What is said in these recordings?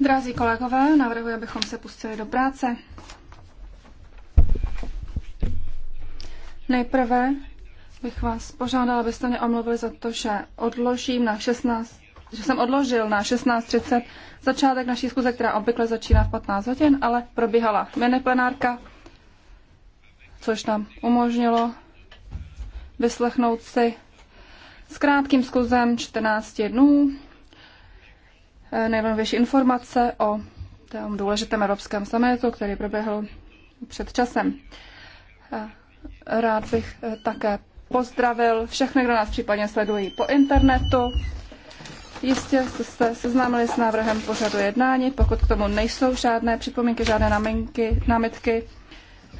Drazí kolegové, navrhuji, abychom se pustili do práce. Nejprve bych vás požádala, abyste mě omluvili za to, že odložím na 16, že jsem odložil na 16.30 začátek naší schůze, která obvykle začíná v 15 hodin, ale probíhala miniplenárka, což nám umožnilo vyslechnout si s krátkým skluzem 14 dnů Eh, nejnovější informace o tom důležitém evropském summitu, který proběhl před časem. Eh, rád bych eh, také pozdravil všechny, kdo nás případně sledují po internetu. Jistě jste se seznámili s návrhem pořadu jednání. Pokud k tomu nejsou žádné připomínky, žádné náminky, námitky,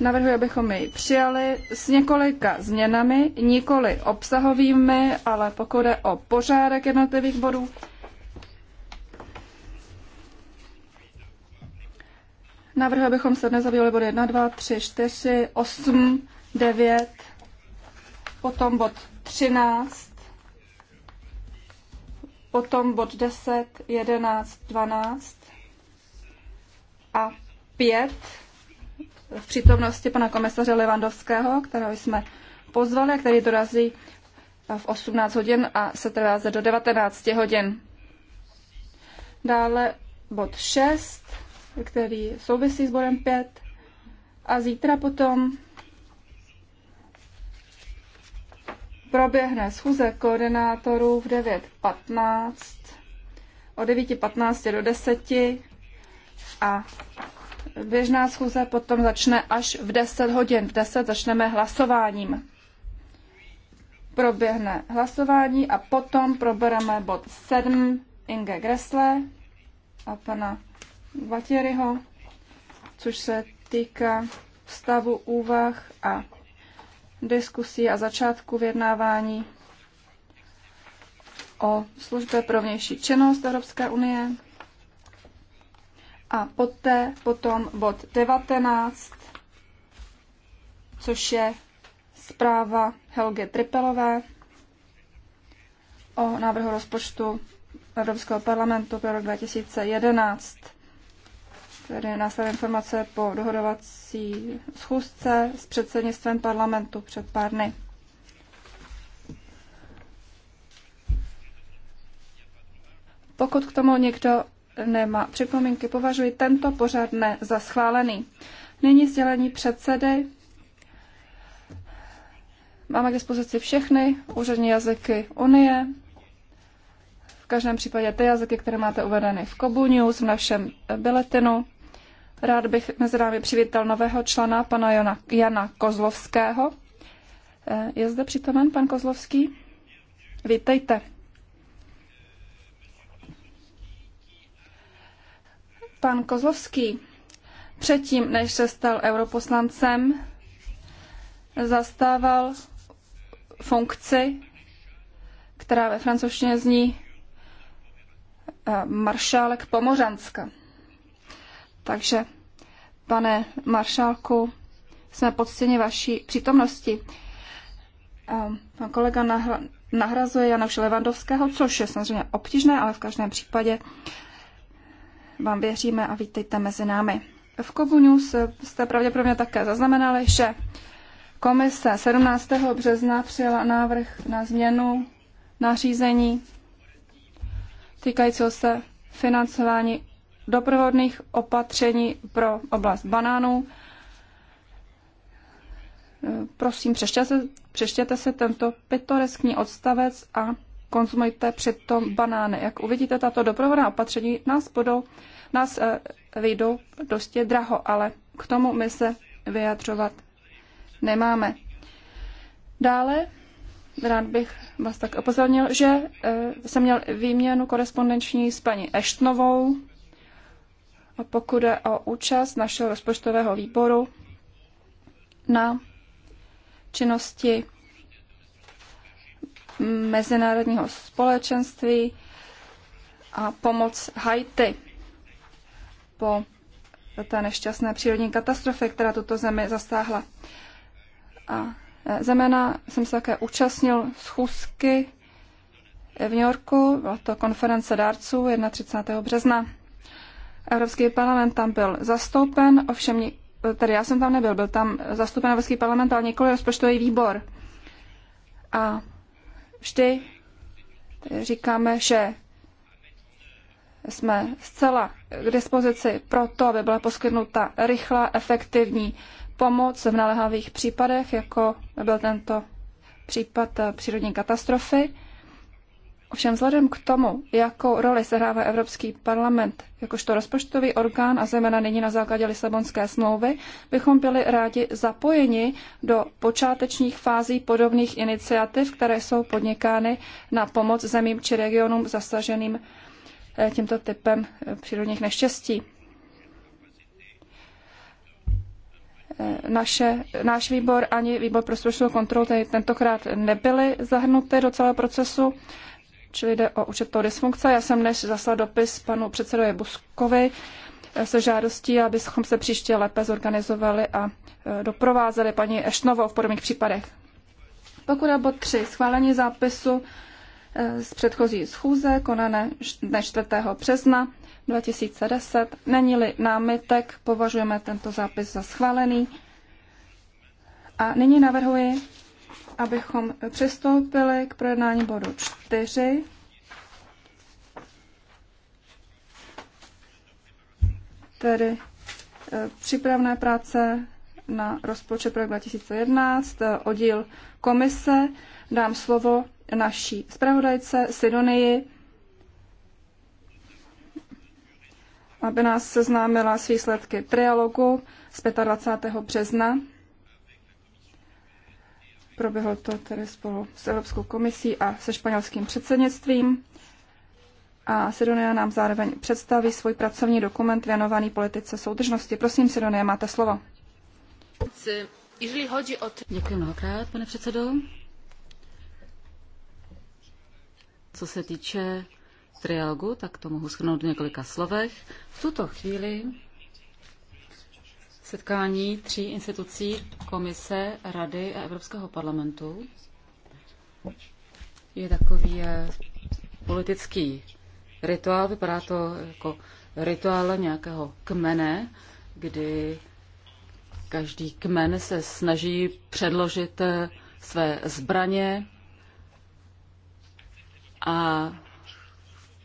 navrhuji, abychom jej přijali s několika změnami, nikoli obsahovými, ale pokud je o pořádek jednotlivých bodů, Navrhuji, abychom se dnes zabývali body 1, 2, 3, 4, 8, 9, potom bod 13, potom bod 10, 11, 12 a 5 v přítomnosti pana komisaře Levandovského, kterého jsme pozvali a který dorazí v 18 hodin a se trvá do 19 hodin. Dále bod 6, který souvisí s bodem 5. A zítra potom proběhne schůze koordinátorů v 9.15, od 9.15 do 10 a běžná schůze potom začne až v 10 hodin. V 10 začneme hlasováním. Proběhne hlasování a potom probereme bod 7 Inge Gressle a pana vatěryho, což se týká stavu úvah a diskusí a začátku vyjednávání o službě pro vnější činnost Evropské unie. A poté potom bod 19, což je zpráva Helge Tripelové o návrhu rozpočtu Evropského parlamentu pro rok 2011 tedy následné informace po dohodovací schůzce s předsednictvem parlamentu před pár dny. Pokud k tomu někdo nemá připomínky, považuji tento pořad ne za schválený. Nyní sdělení předsedy. Máme k dispozici všechny úřední jazyky Unie. V každém případě ty jazyky, které máte uvedeny v Kobu News, v našem e, biletinu. Rád bych mezi námi přivítal nového člena, pana Jana, Jana Kozlovského. Eh, je zde přítomen pan Kozlovský? Vítejte. Pan Kozlovský předtím, než se stal europoslancem, zastával funkci, která ve francouzštině zní eh, maršálek Pomořanska. Takže, pane maršálku, jsme podstěně vaší přítomnosti. Ehm, pan kolega nahra, nahrazuje Janoše Levandovského, což je samozřejmě obtížné, ale v každém případě vám věříme a vítejte mezi námi. V Kobu News jste pravděpodobně také zaznamenali, že komise 17. března přijela návrh na změnu nařízení týkajícího se financování doprovodných opatření pro oblast banánů. Prosím, přeštěte se, tento pitoreskní odstavec a konzumujte přitom banány. Jak uvidíte, tato doprovodná opatření nás budou, nás eh, vyjdou dosti draho, ale k tomu my se vyjadřovat nemáme. Dále rád bych vás tak upozornil, že eh, jsem měl výměnu korespondenční s paní Eštnovou, pokud je o účast našeho rozpočtového výboru na činnosti mezinárodního společenství a pomoc Haiti po té nešťastné přírodní katastrofě, která tuto zemi zastáhla. A zeměna jsem se také účastnil schůzky v New Yorku, byla to konference dárců 31. března. Evropský parlament tam byl zastoupen, ovšem, tady já jsem tam nebyl, byl tam zastoupen Evropský parlament, ale nikoli rozpočtový výbor. A vždy říkáme, že jsme zcela k dispozici pro to, aby byla poskytnuta rychlá, efektivní pomoc v naléhavých případech, jako byl tento případ přírodní katastrofy. Ovšem vzhledem k tomu, jakou roli sehrává Evropský parlament jakožto rozpočtový orgán a zejména nyní na základě Lisabonské smlouvy, bychom byli rádi zapojeni do počátečních fází podobných iniciativ, které jsou podnikány na pomoc zemím či regionům zasaženým eh, tímto typem eh, přírodních neštěstí. Eh, naše, náš výbor ani výbor pro společnou kontrolu tentokrát nebyly zahrnuty do celého procesu čili jde o určitou dysfunkce. Já jsem než zaslal dopis panu předsedovi Buskovi eh, se žádostí, abychom se příště lépe zorganizovali a eh, doprovázeli paní Eštnovou v podobných případech. Pokud je bod 3, schválení zápisu eh, z předchozí schůze konané dne 4. března 2010. Není-li námitek, považujeme tento zápis za schválený. A nyní navrhuji abychom přistoupili k projednání bodu 4. Tedy eh, přípravné práce na rozpočet pro 2011, eh, oddíl komise. Dám slovo naší zpravodajce Sidonii, aby nás seznámila s výsledky trialogu z 25. března Proběhlo to tedy spolu s Evropskou komisí a se španělským předsednictvím. A Sidonia nám zároveň představí svůj pracovní dokument věnovaný politice soudržnosti. Prosím, Sidonie, máte slovo. Děkuji mnohokrát, pane předsedo. Co se týče trialogu, tak to mohu shrnout v několika slovech. V tuto chvíli setkání tří institucí Komise, Rady a Evropského parlamentu. Je takový eh, politický rituál, vypadá to jako rituál nějakého kmene, kdy každý kmen se snaží předložit eh, své zbraně a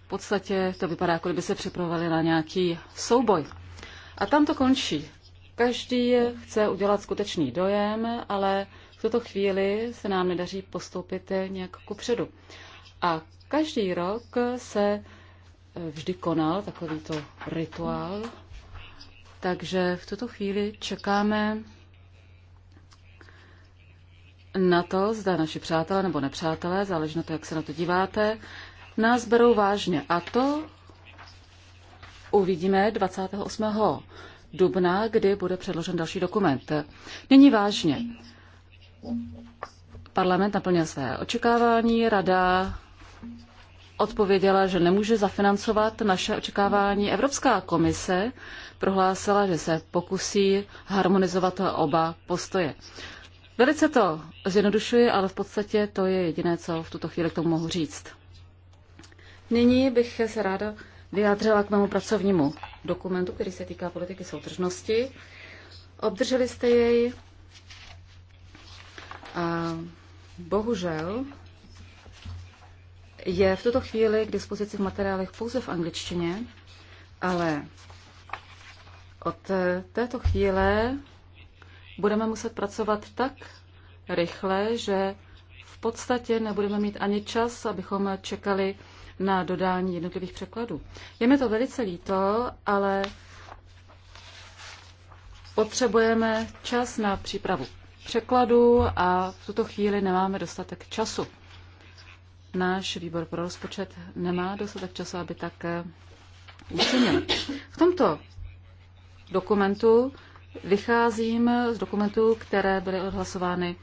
v podstatě to vypadá, jako kdyby se připravovali na nějaký souboj. A tam to končí. Každý chce udělat skutečný dojem, ale v tuto chvíli se nám nedaří postoupit nějak kupředu. A každý rok se eh, vždy konal takovýto rituál, takže v tuto chvíli čekáme na to, zda naši přátelé nebo nepřátelé, záleží na to, jak se na to díváte, nás berou vážně. A to uvidíme 28 dubna, kdy bude předložen další dokument. Nyní vážně. Parlament naplnil své očekávání, rada odpověděla, že nemůže zafinancovat naše očekávání. Evropská komise prohlásila, že se pokusí harmonizovat oba postoje. Velice to zjednodušuji, ale v podstatě to je jediné, co v tuto chvíli k tomu mohu říct. Nyní bych se ráda vyjádřila k mému pracovnímu dokumentu, který se týká politiky soudržnosti. Obdrželi jste jej a bohužel je v tuto chvíli k dispozici v materiálech pouze v angličtině, ale od této chvíle budeme muset pracovat tak rychle, že v podstatě nebudeme mít ani čas, abychom čekali na dodání jednotlivých překladů. Je mi to velice líto, ale potřebujeme čas na přípravu překladu a v tuto chvíli nemáme dostatek času. Náš výbor pro rozpočet nemá dostatek času, aby tak eh, učinil. V tomto dokumentu vycházím z dokumentů, které byly odhlasovány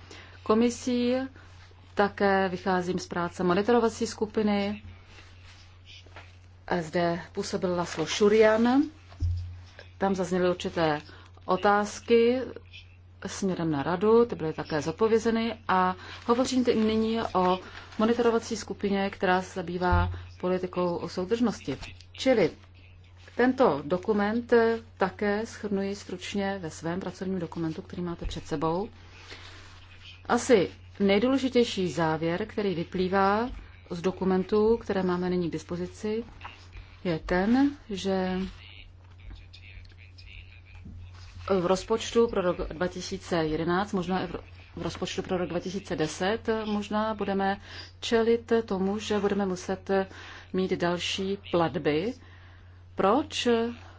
komisí, také vycházím z práce monitorovací skupiny zde působil Laslo Šurian. Tam zazněly určité otázky směrem na radu, ty byly také zapovězeny a hovořím teď nyní o monitorovací skupině, která se zabývá politikou o soudržnosti. Čili tento dokument také schrnuji stručně ve svém pracovním dokumentu, který máte před sebou. Asi nejdůležitější závěr, který vyplývá z dokumentů, které máme nyní k dispozici, je ten, že v rozpočtu pro rok 2011, možná i v rozpočtu pro rok 2010, možná budeme čelit tomu, že budeme muset mít další platby. Proč?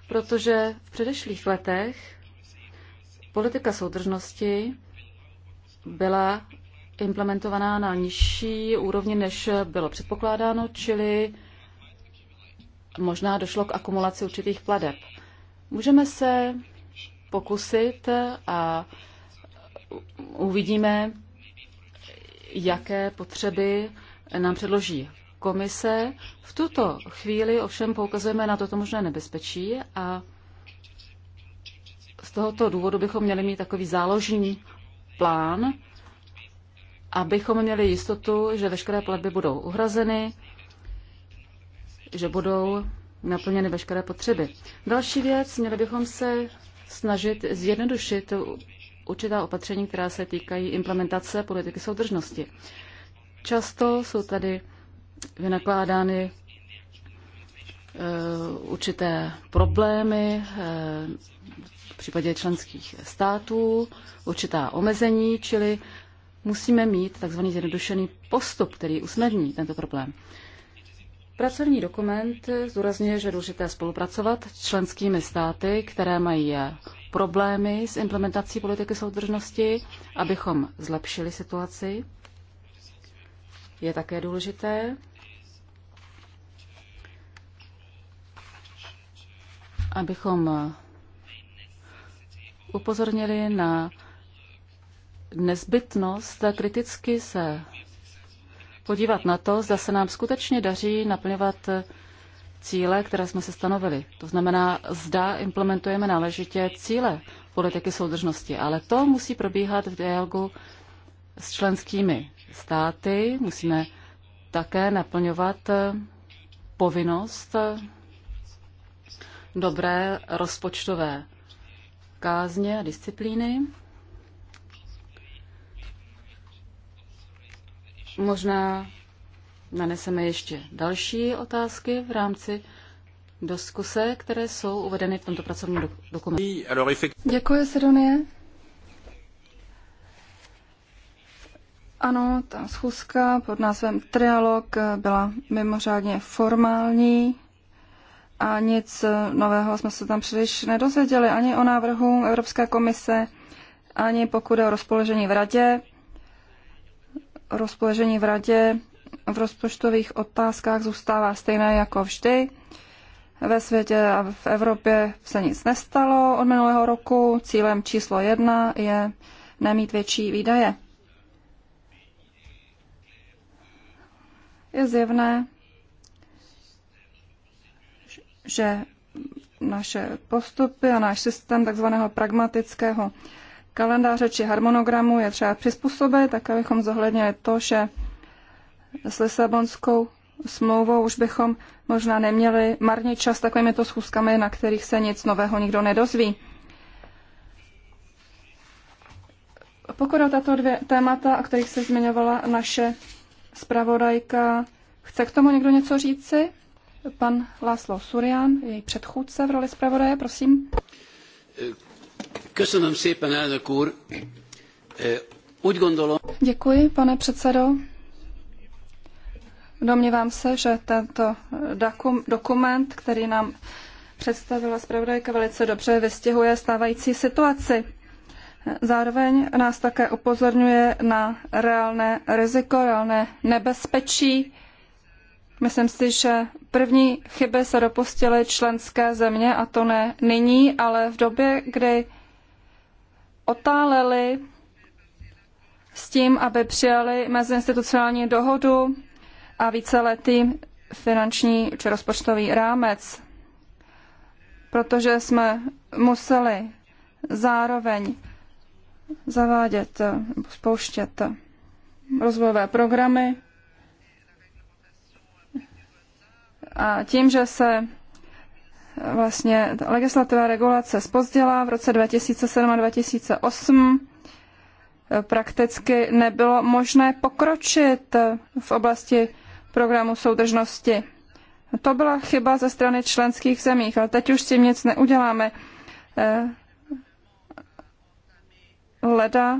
Protože v předešlých letech politika soudržnosti byla implementovaná na nižší úrovni, než bylo předpokládáno, čili možná došlo k akumulaci určitých pladeb. Můžeme se pokusit a uvidíme, jaké potřeby nám předloží komise. V tuto chvíli ovšem poukazujeme na toto možné nebezpečí a z tohoto důvodu bychom měli mít takový záložní plán, abychom měli jistotu, že veškeré platby budou uhrazeny, že budou naplněny veškeré potřeby. Další věc, měli bychom se snažit zjednodušit určitá opatření, která se týkají implementace politiky soudržnosti. Často jsou tady vynakládány eh, určité problémy eh, v případě členských států, určitá omezení, čili musíme mít takzvaný zjednodušený postup, který usnadní tento problém. Pracovní dokument zdůrazňuje, že je důležité spolupracovat s členskými státy, které mají eh, problémy s implementací politiky soudržnosti, abychom zlepšili situaci. Je také důležité, abychom eh, upozornili na nezbytnost kriticky se podívat na to, zda se nám skutečně daří naplňovat cíle, které jsme se stanovili. To znamená, zda implementujeme náležitě cíle politiky soudržnosti. Ale to musí probíhat v dialogu s členskými státy. Musíme také naplňovat eh, povinnost eh, dobré rozpočtové kázně a disciplíny. Možná naneseme ještě další otázky v rámci diskuse, které jsou uvedeny v tomto pracovním dokumentu. Děkuji, Sedonie. Ano, ta schůzka pod názvem Trialog byla mimořádně formální a nic nového jsme se tam příliš nedozvěděli ani o návrhu Evropské komise, ani pokud je o rozpoložení v radě rozpoložení v radě v rozpočtových otázkách zůstává stejné jako vždy. Ve světě a v Evropě se nic nestalo od minulého roku. Cílem číslo jedna je nemít větší výdaje. Je zjevné, že naše postupy a náš systém takzvaného pragmatického kalendáře či harmonogramu je třeba přizpůsobit, tak abychom zohlednili to, že s Lisabonskou smlouvou už bychom možná neměli marně čas takovými to schůzkami, na kterých se nic nového nikdo nedozví. Pokud o tato dvě témata, o kterých se zmiňovala naše zpravodajka, chce k tomu někdo něco říci? Pan Láslo Surian, její předchůdce v roli zpravodaje, prosím. Eh, Děkuji, pane předsedo. Domnívám se, že tento dokument, který nám představila zpravodajka, velice dobře vystihuje stávající situaci. Zároveň nás také upozorňuje na reálné riziko, reálné nebezpečí, Myslím si, že první chyby se dopustily členské země, a to ne nyní, ale v době, kdy otáleli s tím, aby přijali meziinstitucionální dohodu a víceletý finanční či rozpočtový rámec, protože jsme museli zároveň zavádět, spouštět rozvojové programy, A tím, že se e, vlastně legislativa regulace spozděla v roce 2007 a 2008, e, prakticky nebylo možné pokročit v oblasti programu soudržnosti. To byla chyba ze strany členských zemí, ale teď už s tím nic neuděláme. E, leda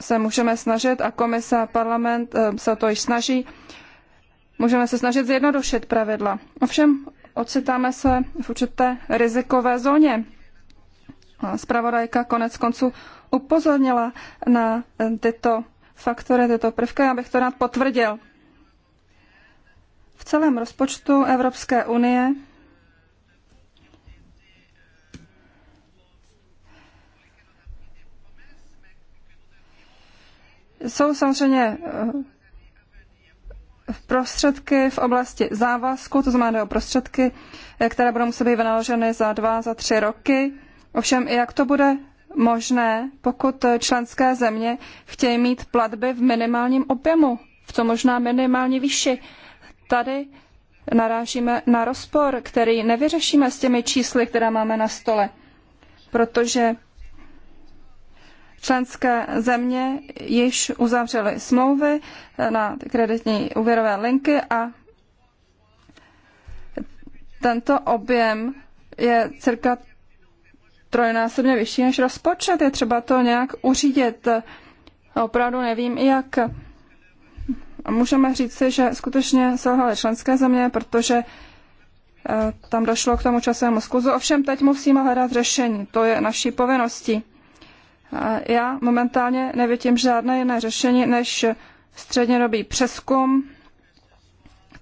se můžeme snažit a komise a parlament se o to již snaží Můžeme se snažit zjednodušit pravidla. Ovšem, ocitáme se v určité rizikové zóně. Spravodajka konec konců upozornila na tyto faktory, tyto prvky, abych to rád potvrdil. V celém rozpočtu Evropské unie jsou samozřejmě eh, prostředky v oblasti závazku, to znamená o prostředky, eh, které budou muset být vynaloženy za dva, za tři roky. Ovšem, jak to bude možné, pokud eh, členské země chtějí mít platby v minimálním objemu, v co možná minimální výši. Tady narážíme na rozpor, který nevyřešíme s těmi čísly, která máme na stole, protože členské země již uzavřely smlouvy na kreditní úvěrové linky a tento objem je cirka trojnásobně vyšší než rozpočet. Je třeba to nějak uřídit. Opravdu nevím, jak můžeme říci, že skutečně selhaly členské země, protože eh, tam došlo k tomu časovému skluzu. Ovšem teď musíme hledat řešení, to je naší povinností. Já momentálně nevidím žádné jiné řešení než střednědobý přeskum.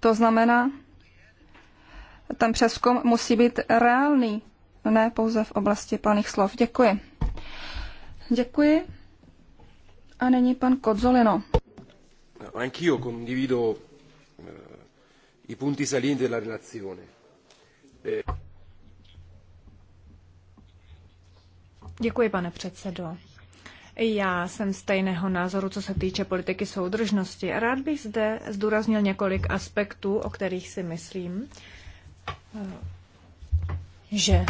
To znamená, ten přeskum musí být reálný, ne pouze v oblasti planých slov. Děkuji. Děkuji. A není pan Kodzolino. Anch'io condivido eh, i punti salienti della relazione. Eh, Děkuji, pane předsedo. Já jsem stejného názoru, co se týče politiky soudržnosti. Rád bych zde zdůraznil několik aspektů, o kterých si myslím, eh, že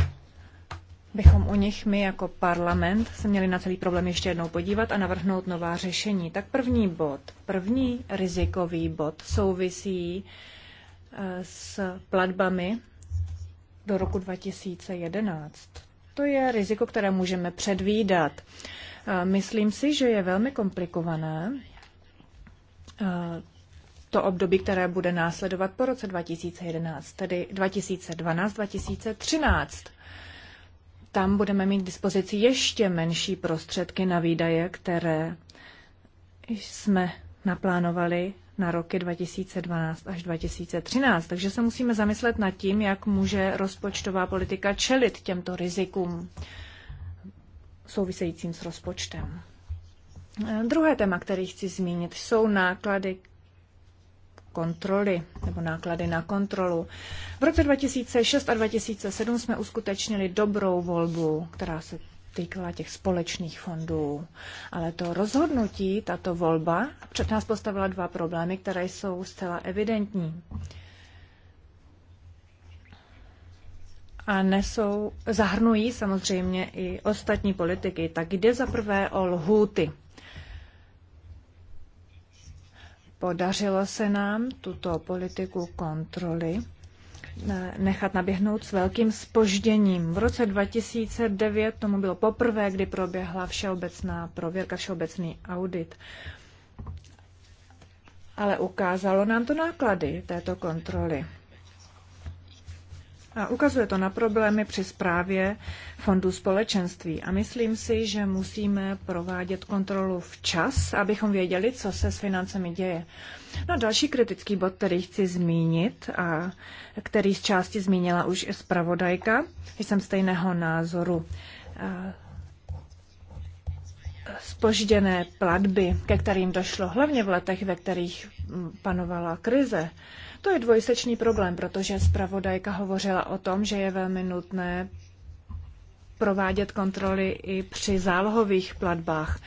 bychom u nich my jako parlament se měli na celý problém ještě jednou podívat a navrhnout nová řešení. Tak první bod, první rizikový bod souvisí eh, s platbami do roku 2011. To je riziko, které můžeme předvídat. Myslím si, že je velmi komplikované to období, které bude následovat po roce 2011, tedy 2012-2013. Tam budeme mít k dispozici ještě menší prostředky na výdaje, které jsme naplánovali na roky 2012 až 2013. Takže se musíme zamyslet nad tím, jak může rozpočtová politika čelit těmto rizikům souvisejícím s rozpočtem. Eh, druhé téma, které chci zmínit, jsou náklady kontroly nebo náklady na kontrolu. V roce 2006 a 2007 jsme uskutečnili dobrou volbu, která se týkala těch společných fondů. Ale to rozhodnutí, tato volba, před nás postavila dva problémy, které jsou zcela evidentní. A nesou, zahrnují samozřejmě i ostatní politiky. Tak jde za prvé o lhůty. Podařilo se nám tuto politiku kontroly nechat naběhnout s velkým spožděním. V roce 2009 tomu bylo poprvé, kdy proběhla všeobecná prověrka, všeobecný audit. Ale ukázalo nám to náklady této kontroly. A ukazuje to na problémy při zprávě fondu společenství. A myslím si, že musíme provádět kontrolu včas, abychom věděli, co se s financemi děje. No další kritický bod, který chci zmínit a který z části zmínila už i zpravodajka, jsem stejného názoru. Spožděné platby, ke kterým došlo hlavně v letech, ve kterých panovala krize, to je dvojsečný problém, protože zpravodajka hovořila o tom, že je velmi nutné provádět kontroly i při zálohových platbách.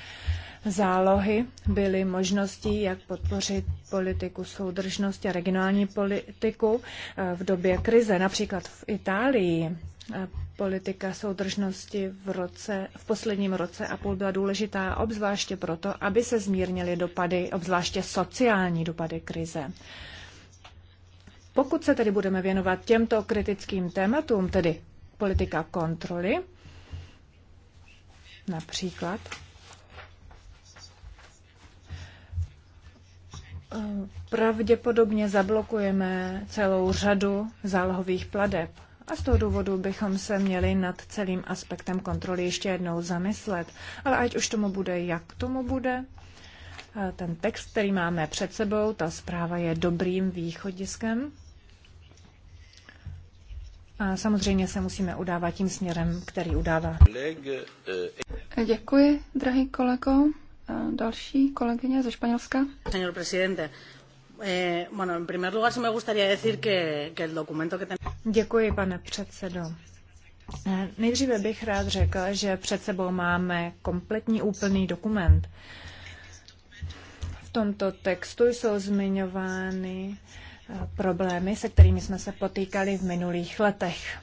Zálohy byly možností, jak podpořit politiku soudržnosti a regionální politiku eh, v době krize. Například v Itálii eh, politika soudržnosti v, roce, v posledním roce a půl byla důležitá, obzvláště proto, aby se zmírnily dopady, obzvláště sociální dopady krize. Pokud se tedy budeme věnovat těmto kritickým tématům, tedy politika kontroly, například, eh, pravděpodobně zablokujeme celou řadu zálohových pladeb. A z toho důvodu bychom se měli nad celým aspektem kontroly ještě jednou zamyslet. Ale ať už tomu bude, jak tomu bude, eh, ten text, který máme před sebou, ta zpráva je dobrým východiskem a samozřejmě se musíme udávat tím směrem, který udává. Děkuji, drahý kolego. Další kolegyně ze Španělska. Señor presidente, eh, Děkuji, pane předsedo. Eh, nejdříve bych rád řekl, že před sebou máme kompletní úplný dokument. V tomto textu jsou zmiňovány uh, problémy, se kterými jsme se potýkali v minulých letech.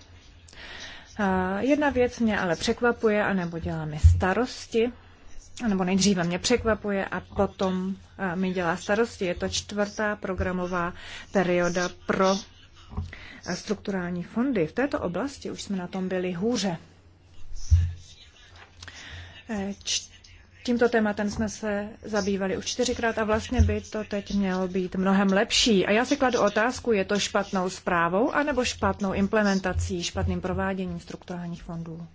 Jedna věc mě ale překvapuje, anebo dělá mi starosti, nebo nejdříve mě překvapuje a potom mi dělá starosti. Je to čtvrtá programová perioda pro strukturální fondy. V této oblasti už jsme na tom byli hůře. E, Tímto tématem jsme se zabývali už čtyřikrát a vlastně by to teď mělo být mnohem lepší. A já si kladu otázku, je to špatnou zprávou anebo špatnou implementací, špatným prováděním strukturálních fondů?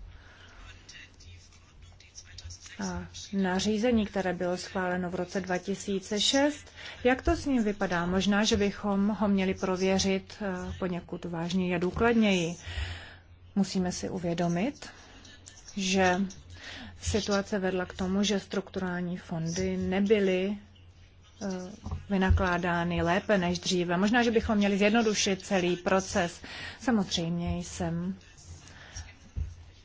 A nařízení, které bylo schváleno v roce 2006, jak to s ním vypadá? Možná, že bychom ho měli prověřit eh, poněkud vážněji a důkladněji. Musíme si uvědomit, že situace vedla k tomu, že strukturální fondy nebyly eh, vynakládány lépe než dříve. Možná, že bychom měli zjednodušit celý proces. Samozřejmě jsem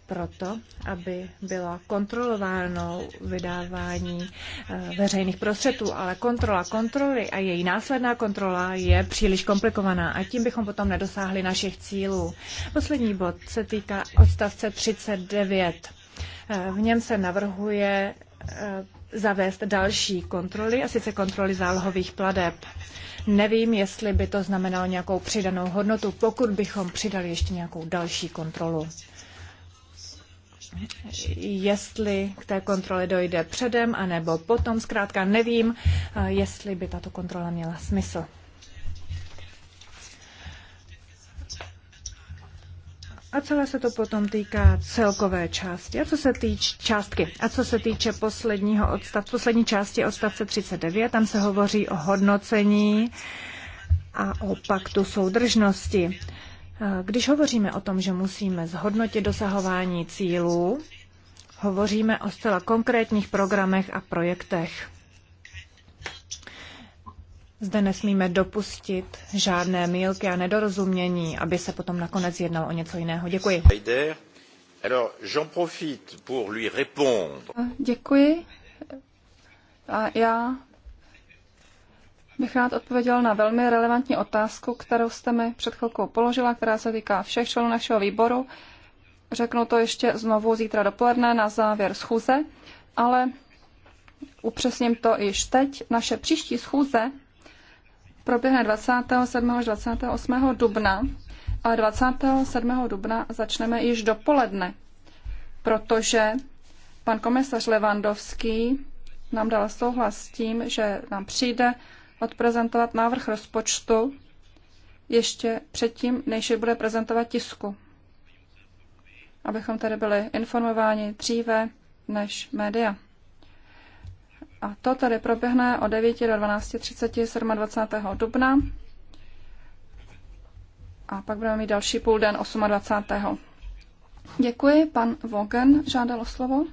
proto, aby bylo kontrolováno vydávání eh, veřejných prostředků, ale kontrola kontroly a její následná kontrola je příliš komplikovaná a tím bychom potom nedosáhli našich cílů. Poslední bod se týká odstavce 39. Eh, v něm se navrhuje eh, zavést další kontroly, a sice kontroly zálohových pladeb. Nevím, jestli by to znamenalo nějakou přidanou hodnotu, pokud bychom přidali ještě nějakou další kontrolu. Jestli k té kontrole dojde předem, anebo potom, zkrátka nevím, eh, jestli by tato kontrola měla smysl. A celé se to potom týká celkové části. A co se týče částky? A co se týče posledního odstav, poslední části odstavce 39, tam se hovoří o hodnocení a o paktu soudržnosti. E, když hovoříme o tom, že musíme zhodnotit dosahování cílů, hovoříme o zcela konkrétních programech a projektech. Zde nesmíme dopustit žádné mílky a nedorozumění, aby se potom nakonec jednalo o něco jiného. Děkuji. Děkuji. A já bych rád odpověděl na velmi relevantní otázku, kterou jste mi před chvilkou položila, která se týká všech členů našeho výboru. Řeknu to ještě znovu zítra dopoledne na závěr schůze, ale upřesním to již teď. Naše příští schůze proběhne 27. až 28. dubna, ale 27. dubna začneme již dopoledne, protože pan komisař Levandovský nám dal souhlas s tím, že nám přijde odprezentovat návrh rozpočtu ještě předtím, než je bude prezentovat tisku. Abychom tady byli informováni dříve než média. A to tedy proběhne od 9 do 12.30 27. dubna. A pak budeme mít další půl den 28. Děkuji. Pan Vogen žádal o slovo.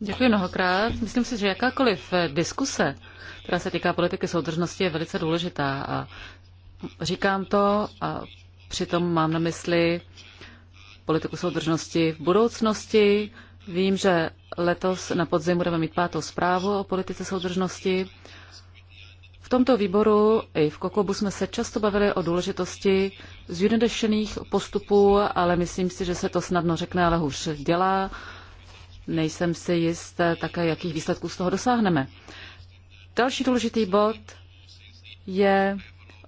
Děkuji mnohokrát. Myslím si, že jakákoliv diskuse, která se týká politiky soudržnosti, je velice důležitá. A říkám to a přitom mám na mysli politiku soudržnosti v budoucnosti, Vím, že letos na podzim budeme mít pátou zprávu o politice soudržnosti. V tomto výboru i v Kokobu jsme se často bavili o důležitosti zjednodušených postupů, ale myslím si, že se to snadno řekne, ale hůř dělá. Nejsem si jist také, jakých výsledků z toho dosáhneme. Další důležitý bod je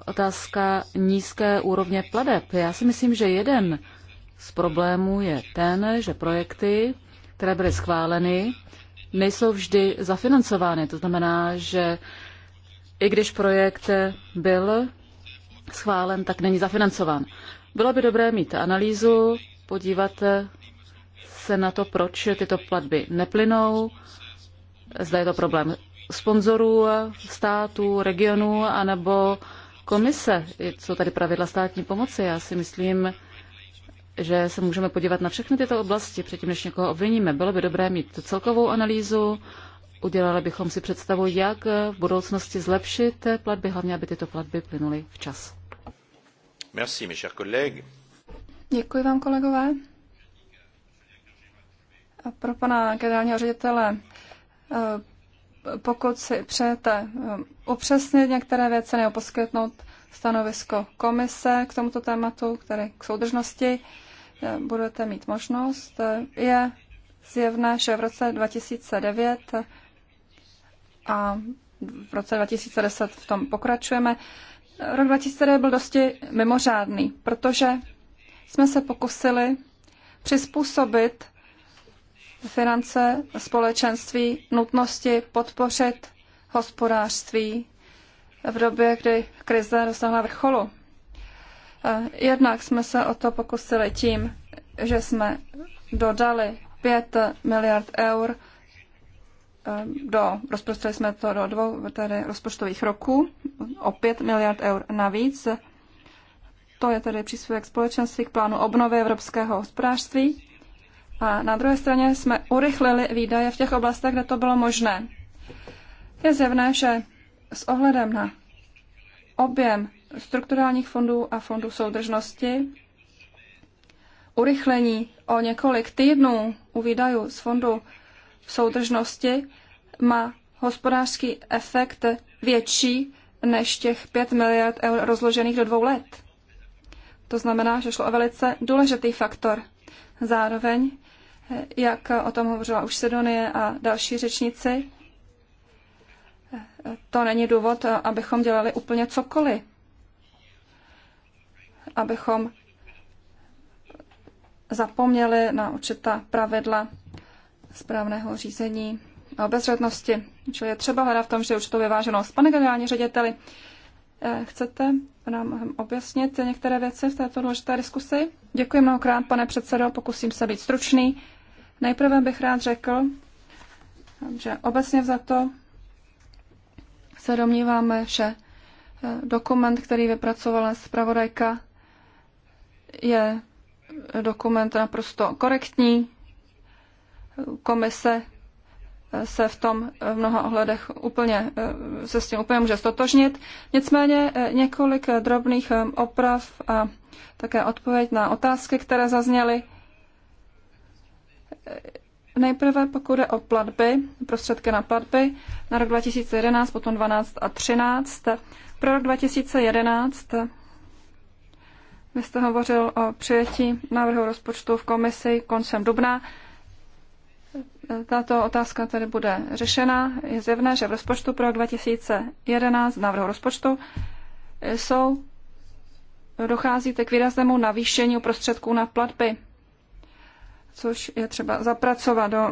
otázka nízké úrovně pladeb. Já si myslím, že jeden z problémů je ten, že projekty, které byly schváleny, nejsou vždy zafinancovány. To znamená, že i když projekt byl schválen, tak není zafinancován. Bylo by dobré mít analýzu, podívat se na to, proč tyto platby neplynou. Zda je to problém sponzorů, států, regionů, anebo komise. Jsou tady pravidla státní pomoci. Já si myslím, že se můžeme podívat na všechny tyto oblasti předtím, než někoho obviníme. Bylo by dobré mít celkovou analýzu, udělali bychom si představu, jak v budoucnosti zlepšit platby, hlavně aby tyto platby plynuly včas. Merci, mes chers collègues. Děkuji vám, kolegové. A pro pana generálního ředitele, eh, pokud si přejete eh, upřesnit některé věci nebo poskytnout stanovisko komise k tomuto tématu, které k soudržnosti eh, budete mít možnost. Eh, je zjevné, že v roce 2009 eh, a v roce 2010 v tom pokračujeme. Rok 2009 byl dosti mimořádný, protože jsme se pokusili přizpůsobit finance společenství nutnosti podpořit hospodářství v době, kdy krize dosáhla vrcholu. Jednak jsme se o to pokusili tím, že jsme dodali 5 miliard eur ehm, do, rozprostřeli jsme to do dvou tedy rozpočtových roků, o 5 miliard eur navíc. To je tedy příspěvek společenství k plánu obnovy evropského hospodářství. A na druhé straně jsme urychlili výdaje v těch oblastech, kde to bylo možné. Je zjevné, že s ohledem na objem strukturálních fondů a fondů soudržnosti, urychlení o několik týdnů u výdajů z fondu soudržnosti má hospodářský efekt větší než těch 5 miliard eur rozložených do dvou let. To znamená, že šlo o velice důležitý faktor. Zároveň, jak o tom hovořila už Sedonie a další řečníci, to není důvod, abychom dělali úplně cokoliv. Abychom zapomněli na určitá pravidla správného řízení a obezřetnosti. Čili je třeba hledat v tom, že je určitou vyváženost. Pane generální řediteli, eh, chcete nám objasnit některé věci v této důležité diskusi? Děkuji mnohokrát, pane předsedo, pokusím se být stručný. Nejprve bych rád řekl, že obecně za to se domníváme, že eh, dokument, který vypracovala zpravodajka, je dokument naprosto korektní. Komise eh, se v tom v mnoha ohledech úplně, eh, se s tím úplně může stotožnit. Nicméně několik drobných oprav a také odpověď na otázky, které zazněly, Nejprve pokud jde o platby, prostředky na platby na rok 2011, potom 12 a 13. Pro rok 2011 vy jste hovořil o přijetí návrhu rozpočtu v komisi koncem dubna. Tato otázka tedy bude řešena. Je zjevné, že v rozpočtu pro rok 2011, návrhu rozpočtu, jsou, dochází k výraznému navýšení prostředků na platby což je třeba zapracovat do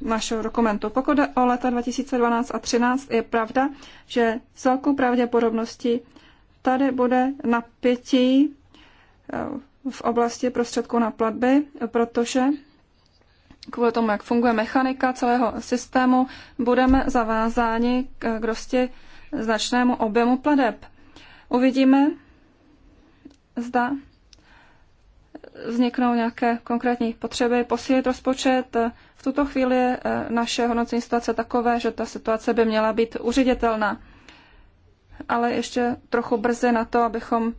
našeho dokumentu. Pokud o leta 2012 a 2013, je pravda, že s velkou pravděpodobností tady bude napětí eh, v oblasti prostředků na platby, protože kvůli tomu, jak funguje mechanika celého systému, budeme zavázáni k dosti značnému objemu pladeb. Uvidíme, zda vzniknou nějaké konkrétní potřeby posílit rozpočet. V tuto chvíli je eh, naše hodnocení situace takové, že ta situace by měla být uředitelná. Ale ještě trochu brzy na to, abychom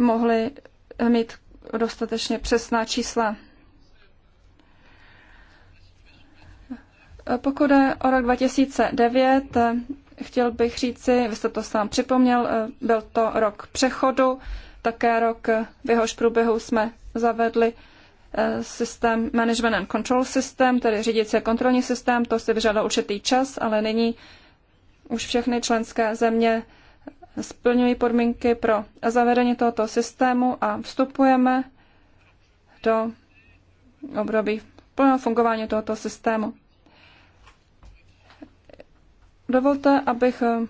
eh, mohli mít dostatečně přesná čísla. Pokud je o rok 2009, chtěl bych říci, vy jste to sám připomněl, eh, byl to rok přechodu, také rok, eh, v jehož průběhu jsme zavedli eh, systém management and control systém, tedy řídící a kontrolní systém, to si vyžádalo určitý čas, ale nyní už všechny členské země splňují podmínky pro zavedení tohoto systému a vstupujeme do období plného fungování tohoto systému. Dovolte, abych eh,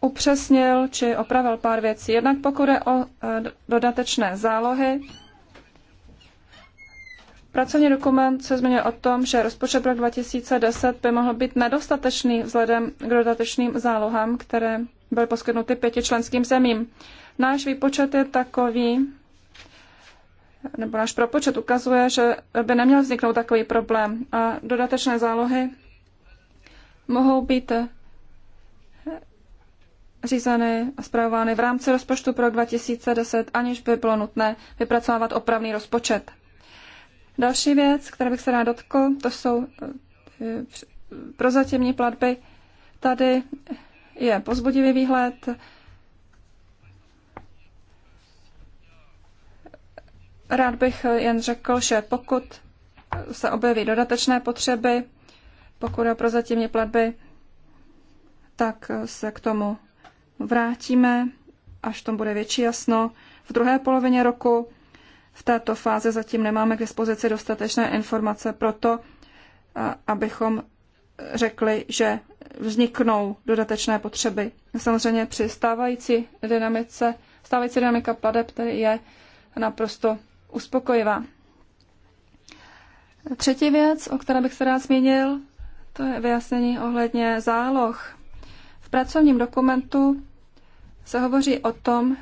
upřesnil či opravil pár věcí. Jednak pokud je o eh, dodatečné zálohy, Pracovní dokument se zmiňuje o tom, že rozpočet pro 2010 by mohl být nedostatečný vzhledem k dodatečným zálohám, které byly poskytnuty pěti členským zemím. Náš výpočet je takový, nebo náš propočet ukazuje, že by neměl vzniknout takový problém a dodatečné zálohy mohou být řízeny a zpravovány v rámci rozpočtu pro 2010, aniž by bylo nutné vypracovávat opravný rozpočet. Další věc, které bych se rád dotkl, to jsou eh, eh, prozatímní platby. Tady je pozbudivý výhled. Rád bych jen řekl, že pokud se objeví dodatečné potřeby, pokud je prozatímní platby, tak se k tomu vrátíme, až tom bude větší jasno, v druhé polovině roku. V této fázi zatím nemáme k dispozici dostatečné informace pro to, abychom řekli, že vzniknou dodatečné potřeby. Samozřejmě při stávající dynamice, stávající dynamika pladeb tedy je naprosto uspokojivá. Třetí věc, o které bych se rád zmínil, to je vyjasnění ohledně záloh. V pracovním dokumentu se hovoří o tom,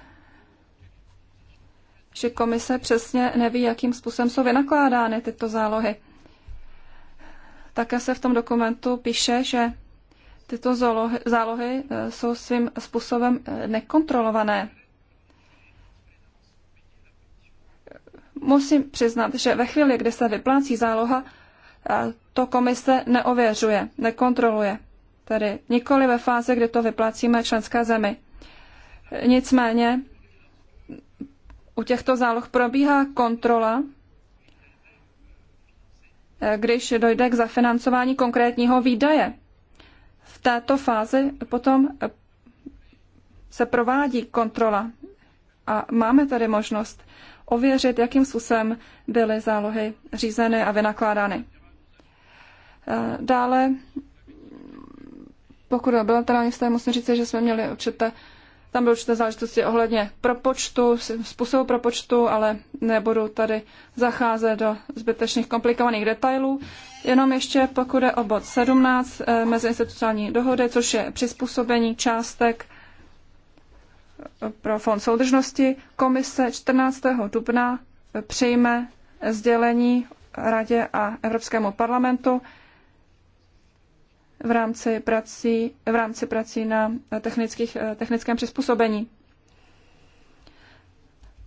že komise přesně neví, jakým způsobem jsou vynakládány tyto zálohy. Také se v tom dokumentu píše, že tyto zálohy, zálohy e, jsou svým způsobem e, nekontrolované. Musím přiznat, že ve chvíli, kdy se vyplácí záloha, e, to komise neověřuje, nekontroluje. Tedy nikoli ve fázi, kdy to vyplácíme členské zemi. Nicméně u těchto záloh probíhá kontrola, když dojde k zafinancování konkrétního výdaje. V této fázi potom se provádí kontrola a máme tady možnost ověřit, jakým způsobem byly zálohy řízeny a vynakládány. Dále, pokud o bilaterální vztahy, musím říct, že jsme měli určité tam byly určité záležitosti ohledně propočtu, způsobu propočtu, ale nebudu tady zacházet do zbytečných komplikovaných detailů. Jenom ještě pokud je o bod 17 eh, meziinstitucionální dohody, což je přizpůsobení částek eh, pro fond soudržnosti. Komise 14. dubna přijme sdělení Radě a Evropskému parlamentu v rámci prací, v rámci prací na technických, eh, technickém přizpůsobení.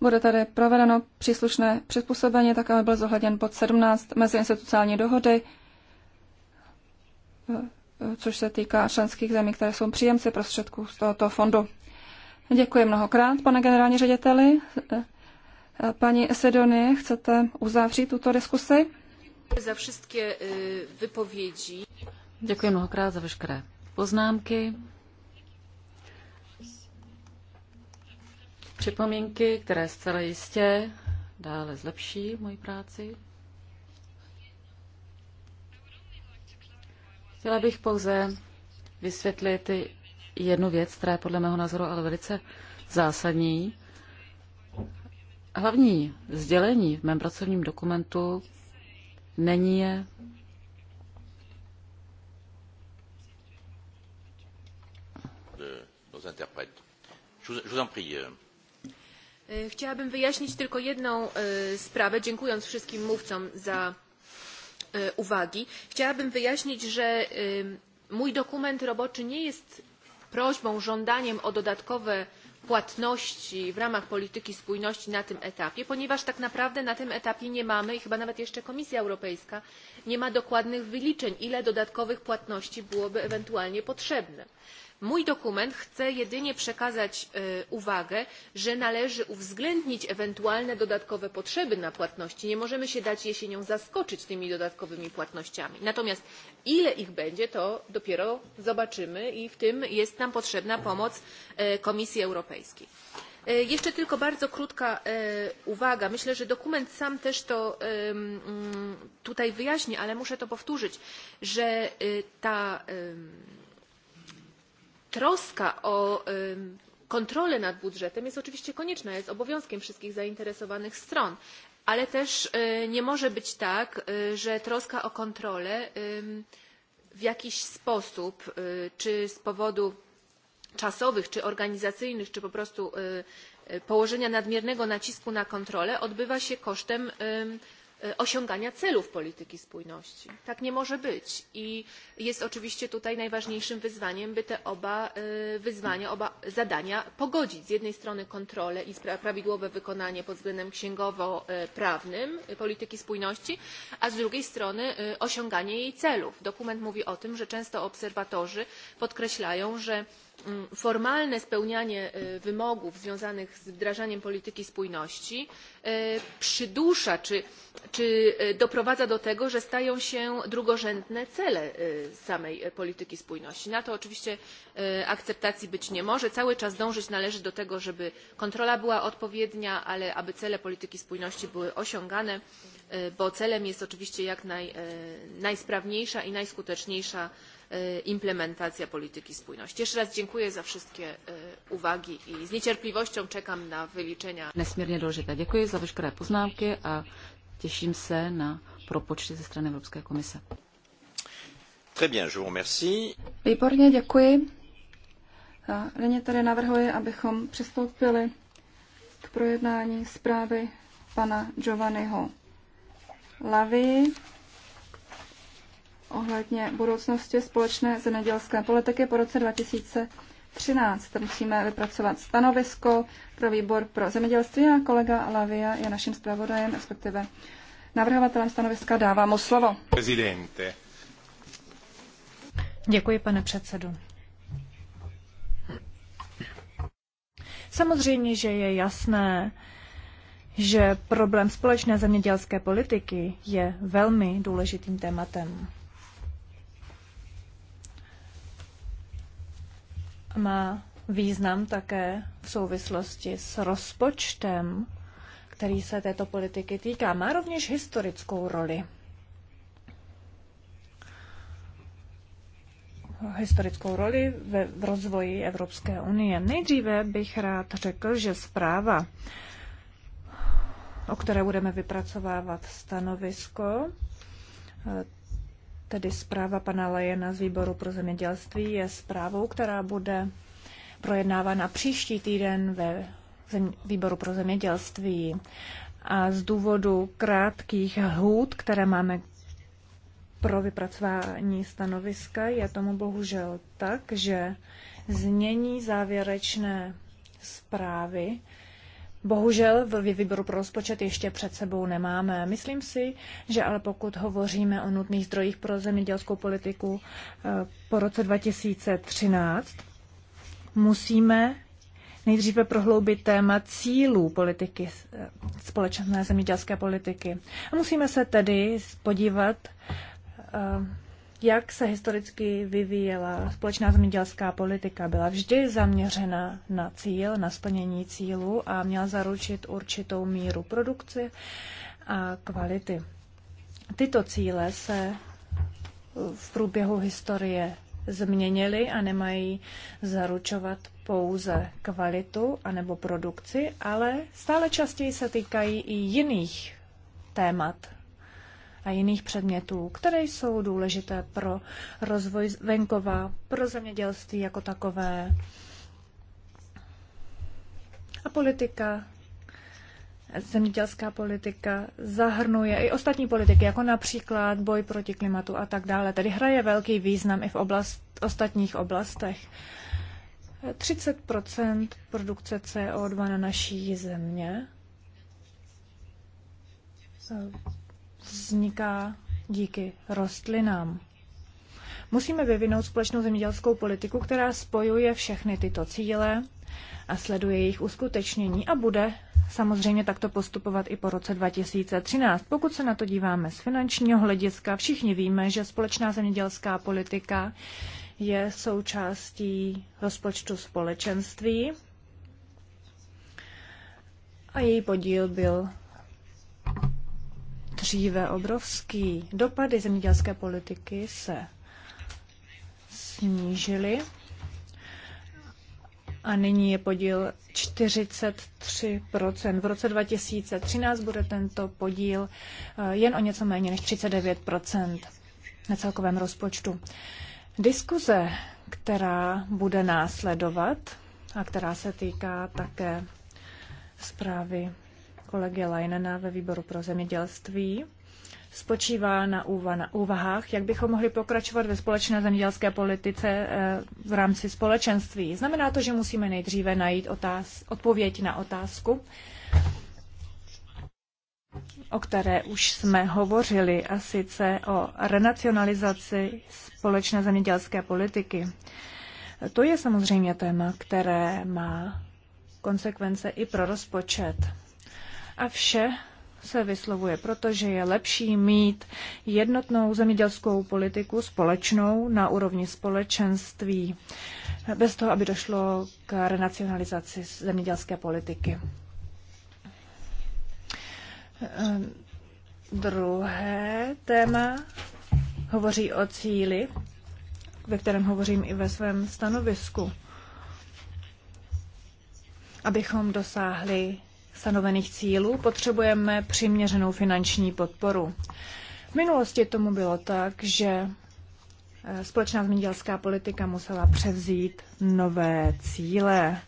Bude tady provedeno příslušné přizpůsobení, tak aby byl zohledněn pod 17 meziinstitucionální dohody, eh, eh, což se týká členských zemí, které jsou příjemci prostředků z tohoto fondu. Děkuji mnohokrát, pane generální řediteli. Paní Sedony, chcete uzavřít tuto diskusi? Za všechny vypovědi. Děkuji mnohokrát za veškeré poznámky. Připomínky, které zcela jistě dále zlepší moji práci. Chtěla bych pouze vysvětlit jednu věc, která je podle mého názoru ale velice zásadní. Hlavní sdělení v mém pracovním dokumentu není aux interprètes. Je vous, je vous en prie. Euh. E, Chciałabym wyjaśnić tylko jedną sprawę, e, dziękując wszystkim mówcom za e, uwagi. Chciałabym wyjaśnić, że mój dokument roboczy nie jest prośbą, żądaniem o dodatkowe płatności w ramach polityki spójności na tym etapie, ponieważ tak naprawdę na tym etapie nie mamy i chyba nawet jeszcze Komisja Europejska nie ma dokładnych wyliczeń, ile dodatkowych płatności byłoby ewentualnie potrzebne Mój dokument chce jedynie przekazać e, uwagę, że należy uwzględnić ewentualne dodatkowe potrzeby na płatności. Nie możemy się dać jesienią zaskoczyć tymi dodatkowymi płatnościami. Natomiast ile ich będzie, to dopiero zobaczymy i w tym jest nam potrzebna pomoc e, Komisji Europejskiej. E, jeszcze tylko bardzo krótka uwaga. Myślę, że dokument sam też to tutaj wyjaśni, ale muszę to powtórzyć, że ta troska o kontrolę nad budżetem jest oczywiście konieczna jest obowiązkiem wszystkich zainteresowanych stron ale też e, nie może być tak e, że troska o kontrolę w jakiś sposób e, czy z powodu czasowych czy organizacyjnych czy po prostu położenia nadmiernego nacisku na kontrolę odbywa się kosztem E, osiągania celów polityki spójności. Tak nie może być i jest oczywiście tutaj najważniejszym wyzwaniem, by te oba e, wyzwania, oba zadania pogodzić. Z jednej strony kontrolę i prawidłowe wykonanie pod względem księgowo-prawnym e, polityki spójności, a z drugiej strony osiąganie jej celów. Dokument mówi o tym, że często obserwatorzy podkreślają, że Mm, formalne spełnianie e, wymogów związanych z wdrażaniem polityki spójności e, przydusza czy, czy e, doprowadza do tego, że stają się drugorzędne cele samej polityki spójności. Na to oczywiście akceptacji być nie może. Cały czas dążyć należy do tego, żeby kontrola była odpowiednia, ale aby cele polityki spójności były osiągane, bo celem jest oczywiście jak naj, najsprawniejsza i najskuteczniejsza E, implementacja polityki spójności. Jeszcze raz dziękuję za wszystkie e, uwagi i z niecierpliwością czekam na wyliczenia. Nesmírně důležité. Děkuji za veškeré poznámky a těším se na propočty ze strany Evropské komise. Très bien, je vous remercie. Výborně, děkuji. nyní tedy navrhuji, abychom přistoupili k projednání zprávy pana Giovanniho Lavi ohledně budoucnosti společné zemědělské politiky po roce 2013. Musíme vypracovat stanovisko pro výbor pro zemědělství a kolega Lavia je naším zpravodajem, respektive navrhovatelem stanoviska. Dávám mu slovo. Prezidente. Děkuji, pane předsedu. Samozřejmě, že je jasné, že problém společné zemědělské politiky je velmi důležitým tématem. má význam také v souvislosti s rozpočtem, který se této politiky týká. Má rovněž historickou roli. historickou roli ve, v rozvoji Evropské unie. Nejdříve bych rád řekl, že zpráva, o které budeme vypracovávat stanovisko, Tedy zpráva pana Lejena z výboru pro zemědělství je zprávou, která bude projednávána příští týden ve výboru pro zemědělství. A z důvodu krátkých hůd, které máme pro vypracování stanoviska, je tomu bohužel tak, že znění závěrečné zprávy bohužel v výboru pro rozpočet ještě před sebou nemáme. Myslím si, že ale pokud hovoříme o nutných zdrojích pro zemědělskou politiku eh, po roce 2013, musíme nejdříve prohloubit téma cílů politiky, eh, společné zemědělské politiky. A musíme se tedy podívat eh, jak se historicky vyvíjela společná zemědělská politika. Byla vždy zaměřena na cíl, na splnění cílu a měla zaručit určitou míru produkce a kvality. Tyto cíle se v průběhu historie změnily a nemají zaručovat pouze kvalitu anebo produkci, ale stále častěji se týkají i jiných témat a jiných předmětů, které jsou důležité pro rozvoj venkova, pro zemědělství jako takové. A politika, zemědělská politika zahrnuje i ostatní politiky, jako například boj proti klimatu a tak dále. Tedy hraje velký význam i v oblast, ostatních oblastech. 30 produkce CO2 na naší země vzniká díky rostlinám. Musíme vyvinout společnou zemědělskou politiku, která spojuje všechny tyto cíle a sleduje jejich uskutečnění a bude samozřejmě takto postupovat i po roce 2013. Pokud se na to díváme z finančního hlediska, všichni víme, že společná zemědělská politika je součástí rozpočtu společenství a její podíl byl dříve obrovský. Dopady zemědělské politiky se snížily a nyní je podíl 43%. V roce 2013 bude tento podíl eh, jen o něco méně než 39% na celkovém rozpočtu. Diskuze, která bude následovat a která se týká také zprávy kolegy Leinena ve výboru pro zemědělství spočívá na úvahách, jak bychom mohli pokračovat ve společné zemědělské politice eh, v rámci společenství. Znamená to, že musíme nejdříve najít otáz, odpověď na otázku, o které už jsme hovořili, a sice o renacionalizaci společné zemědělské politiky. To je samozřejmě téma, které má konsekvence i pro rozpočet. A vše se vyslovuje, protože je lepší mít jednotnou zemědělskou politiku společnou na úrovni společenství, bez toho, aby došlo k renacionalizaci zemědělské politiky. Ehm, druhé téma hovoří o cíli, ve kterém hovořím i ve svém stanovisku. Abychom dosáhli stanovených cílů, potřebujeme přiměřenou finanční podporu. V minulosti tomu bylo tak, že eh, společná zemědělská politika musela převzít nové cíle.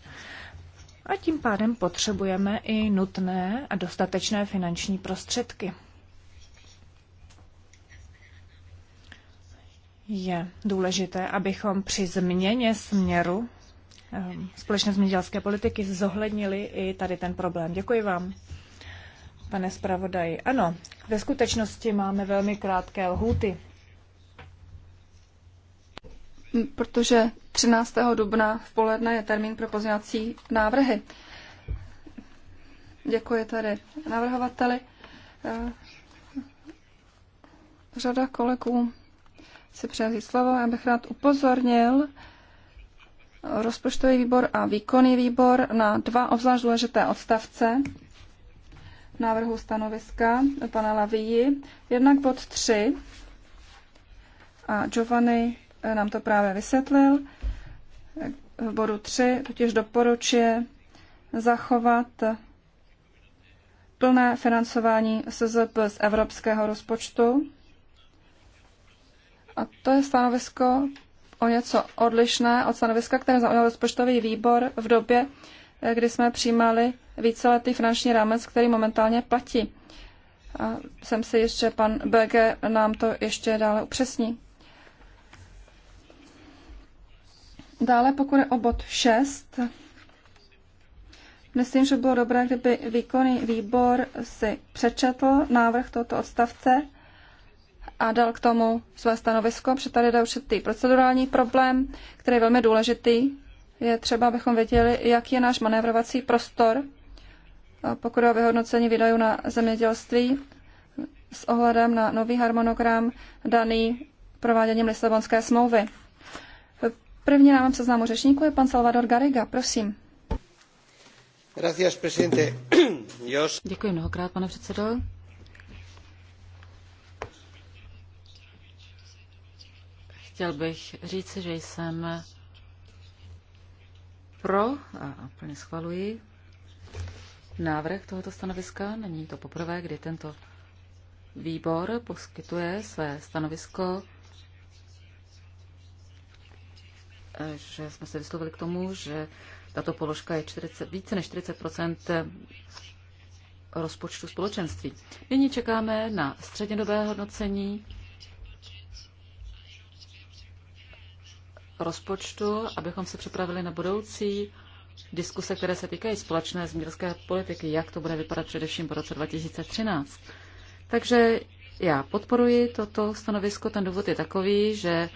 A tím pádem potřebujeme i nutné a dostatečné finanční prostředky. Je důležité, abychom při změně směru Ehm, společné zemědělské politiky zohlednili i tady ten problém. Děkuji vám, pane zpravodaji. Ano, ve skutečnosti máme velmi krátké lhůty. Protože 13. dubna v poledne je termín pro pozměňovací návrhy. Děkuji tady navrhovateli. Ehm, řada kolegů si přeje slovo. Já bych rád upozornil, rozpočtový výbor a výkonný výbor na dva obzvlášť důležité odstavce návrhu stanoviska pana Lavíji. Jednak bod 3 a Giovanni nám to právě vysvětlil. V bodu 3 totiž doporučuje zachovat plné financování SZP z evropského rozpočtu. A to je stanovisko o něco odlišné od stanoviska, které zaujal rozpočtový výbor v době, eh, kdy jsme přijímali víceletý finanční rámec, který momentálně platí. A jsem si ještě, pan BG nám to ještě dále upřesní. Dále, pokud je o bod 6, myslím, že bylo dobré, kdyby výkonný výbor si přečetl návrh tohoto odstavce a dal k tomu své stanovisko, protože tady jde určitý procedurální problém, který je velmi důležitý. Je třeba, abychom věděli, jaký je náš manévrovací prostor, pokud je o vyhodnocení výdajů na zemědělství s ohledem na nový harmonogram daný prováděním Lisabonské smlouvy. První nám vám seznamu řečníku je pan Salvador Garriga. Prosím. Děkuji mnohokrát, pane předsedo. Chtěl bych říci, že jsem pro a plně schvaluji návrh tohoto stanoviska. Není to poprvé, kdy tento výbor poskytuje své stanovisko, e, že jsme se vyslovili k tomu, že tato položka je 40, více než 40 rozpočtu společenství. Nyní čekáme na střednědobé hodnocení rozpočtu, abychom se připravili na budoucí diskuse, které se týkají společné zemědělské politiky, jak to bude vypadat především po roce 2013. Takže já podporuji toto stanovisko. Ten důvod je takový, že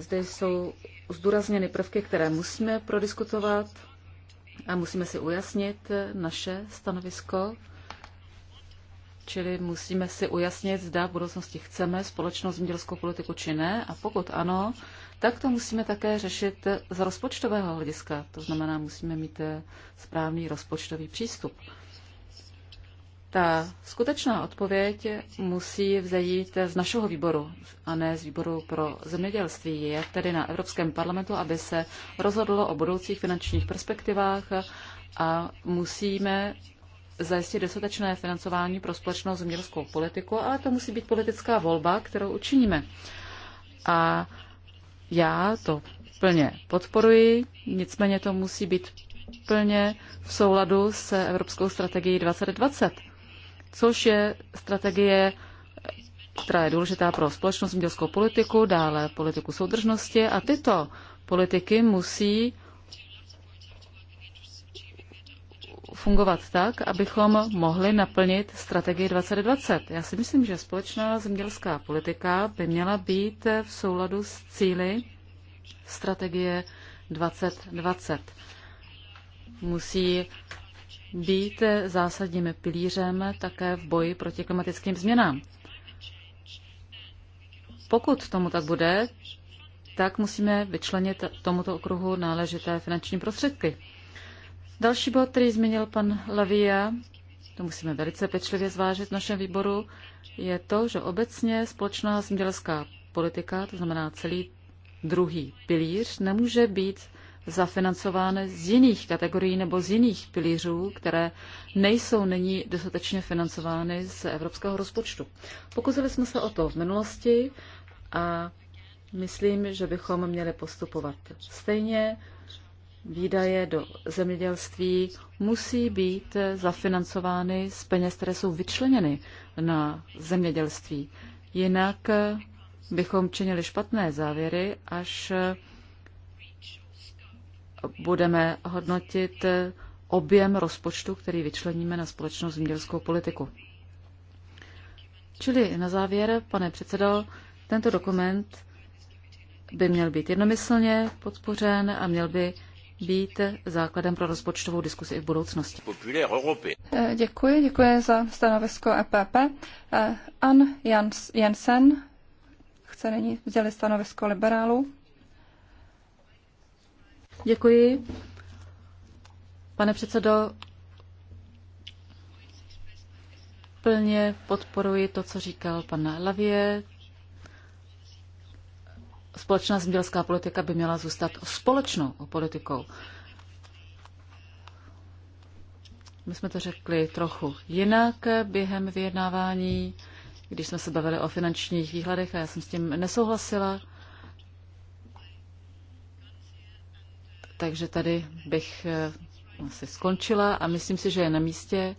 zde jsou zdůrazněny prvky, které musíme prodiskutovat a musíme si ujasnit naše stanovisko. Čili musíme si ujasnit, zda v budoucnosti chceme společnou zemědělskou politiku či ne. A pokud ano, tak to musíme také řešit z rozpočtového hlediska. To znamená, musíme mít eh, správný rozpočtový přístup. Ta skutečná odpověď musí vzejít z našeho výboru a ne z výboru pro zemědělství. Je tedy na Evropském parlamentu, aby se rozhodlo o budoucích finančních perspektivách a musíme zajistit dostatečné financování pro společnou zemědělskou politiku, ale to musí být politická volba, kterou učiníme. A já to plně podporuji, nicméně to musí být plně v souladu s Evropskou strategií 2020, což je strategie, která je důležitá pro společnou zemědělskou politiku, dále politiku soudržnosti a tyto politiky musí fungovat tak, abychom mohli naplnit strategii 2020. Já si myslím, že společná zemědělská politika by měla být v souladu s cíly strategie 2020. Musí být zásadním pilířem také v boji proti klimatickým změnám. Pokud tomu tak bude, tak musíme vyčlenit tomuto okruhu náležité finanční prostředky. Další bod, který zmínil pan Lavia, to musíme velice pečlivě zvážit v našem výboru, je to, že obecně společná zemědělská politika, to znamená celý druhý pilíř, nemůže být zafinancován z jiných kategorií nebo z jiných pilířů, které nejsou nyní dostatečně financovány z evropského rozpočtu. Pokusili jsme se o to v minulosti a myslím, že bychom měli postupovat stejně výdaje do zemědělství musí být zafinancovány z peněz, které jsou vyčleněny na zemědělství. Jinak bychom činili špatné závěry, až budeme hodnotit objem rozpočtu, který vyčleníme na společnou zemědělskou politiku. Čili na závěr, pane předsedo, tento dokument by měl být jednomyslně podpořen a měl by být základem pro rozpočtovou diskusi i v budoucnosti. Eh, děkuji, děkuji za stanovisko EPP. Eh, Ann Jans, Jensen chce nyní vzdělit stanovisko liberálů. Děkuji. Pane předsedo, plně podporuji to, co říkal pan Lavie, společná zemědělská politika by měla zůstat společnou politikou. My jsme to řekli trochu jinak během vyjednávání, když jsme se bavili o finančních výhledech a já jsem s tím nesouhlasila. Takže tady bych eh, asi skončila a myslím si, že je na místě,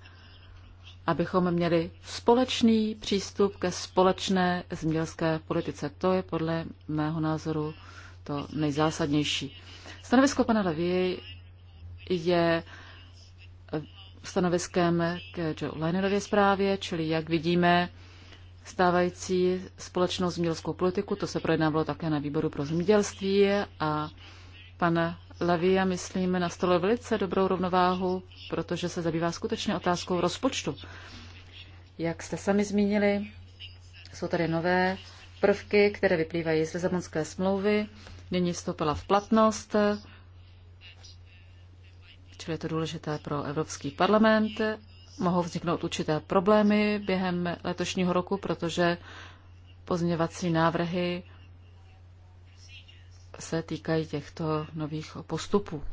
abychom měli společný přístup ke společné zemědělské politice. To je podle mého názoru to nejzásadnější. Stanovisko pana Levy je eh, stanoviskem k Joe Linerově zprávě, čili jak vidíme stávající společnou zemědělskou politiku, to se projednávalo také na výboru pro zemědělství a pan Lavia, myslím, nastolil velice dobrou rovnováhu, protože se zabývá skutečně otázkou rozpočtu. Jak jste sami zmínili, jsou tady nové prvky, které vyplývají z Lizabonské smlouvy. Nyní vstoupila v platnost, čili je to důležité pro Evropský parlament. Mohou vzniknout určité problémy během letošního roku, protože pozměvací návrhy se týkají těchto nových postupů.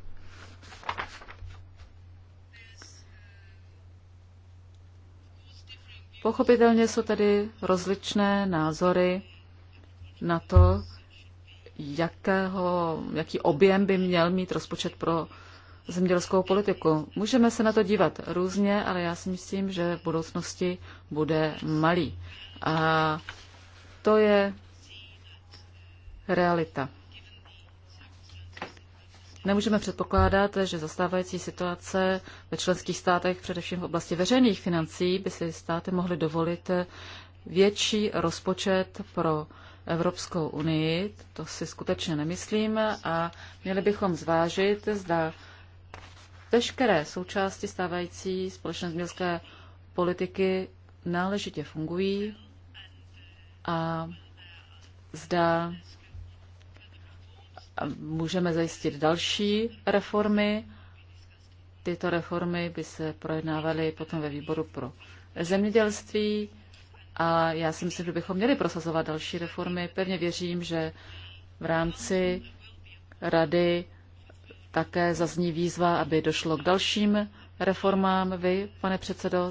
Pochopitelně jsou tady rozličné názory na to, jakého, jaký objem by měl mít rozpočet pro zemědělskou politiku. Můžeme se na to dívat různě, ale já si myslím, že v budoucnosti bude malý. A to je realita. Nemůžeme předpokládat, že zastávající situace ve členských státech, především v oblasti veřejných financí, by si státy mohly dovolit větší rozpočet pro Evropskou unii. To si skutečně nemyslím a měli bychom zvážit, zda veškeré součásti stávající společné zemědělské politiky náležitě fungují a zda můžeme zajistit další reformy. Tyto reformy by se projednávaly potom ve výboru pro zemědělství a já si myslím, že bychom měli prosazovat další reformy. Pevně věřím, že v rámci rady také zazní výzva, aby došlo k dalším reformám. Vy, pane předsedo,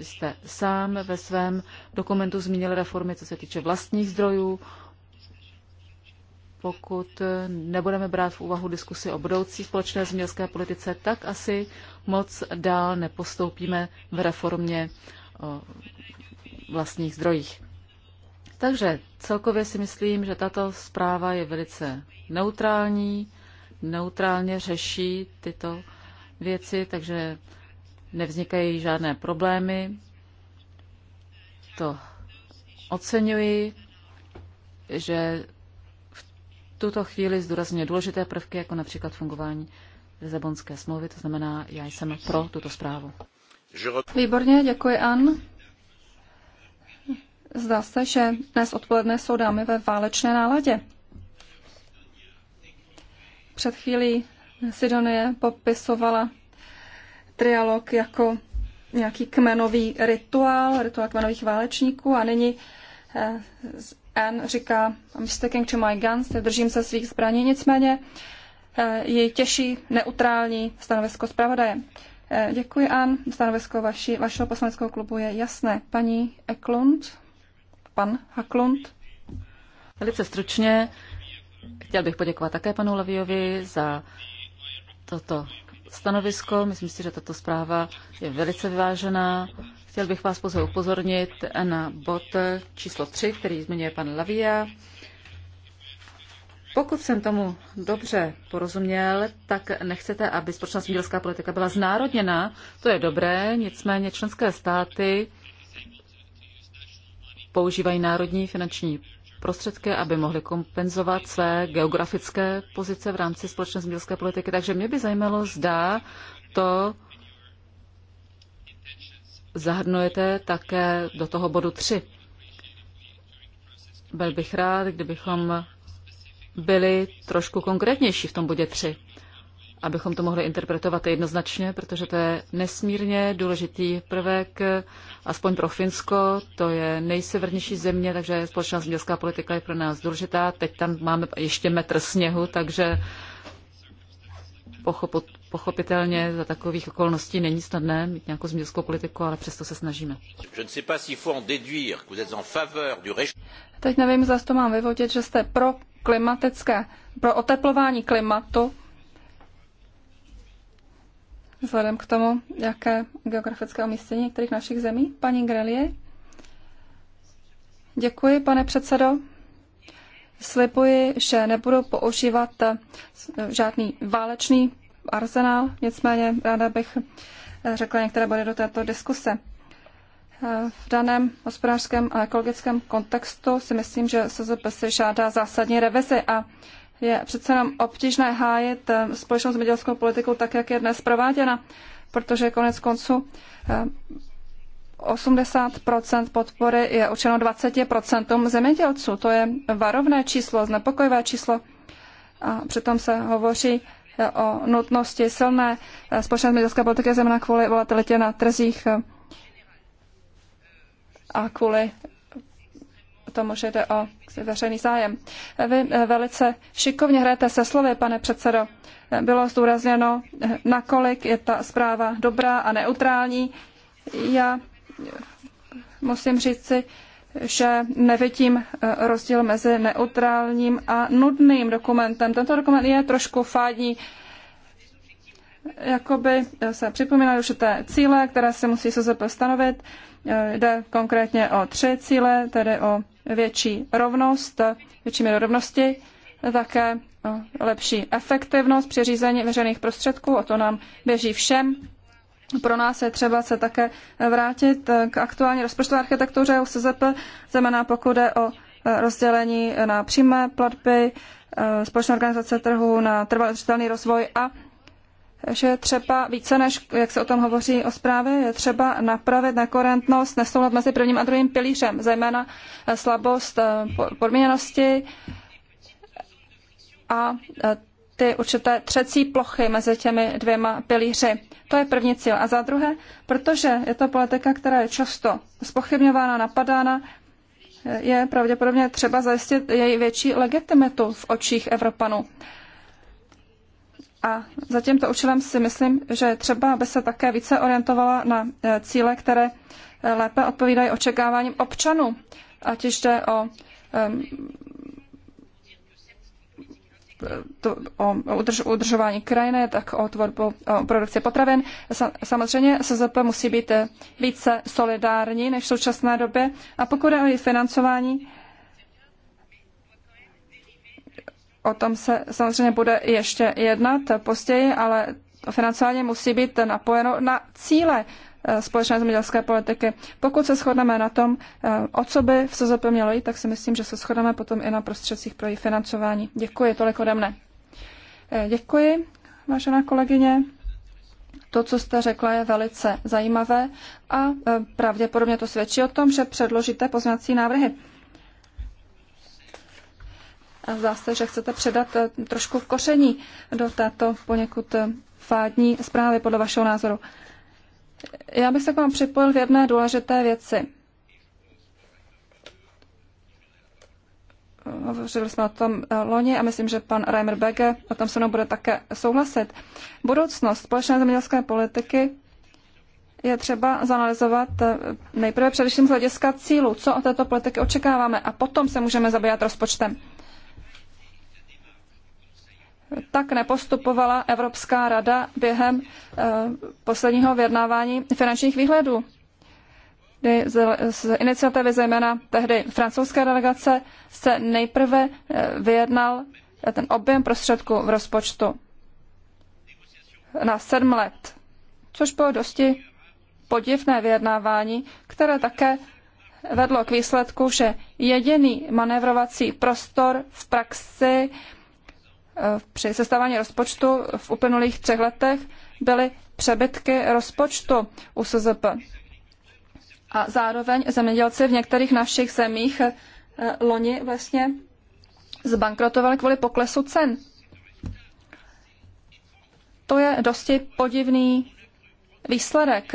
jste sám ve svém dokumentu zmínil reformy, co se týče vlastních zdrojů, pokud eh, nebudeme brát v úvahu diskusy o budoucí společné zemědělské politice, tak asi moc dál nepostoupíme v reformě o eh, vlastních zdrojích. Takže celkově si myslím, že tato zpráva je velice neutrální, neutrálně řeší tyto věci, takže nevznikají žádné problémy. To oceňuji, že tuto chvíli zdůrazňuje důležité prvky, jako například fungování Lizabonské smlouvy, to znamená, já jsem pro tuto zprávu. Výborně, děkuji, An. Zdá se, že dnes odpoledne jsou dámy ve válečné náladě. Před chvílí Sidonie popisovala trialog jako nějaký kmenový rituál, rituál kmenových válečníků a nyní eh, Anne říká, I'm sticking to my guns, držím se svých zbraní, nicméně eh, je těší neutrální stanovisko zpravodaje. Eh, děkuji, Anne. Stanovisko vaši, vašeho poslaneckého klubu je jasné. Paní Eklund, pan Haklund. Velice stručně chtěl bych poděkovat také panu Leviovi za toto stanovisko. Myslím si, že tato zpráva je velice vyvážená. Chtěl bych vás pozor upozornit na bod číslo 3, který zmiňuje pan Lavia. Pokud jsem tomu dobře porozuměl, tak nechcete, aby společná zemědělská politika byla znárodněna. To je dobré, nicméně členské státy používají národní finanční prostředky, aby mohly kompenzovat své geografické pozice v rámci společné zemědělské politiky. Takže mě by zajímalo, zda to zahrnujete také do toho bodu 3. Byl bych rád, kdybychom byli trošku konkrétnější v tom bodě 3, abychom to mohli interpretovat jednoznačně, protože to je nesmírně důležitý prvek, aspoň pro Finsko, to je nejsevernější země, takže společná zemědělská politika je pro nás důležitá. Teď tam máme ještě metr sněhu, takže pochopitelně za takových okolností není snadné mít nějakou zemědělskou politiku, ale přesto se snažíme. Teď nevím, zda to mám vyvodit, že jste pro klimatické, pro oteplování klimatu, vzhledem k tomu, jaké geografické umístění některých našich zemí. Paní Grelie. Děkuji, pane předsedo. Slibuji, že nebudu používat žádný válečný arzenál, nicméně ráda bych eh, řekla některé body do této diskuse. Eh, v daném hospodářském a ekologickém kontextu si myslím, že SZP si žádá zásadní revizi a je přece jenom obtížné hájit eh, společnou zemědělskou politiku tak, jak je dnes prováděna, protože konec konců 80 podpory je určeno 20 zemědělců. To je varovné číslo, znepokojivé číslo. A přitom se hovoří o nutnosti silné eh, společné zemědělské politiky, zejména kvůli volatilitě na trzích eh, a kvůli tomu, že jde o veřejný zájem. Vy eh, velice šikovně hrajete se slovy, pane předsedo. Bylo zdůrazněno, nakolik je ta zpráva dobrá a neutrální. Já musím říct, si, že nevidím eh, rozdíl mezi neutrálním a nudným dokumentem. Tento dokument je trošku fádní. Jakoby eh, se připomínají určité cíle, které se musí SZP stanovit. Eh, jde konkrétně o tři cíle, tedy o větší rovnost, větší míru rovnosti, také lepší efektivnost při řízení veřejných prostředků, o to nám běží všem pro nás je třeba se také vrátit k aktuální rozpočtové architektuře u SZP, znamená pokud jde o e, rozdělení na přímé platby, e, společné organizace trhu na trvalý udržitelný rozvoj a že je třeba více než, jak se o tom hovoří o zprávě, je třeba napravit nekoherentnost, nesoulad mezi prvním a druhým pilířem, zejména e, slabost podmíněnosti a ty určité třecí plochy mezi těmi dvěma pilíři. To je první cíl. A za druhé, protože je to politika, která je často spochybňována, napadána, je pravděpodobně třeba zajistit její větší legitimitu v očích Evropanů. A za tímto účelem si myslím, že třeba, by se také více orientovala na eh, cíle, které eh, lépe odpovídají očekáváním občanů, ať již jde o to, o udrž, udržování krajiny, tak o tvorbu o produkci potravin. Samozřejmě SZP musí být eh, více solidární než v současné době. A pokud je o její financování, o tom se samozřejmě bude ještě jednat eh, později, ale financování musí být eh, napojeno na cíle Eh, společné zemědělské politiky. Pokud se shodneme na tom, eh, o co by v SZP mělo jít, tak si myslím, že se shodneme potom i na prostředcích pro její financování. Děkuji, tolik ode mne. Eh, děkuji, vážená kolegyně. To, co jste řekla, je velice zajímavé a pravděpodobně to svědčí o tom, že předložíte pozměňovací návrhy. A zdá se, že chcete předat trošku koření do této poněkud fádní zprávy podle vašeho názoru. Já bych se k vám připojil v jedné důležité věci. Hovořili jsme o tom eh, loni a myslím, že pan Reimer Bege o tom se mnou bude také souhlasit. Budoucnost společné zemědělské politiky je třeba zanalizovat eh, nejprve především z hlediska cílu, co od této politiky očekáváme a potom se můžeme zabývat rozpočtem tak nepostupovala Evropská rada během eh, posledního vyjednávání finančních výhledů. Z, z iniciativy zejména tehdy francouzské delegace se nejprve eh, vyjednal ten objem prostředků v rozpočtu na sedm let, což bylo dosti podivné vyjednávání, které také vedlo k výsledku, že jediný manévrovací prostor v praxi Eh, při sestavování rozpočtu v uplynulých třech letech byly přebytky rozpočtu u SZP. A zároveň zemědělci v některých našich zemích eh, loni vlastně zbankrotovali kvůli poklesu cen. To je dosti podivný výsledek.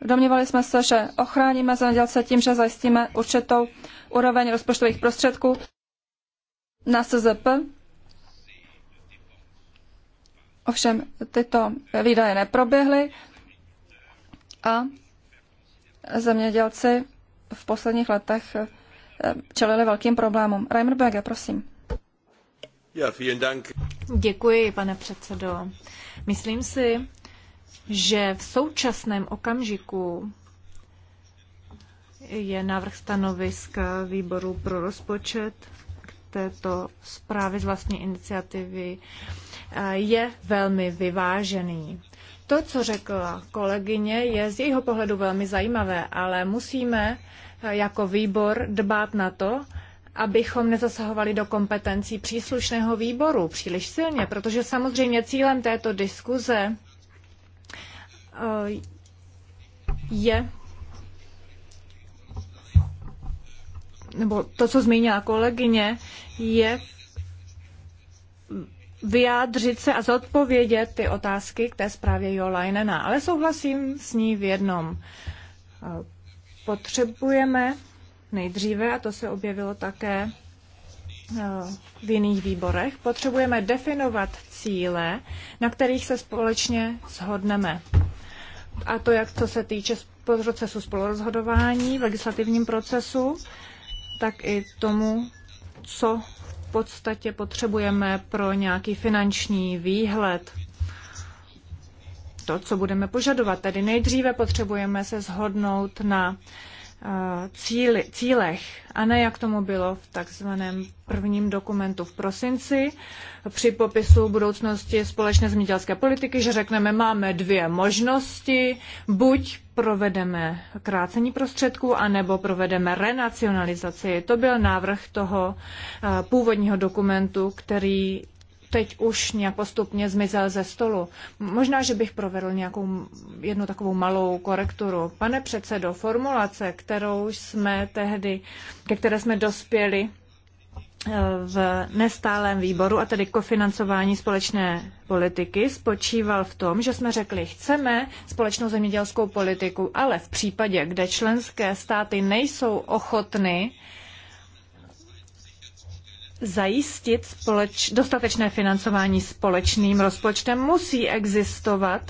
Domnívali jsme se, že ochráníme zemědělce tím, že zajistíme určitou úroveň rozpočtových prostředků na SZP Ovšem tyto výdaje neproběhly a zemědělci v posledních letech eh, čelili velkým problémům. Reimer Bege, prosím. Děkuji, pane předsedo. Myslím si, že v současném okamžiku je návrh stanoviska výboru pro rozpočet k této zprávě z vlastní iniciativy je velmi vyvážený. To, co řekla kolegyně, je z jejího pohledu velmi zajímavé, ale musíme eh, jako výbor dbát na to, abychom nezasahovali do kompetencí příslušného výboru příliš silně, protože samozřejmě cílem této diskuze eh, je nebo to, co zmínila kolegyně, je vyjádřit se a zodpovědět ty otázky k té zprávě Jo Leinena. Ale souhlasím s ní v jednom. Potřebujeme nejdříve, a to se objevilo také eh, v jiných výborech, potřebujeme definovat cíle, na kterých se společně shodneme. A to jak to se týče procesu spolurozhodování v legislativním procesu, tak i tomu, co podstatě potřebujeme pro nějaký finanční výhled. To, co budeme požadovat, tedy nejdříve potřebujeme se shodnout na cíli, cílech a ne jak tomu bylo v takzvaném prvním dokumentu v prosinci při popisu budoucnosti společné zemědělské politiky, že řekneme, máme dvě možnosti, buď provedeme krácení prostředků, anebo provedeme renacionalizaci. To byl návrh toho původního dokumentu, který teď už nějak postupně zmizel ze stolu. Možná, že bych provedl nějakou jednu takovou malou korekturu. Pane předsedo, formulace, kterou jsme tehdy, ke které jsme dospěli eh, v nestálém výboru, a tedy kofinancování společné politiky, spočíval v tom, že jsme řekli, chceme společnou zemědělskou politiku, ale v případě, kde členské státy nejsou ochotny zajistit společ, dostatečné financování společným rozpočtem, musí existovat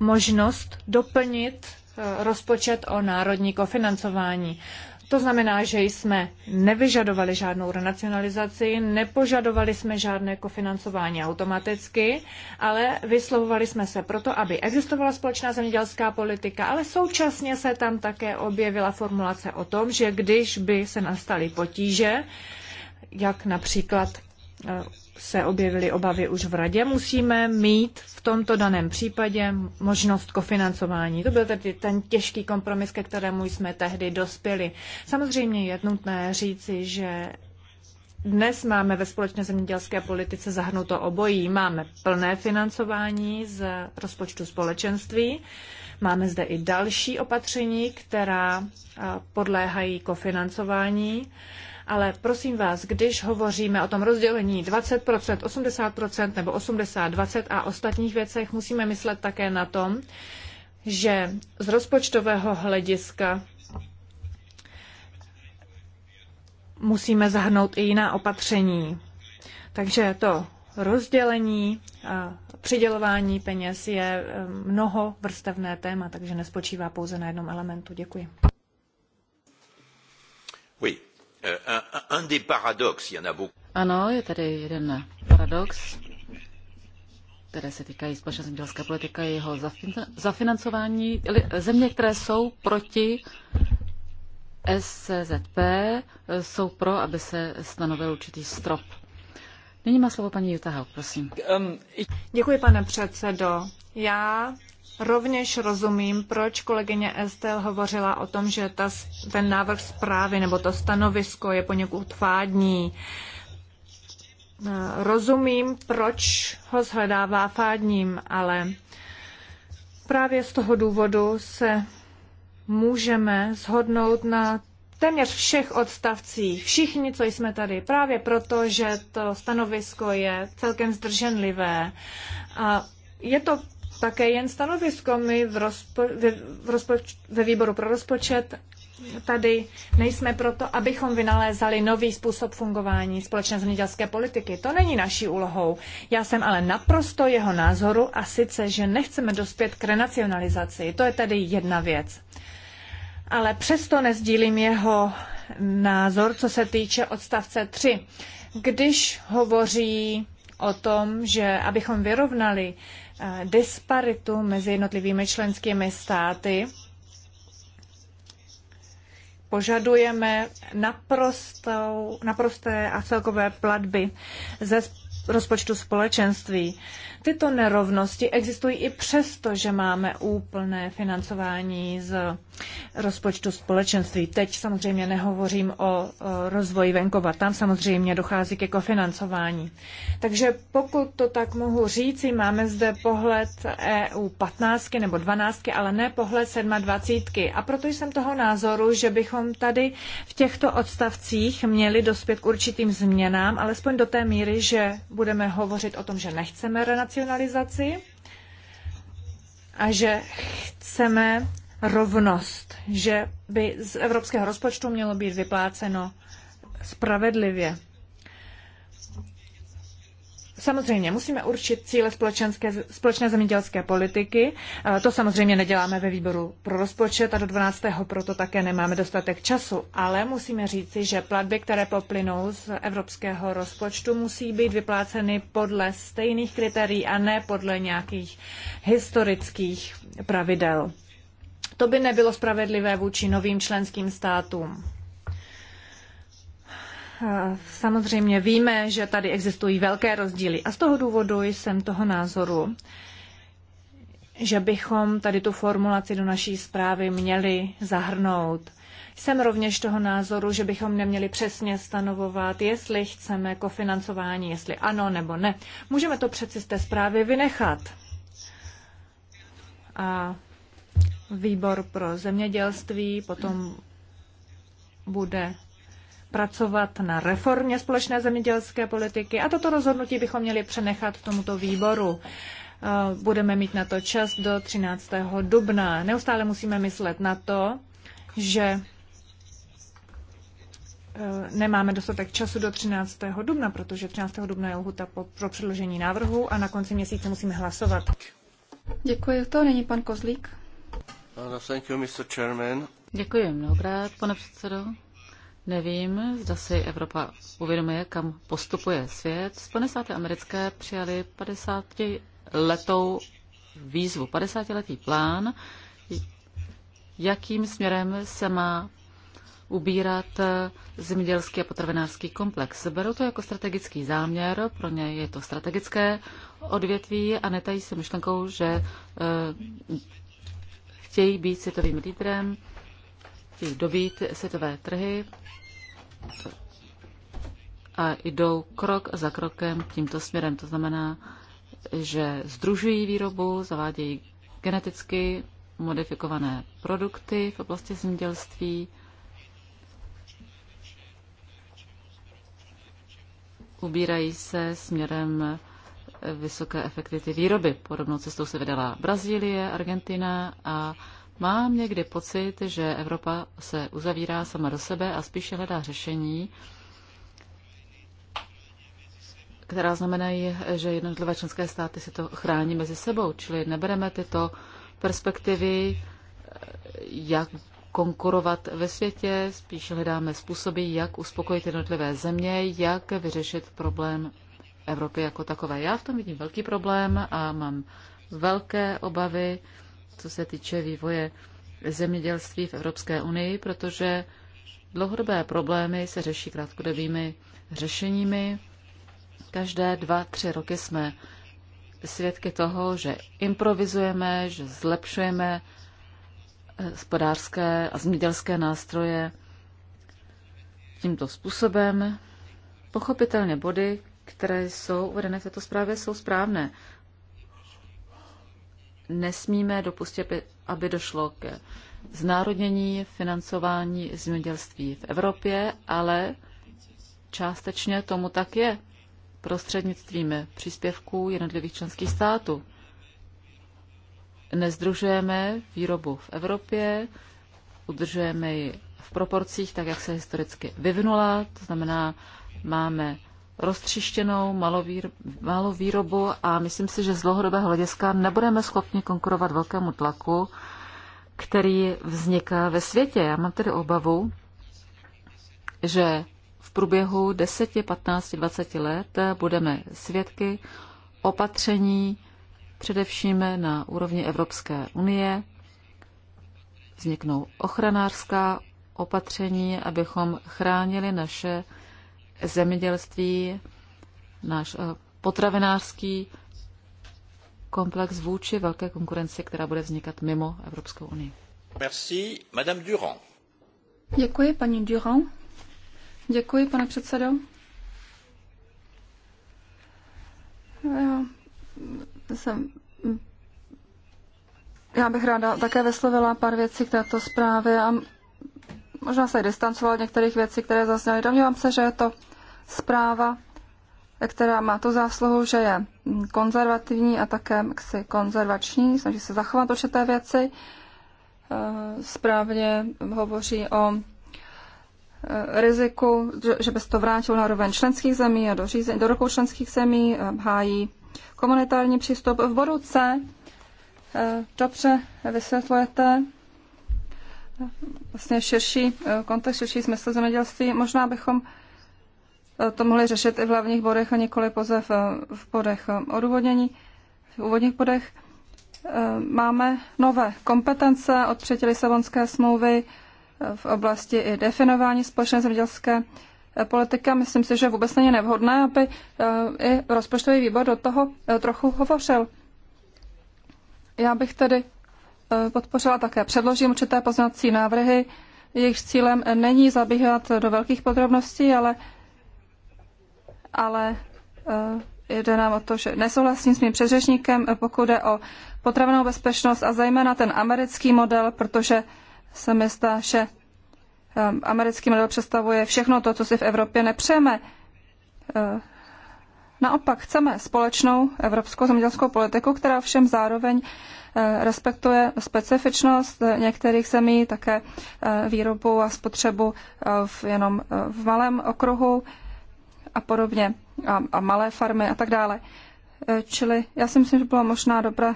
možnost doplnit eh, rozpočet o národní kofinancování. To znamená, že jsme nevyžadovali žádnou renacionalizaci, nepožadovali jsme žádné kofinancování automaticky, ale vyslovovali jsme se proto, aby existovala společná zemědělská politika, ale současně se tam také objevila formulace o tom, že když by se nastaly potíže, jak například eh, se objevily obavy už v radě, musíme mít v tomto daném případě možnost kofinancování. To byl tedy ten těžký kompromis, ke kterému jsme tehdy dospěli. Samozřejmě je nutné říci, že dnes máme ve společné zemědělské politice zahrnuto obojí. Máme plné financování z rozpočtu společenství, máme zde i další opatření, která eh, podléhají kofinancování. Ale prosím vás, když hovoříme o tom rozdělení 20%, 80% nebo 80-20 a ostatních věcech, musíme myslet také na tom, že z rozpočtového hlediska musíme zahrnout i jiná opatření. Takže to rozdělení a přidělování peněz je eh, mnoho vrstevné téma, takže nespočívá pouze na jednom elementu. Děkuji. Euh, ano, je tady jeden paradox, které se týkají společné zemědělské politiky a jeho zafinancování. Země, které jsou proti SCZP, jsou pro, aby se stanovil určitý strop. Nyní má slovo paní Jutaha, prosím. Um, Děkuji, pane předsedo. Já Rovněž rozumím, proč kolegyně Estel hovořila o tom, že ta, ten návrh zprávy nebo to stanovisko je poněkud fádní. Rozumím, proč ho shledává fádním, ale právě z toho důvodu se můžeme shodnout na téměř všech odstavcích. Všichni, co jsme tady, právě proto, že to stanovisko je celkem zdrženlivé. A je to také jen stanovisko. My v rozpo, ve, v rozpoč, ve výboru pro rozpočet tady nejsme proto, abychom vynalézali nový způsob fungování společné zemědělské politiky. To není naší úlohou. Já jsem ale naprosto jeho názoru a sice, že nechceme dospět k renacionalizaci. To je tedy jedna věc. Ale přesto nezdílím jeho názor, co se týče odstavce 3. Když hovoří o tom, že abychom vyrovnali uh, Eh, disparitu mezi jednotlivými členskými státy. Požadujeme naprostou, naprosté a celkové platby ze rozpočtu společenství tyto nerovnosti existují i přesto, že máme úplné financování z rozpočtu společenství. Teď samozřejmě nehovořím o rozvoji venkova, tam samozřejmě dochází ke kofinancování. Takže pokud to tak mohu říci, máme zde pohled EU 15 nebo 12, ale ne pohled 27. A proto jsem toho názoru, že bychom tady v těchto odstavcích měli dospět k určitým změnám, alespoň do té míry, že budeme hovořit o tom, že nechceme renaci racionalizaci a že chceme rovnost, že by z evropského rozpočtu mělo být vypláceno spravedlivě. Samozřejmě musíme určit cíle společenské, společné zemědělské politiky. To samozřejmě neděláme ve výboru pro rozpočet a do 12. proto také nemáme dostatek času. Ale musíme říci, že platby, které poplynou z evropského rozpočtu, musí být vypláceny podle stejných kritérií a ne podle nějakých historických pravidel. To by nebylo spravedlivé vůči novým členským státům. Samozřejmě víme, že tady existují velké rozdíly a z toho důvodu jsem toho názoru, že bychom tady tu formulaci do naší zprávy měli zahrnout. Jsem rovněž toho názoru, že bychom neměli přesně stanovovat, jestli chceme kofinancování, jestli ano nebo ne. Můžeme to přeci z té zprávy vynechat. A výbor pro zemědělství potom bude pracovat na reformě společné zemědělské politiky a toto rozhodnutí bychom měli přenechat tomuto výboru. Eh, budeme mít na to čas do 13. dubna. Neustále musíme myslet na to, že eh, nemáme dostatek času do 13. dubna, protože 13. dubna je lhuta pro předložení návrhu a na konci měsíce musíme hlasovat. Děkuji. To není pan Kozlík. Uh, Děkuji mnohokrát, pane předsedo. Nevím, zda si Evropa uvědomuje, kam postupuje svět. Spojené státy americké přijali 50 letou výzvu, 50 letý plán, jakým směrem se má ubírat zemědělský a potravinářský komplex. Berou to jako strategický záměr, pro ně je to strategické odvětví a netají se myšlenkou, že eh, chtějí být světovým lídrem, chtějí dobít světové trhy a jdou krok za krokem tímto směrem. To znamená, že združují výrobu, zavádějí geneticky modifikované produkty v oblasti zemědělství, ubírají se směrem vysoké efektivity výroby. Podobnou cestou se vydala Brazílie, Argentina a Mám někdy pocit, že Evropa se uzavírá sama do sebe a spíše hledá řešení, která znamenají, že jednotlivé členské státy si to chrání mezi sebou, čili nebereme tyto perspektivy, jak konkurovat ve světě, spíš hledáme způsoby, jak uspokojit jednotlivé země, jak vyřešit problém Evropy jako takové. Já v tom vidím velký problém a mám velké obavy co se týče vývoje zemědělství v Evropské unii, protože dlouhodobé problémy se řeší krátkodobými řešeními. Každé dva, tři roky jsme svědky toho, že improvizujeme, že zlepšujeme eh, hospodářské a zemědělské nástroje tímto způsobem. Pochopitelně body, které jsou uvedené v této zprávě, jsou správné nesmíme dopustit, aby došlo k znárodnění financování zemědělství v Evropě, ale částečně tomu tak je prostřednictvím příspěvků jednotlivých členských států. Nezdružujeme výrobu v Evropě, udržujeme ji v proporcích, tak jak se historicky vyvinula, to znamená, máme roztřištěnou malou výrobu a myslím si, že z dlouhodobého hlediska nebudeme schopni konkurovat velkému tlaku, který vzniká ve světě. Já mám tedy obavu, že v průběhu 10, 15, 20 let budeme svědky opatření především na úrovni Evropské unie. Vzniknou ochranářská opatření, abychom chránili naše zemědělství, náš eh, potravinářský komplex vůči velké konkurenci, která bude vznikat mimo Evropskou unii. Merci, Madame Durand. Děkuji, paní Durand. Děkuji, pane předsedo. Já jsem já bych ráda také vyslovila pár věcí k této zprávě a možná se distancoval od některých věcí, které zazněly. Domnívám se, že je to zpráva, která má tu zásluhu, že je konzervativní a také ksi konzervační, snaží se zachovat určité věci. Eh, správně hovoří o eh, riziku, že by se to vrátilo na roveň členských zemí a do, řízení, do rukou členských zemí, eh, hájí komunitární přístup. V bodu C dobře vysvětlujete, vlastně širší eh, kontext, širší smysl zemědělství. Možná bychom eh, to mohli řešit i v hlavních bodech a nikoli pouze v, v bodech eh, odůvodnění, v úvodních bodech. Máme nové kompetence od přijetí Lisabonské smlouvy v oblasti i definování společné zemědělské politika. Myslím si, že vůbec není nevhodné, aby i rozpočtový výbor do toho trochu hovořil. Já bych tedy Eh, podpořila také. Předložím určité poznací návrhy, jejichž cílem není zabíhat do velkých podrobností, ale, ale eh, jde nám o to, že nesouhlasím s mým předřečníkem, eh, pokud jde o potravinovou bezpečnost a zejména ten americký model, protože se mi zdá, že americký model představuje všechno to, co si v Evropě nepřejeme. Naopak chceme společnou evropskou zemědělskou politiku, která všem zároveň Eh, respektuje specifičnost některých zemí, také eh, výrobu a spotřebu eh, v, jenom v malém okruhu a podobně, a, a malé farmy a tak dále. Čili já si myslím, že bylo možná dobré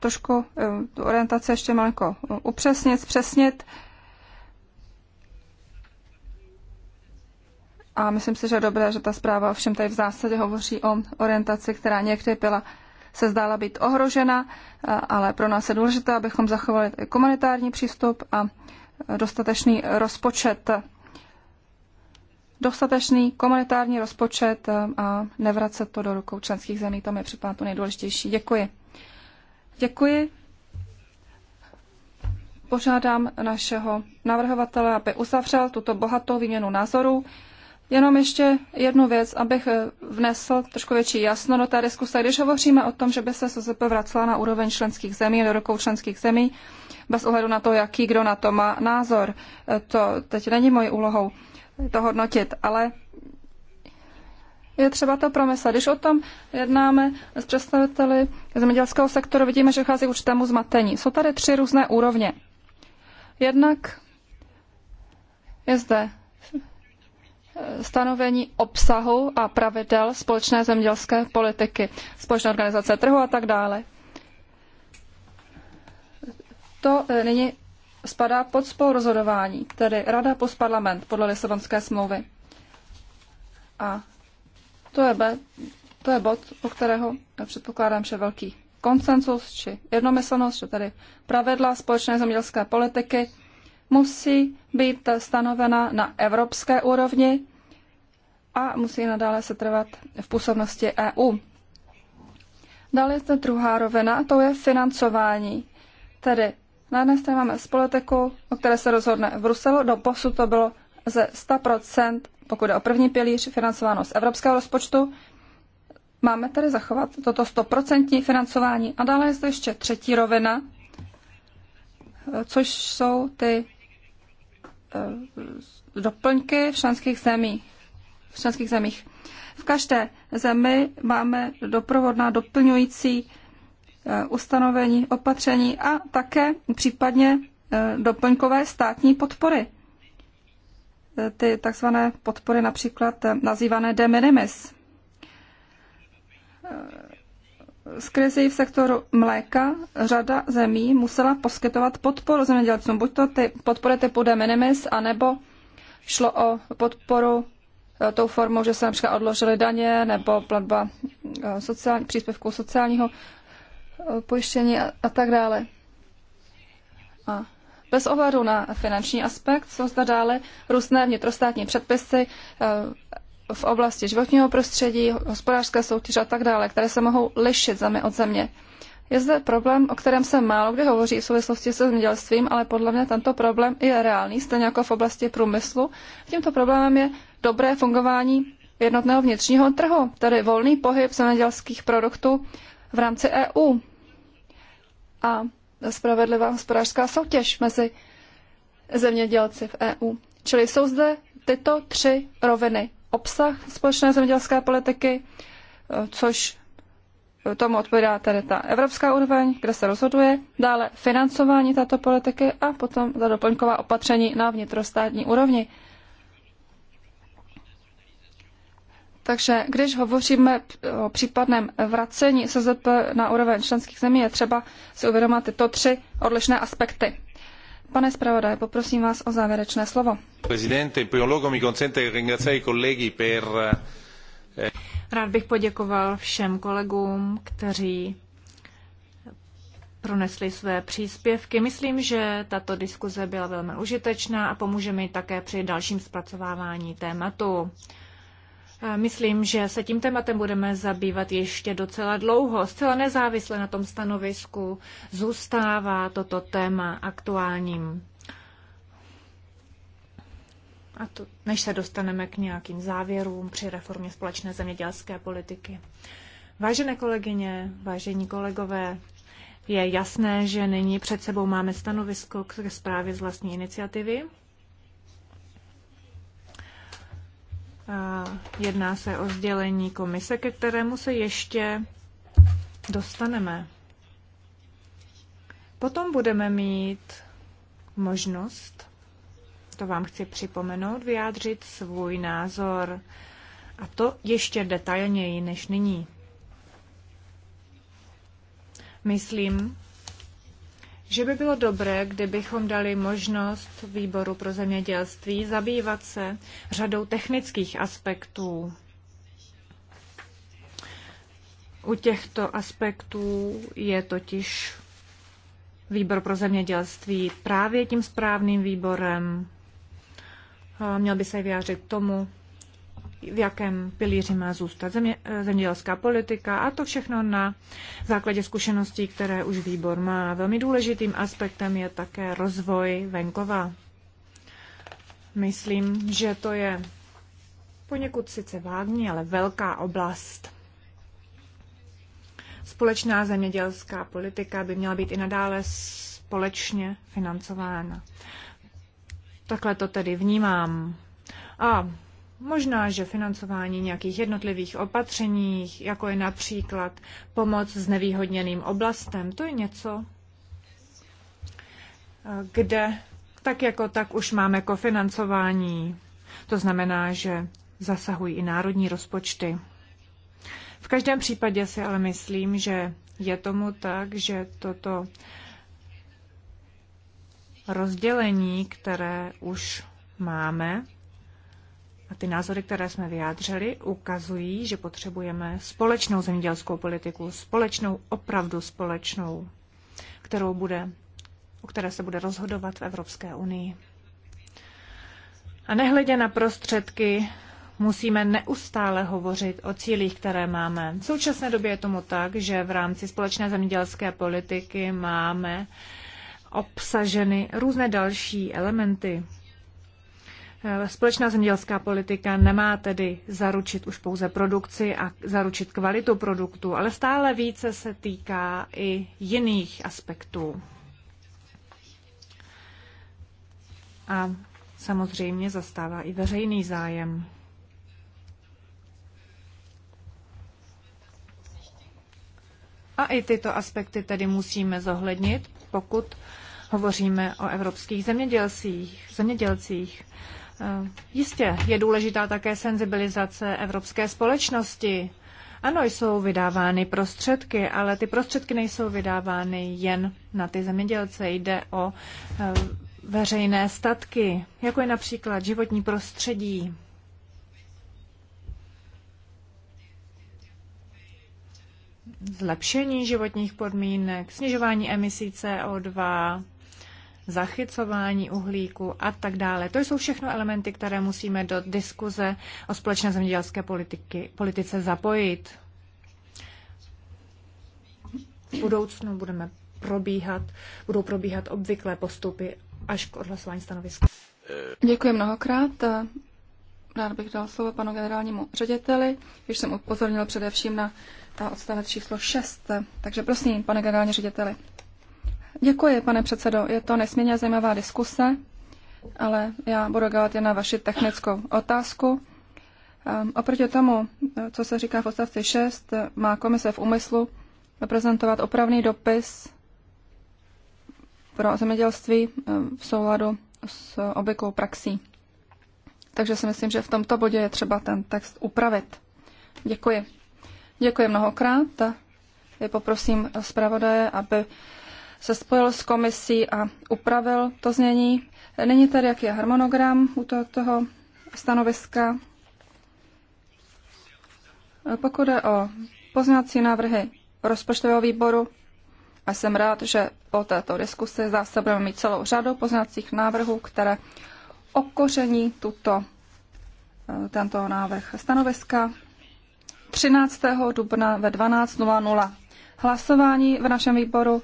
trošku tu orientaci ještě malinko upřesnit, zpřesnit. A myslím si, že je dobré, že ta zpráva všem tady v zásadě hovoří o orientaci, která někdy byla se zdála být ohrožena, eh, ale pro nás je důležité, abychom zachovali komunitární přístup a dostatečný rozpočet. Dostatečný komunitární rozpočet eh, a nevracet to do rukou členských zemí, To mi připadá to nejdůležitější. Děkuji. Děkuji. Požádám našeho navrhovatele, aby uzavřel tuto bohatou výměnu názorů. Jenom ještě jednu věc, abych eh, vnesl trošku větší jasno do té diskuse. Když hovoříme o tom, že by se SZP vracela na úroveň členských zemí, do rukou členských zemí, bez ohledu na to, jaký kdo na to má názor, eh, to teď není mojí úlohou to hodnotit, ale je třeba to promyslet. Když o tom jednáme s představiteli zemědělského sektoru, vidíme, že dochází k určitému zmatení. Jsou tady tři různé úrovně. Jednak je zde stanovení obsahu a pravidel společné zemědělské politiky, společné organizace trhu a tak dále. To e, nyní spadá pod spolurozhodování, tedy Rada plus parlament podle Lisabonské smlouvy. A to je, be, to je bod, u kterého předpokládám, že velký konsensus či jednomyslnost, že tedy pravidla společné zemědělské politiky musí být stanovena na evropské úrovni a musí nadále se trvat v působnosti EU. Dále je to druhá rovina, to je financování. Tedy na jedné straně máme politiku, o které se rozhodne v Bruselu, do posud to bylo ze 100%, pokud je o první pilíř, financováno z evropského rozpočtu. Máme tedy zachovat toto 100% financování. A dále je zde ještě třetí rovina, což jsou ty Eh, doplňky v členských zemích. V členských zemích. V každé zemi máme doprovodná doplňující eh, ustanovení, opatření a také případně eh, doplňkové státní podpory. Ty takzvané podpory například nazývané de minimis z krizí v sektoru mléka řada zemí musela poskytovat podporu zemědělcům. Buď to ty podpory typu de minimis, anebo šlo o podporu e, tou formou, že se například odložily daně nebo platba e, sociální, příspěvku sociálního e, pojištění a, a tak dále. A bez ohledu na finanční aspekt jsou zde dále různé vnitrostátní předpisy, v oblasti životního prostředí, hospodářské soutěže a tak dále, které se mohou lišit zemi od země. Je zde problém, o kterém se málo kdy hovoří v souvislosti se zemědělstvím, ale podle mě tento problém je reálný, stejně jako v oblasti průmyslu. Tímto problémem je dobré fungování jednotného vnitřního trhu, tedy volný pohyb zemědělských produktů v rámci EU a spravedlivá hospodářská soutěž mezi zemědělci v EU. Čili jsou zde tyto tři roviny obsah společné zemědělské politiky, eh, což eh, tomu odpovídá tedy ta evropská úroveň, kde se rozhoduje, dále financování této politiky a potom za doplňková opatření na vnitrostátní úrovni. Takže když hovoříme o případném vracení SZP na úroveň členských zemí, je třeba si uvědomit tyto tři odlišné aspekty. Pane zpravodaj, poprosím vás o závěrečné slovo. Eh, Rád bych poděkoval všem kolegům, kteří pronesli své příspěvky. Myslím, že tato diskuze byla velmi užitečná a pomůže mi také při dalším zpracovávání tématu. Myslím, že se tím tématem budeme zabývat ještě docela dlouho. Zcela nezávisle na tom stanovisku zůstává toto téma aktuálním. A to, než se dostaneme k nějakým závěrům při reformě společné zemědělské politiky. Vážené kolegyně, vážení kolegové, je jasné, že nyní před sebou máme stanovisko k zprávě z vlastní iniciativy. Jedná se o sdělení komise, ke kterému se ještě dostaneme. Potom budeme mít možnost, to vám chci připomenout, vyjádřit svůj názor. A to ještě detailněji než nyní. Myslím, že by bylo dobré, kdybychom dali možnost výboru pro zemědělství zabývat se řadou technických aspektů. U těchto aspektů je totiž výbor pro zemědělství právě tím správným výborem. Měl by se vyjádřit tomu, v jakém pilíři má zůstat země, eh, zemědělská politika a to všechno na základě zkušeností, které už výbor má. Velmi důležitým aspektem je také rozvoj venkova. Myslím, že to je poněkud sice vágní, ale velká oblast. Společná zemědělská politika by měla být i nadále společně financována. Takhle to tedy vnímám. A Možná, že financování nějakých jednotlivých opatření, jako je například pomoc s nevýhodněným oblastem, to je něco, kde tak jako tak už máme kofinancování. To znamená, že zasahují i národní rozpočty. V každém případě si ale myslím, že je tomu tak, že toto rozdělení, které už máme, a ty názory, které jsme vyjádřili, ukazují, že potřebujeme společnou zemědělskou politiku, společnou, opravdu společnou, kterou bude, o které se bude rozhodovat v Evropské unii. A nehledě na prostředky, musíme neustále hovořit o cílích, které máme. V současné době je tomu tak, že v rámci společné zemědělské politiky máme obsaženy různé další elementy, Eh, společná zemědělská politika nemá tedy zaručit už pouze produkci a zaručit kvalitu produktu, ale stále více se týká i jiných aspektů. A samozřejmě zastává i veřejný zájem. A i tyto aspekty tedy musíme zohlednit, pokud hovoříme o evropských zemědělcích. zemědělcích. Eh, jistě je důležitá také senzibilizace evropské společnosti. Ano, jsou vydávány prostředky, ale ty prostředky nejsou vydávány jen na ty zemědělce. Jde o eh, veřejné statky, jako je například životní prostředí. Zlepšení životních podmínek, snižování emisí CO2, zachycování uhlíku a tak dále. To jsou všechno elementy, které musíme do diskuze o společné zemědělské politiky, politice zapojit. V budoucnu budeme probíhat, budou probíhat obvyklé postupy až k odhlasování stanoviska. Děkuji mnohokrát. Rád bych dal slovo panu generálnímu řediteli, když jsem upozornil především na ta odstavec číslo 6. Takže prosím, pane generální řediteli. Děkuji, pane předsedo. Je to nesmírně zajímavá diskuse, ale já budu reagovat jen na vaši technickou otázku. Ehm, oproti tomu, co se říká v odstavci 6, má komise v úmyslu prezentovat opravný dopis pro zemědělství ehm, v souladu s obvyklou praxí. Takže si myslím, že v tomto bodě je třeba ten text upravit. Děkuji. Děkuji mnohokrát. Je poprosím zpravodaje, aby se spojil s komisí a upravil to znění. Není tady, jaký je harmonogram u toho, toho stanoviska. Pokud je o pozměňovací návrhy rozpočtového výboru, a jsem rád, že po této diskusi zase budeme mít celou řadu pozměňovacích návrhů, které okoření tuto, eh, tento návrh stanoviska. 13. dubna ve 12.00 hlasování v našem výboru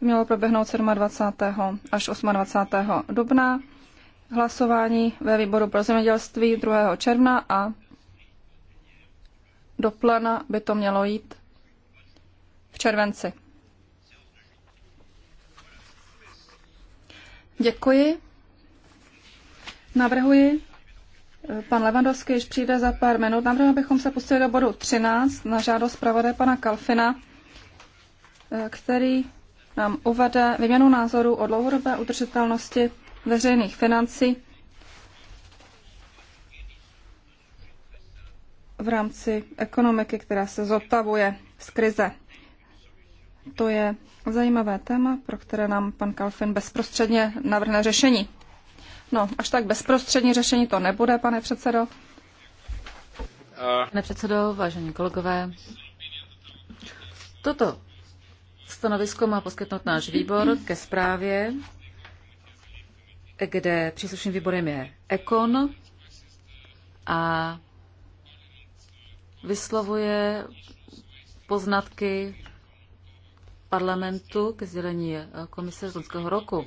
mělo proběhnout 27. až 28. dubna, hlasování ve výboru pro zemědělství 2. června a do plena by to mělo jít v červenci. Děkuji. Navrhuji, pan Levandovský již přijde za pár minut, navrhuji, abychom se pustili do bodu 13 na žádost pravodé pana Kalfina, který nám uvede vyměnu názoru o dlouhodobé udržitelnosti veřejných financí v rámci ekonomiky, která se zotavuje z krize. To je zajímavé téma, pro které nám pan Kalfin bezprostředně navrhne řešení. No, až tak bezprostřední řešení to nebude, pane předsedo. Pane předsedo, vážení kolegové, toto Stanovisko má poskytnout náš výbor ke zprávě, kde příslušným výborem je Ekon a vyslovuje poznatky parlamentu ke sdělení komise z loňského roku.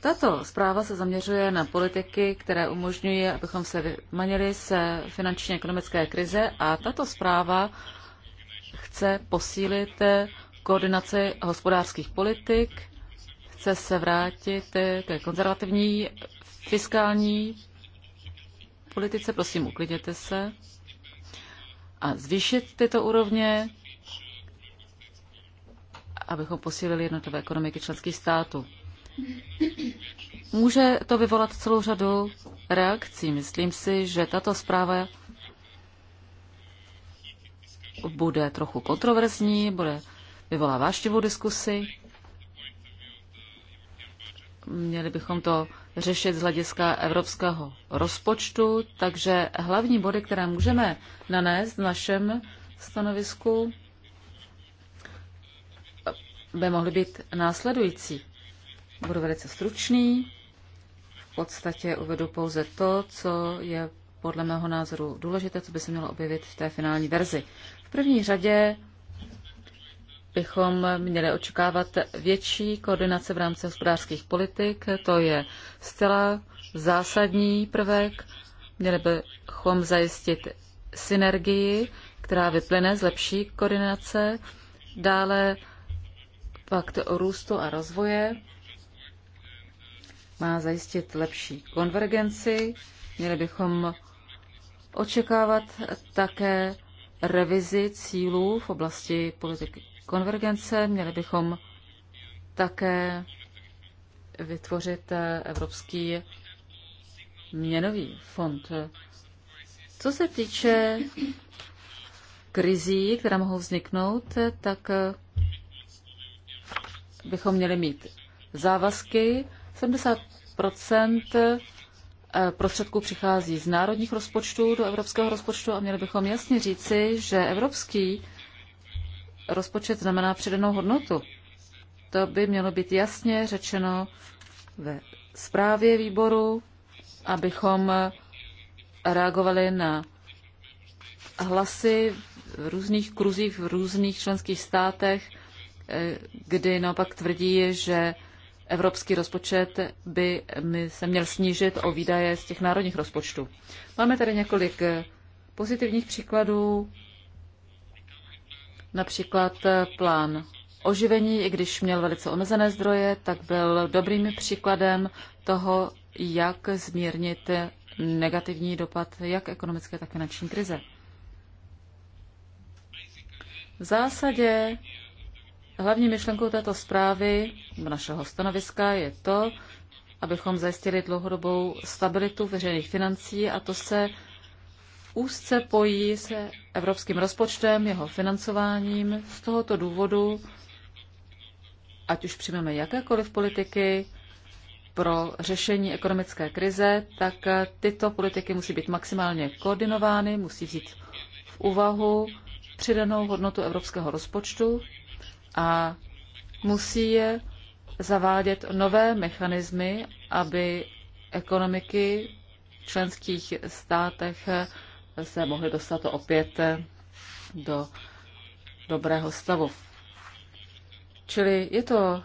Tato zpráva se zaměřuje na politiky, které umožňují, abychom se vymanili se finančně ekonomické krize a tato zpráva chce posílit koordinaci hospodářských politik, chce se vrátit ke konzervativní fiskální politice. Prosím, uklidněte se. A zvýšit tyto úrovně, abychom posílili jednotlivé ekonomiky členských států. Může to vyvolat celou řadu reakcí. Myslím si, že tato zpráva bude trochu kontroverzní, bude vyvolává štivou diskusi. Měli bychom to řešit z hlediska evropského rozpočtu, takže hlavní body, které můžeme nanést v našem stanovisku, by mohly být následující. Budu velice stručný. V podstatě uvedu pouze to, co je podle mého názoru důležité, co by se mělo objevit v té finální verzi. V první řadě bychom měli očekávat větší koordinace v rámci hospodářských politik. To je zcela zásadní prvek. Měli bychom zajistit synergii, která vyplyne z lepší koordinace. Dále pakt o růstu a rozvoje má zajistit lepší konvergenci. Měli bychom očekávat také revizi cílů v oblasti politiky konvergence. Měli bychom také vytvořit eh, Evropský měnový fond. Co se týče krizí, která mohou vzniknout, tak eh, bychom měli mít závazky. 70 eh, prostředků přichází z národních rozpočtů do evropského rozpočtu a měli bychom jasně říci, že evropský rozpočet znamená přidanou hodnotu. To by mělo být jasně řečeno ve zprávě výboru, abychom reagovali na hlasy v různých kruzích, v různých členských státech, eh, kdy naopak tvrdí, že evropský rozpočet by se měl snížit o výdaje z těch národních rozpočtů. Máme tady několik eh, pozitivních příkladů Například eh, plán oživení, i když měl velice omezené zdroje, tak byl dobrým příkladem toho, jak zmírnit negativní dopad jak ekonomické, tak finanční krize. V zásadě hlavní myšlenkou této zprávy, našeho stanoviska, je to, abychom zajistili dlouhodobou stabilitu veřejných financí a to se úzce pojí se evropským rozpočtem, jeho financováním. Z tohoto důvodu, ať už přijmeme jakékoliv politiky pro řešení ekonomické krize, tak tyto politiky musí být maximálně koordinovány, musí vzít v úvahu přidanou hodnotu evropského rozpočtu a musí je zavádět nové mechanismy, aby ekonomiky v členských státech se mohli dostat opět do dobrého stavu. Čili je to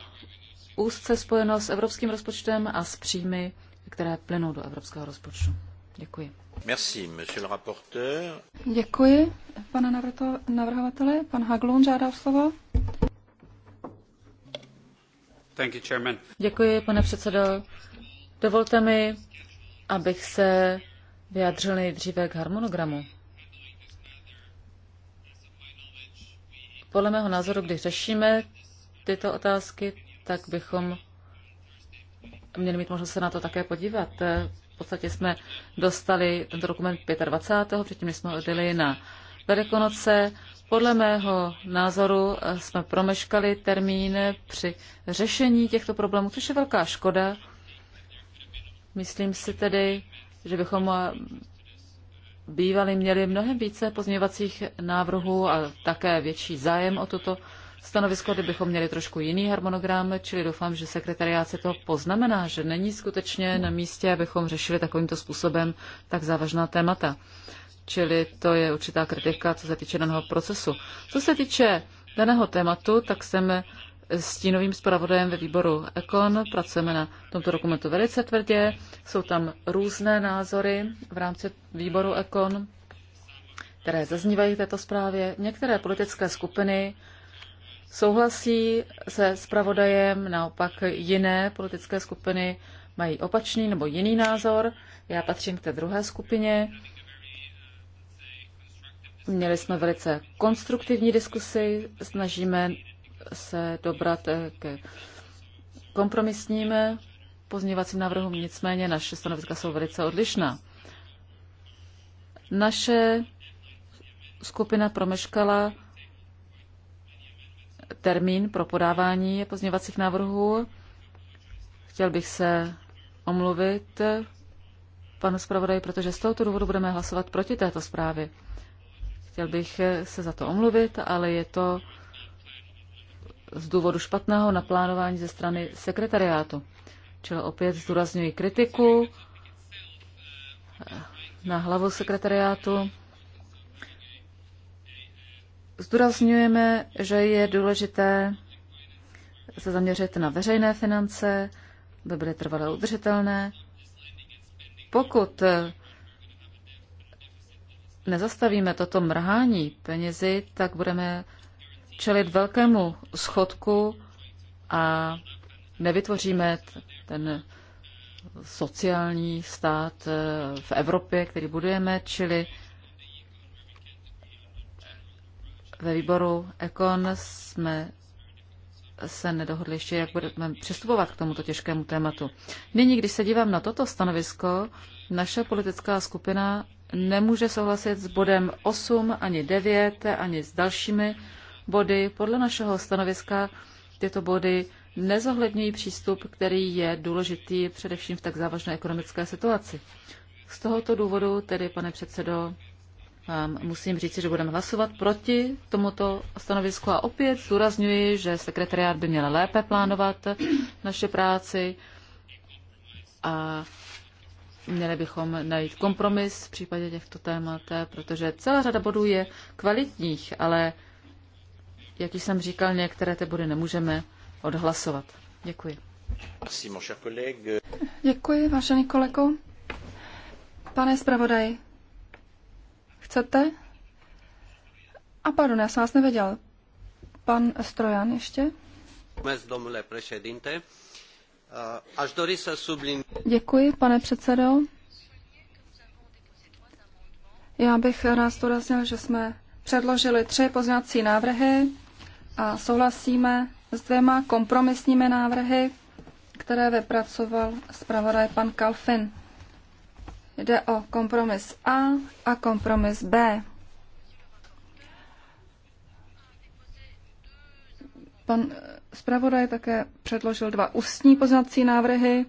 úzce spojeno s evropským rozpočtem a s příjmy, které plynou do evropského rozpočtu. Děkuji. Merci, monsieur le rapporteur. Děkuji, pane navrhovateli. Pan Haglund žádá slovo. Thank you, chairman. Děkuji, pane předsedo. Dovolte mi, abych se vyjádřil nejdříve k harmonogramu. Podle mého názoru, když řešíme tyto otázky, tak bychom měli mít možnost se na to také podívat. V podstatě jsme dostali tento dokument 25. předtím jsme odjeli na Velikonoce. Podle mého názoru jsme promeškali termín při řešení těchto problémů, což je velká škoda. Myslím si tedy, že bychom eh, bývali měli mnohem více pozměňovacích návrhů a také větší zájem o toto stanovisko, kdybychom měli trošku jiný harmonogram, čili doufám, že sekretariát se to poznamená, že není skutečně na místě, abychom řešili takovýmto způsobem tak závažná témata. Čili to je určitá kritika, co se týče daného procesu. Co se týče daného tématu, tak jsem stínovým zpravodajem ve výboru Ekon. Pracujeme na tomto dokumentu velice tvrdě. Jsou tam různé názory v rámci výboru Ekon, které zaznívají v této zprávě. Některé politické skupiny souhlasí se zpravodajem, naopak jiné politické skupiny mají opačný nebo jiný názor. Já patřím k té druhé skupině. Měli jsme velice konstruktivní diskusy, snažíme se dobrat eh, k kompromisním pozměňovacím návrhům, nicméně naše stanoviska jsou velice odlišná. Naše skupina promeškala termín pro podávání pozměňovacích návrhů. Chtěl bych se omluvit panu zpravodaji, protože z tohoto důvodu budeme hlasovat proti této zprávě. Chtěl bych se za to omluvit, ale je to z důvodu špatného naplánování ze strany sekretariátu. Čili opět zdůrazňuji kritiku na hlavu sekretariátu. Zdůrazňujeme, že je důležité se zaměřit na veřejné finance, aby byly trvalé udržitelné. Pokud nezastavíme toto mrhání penězi, tak budeme čelit velkému schodku a nevytvoříme ten sociální stát eh, v Evropě, který budujeme, čili ve výboru Econ jsme se nedohodli ještě, jak budeme přistupovat k tomuto těžkému tématu. Nyní, když se dívám na toto stanovisko, naše politická skupina nemůže souhlasit s bodem 8, ani 9, ani s dalšími body, podle našeho stanoviska tyto body nezohledňují přístup, který je důležitý především v tak závažné ekonomické situaci. Z tohoto důvodu tedy, pane předsedo, vám musím říct, že budeme hlasovat proti tomuto stanovisku a opět zdůrazňuji, že sekretariát by měl lépe plánovat naše práci a měli bychom najít kompromis v případě těchto témat, protože celá řada bodů je kvalitních, ale jak již jsem říkal, některé ty body nemůžeme odhlasovat. Děkuji. Děkuji, vážený kolego. Pane zpravodaj, chcete? A pardon, já jsem vás nevěděl. Pan Strojan ještě? Děkuji, pane předsedo. Já bych rád zdůraznil, že jsme předložili tři pozměňovací návrhy a souhlasíme s dvěma kompromisními návrhy, které vypracoval zpravodaj pan Kalfin. Jde o kompromis A a kompromis B. Pan zpravodaj také předložil dva ústní poznací návrhy.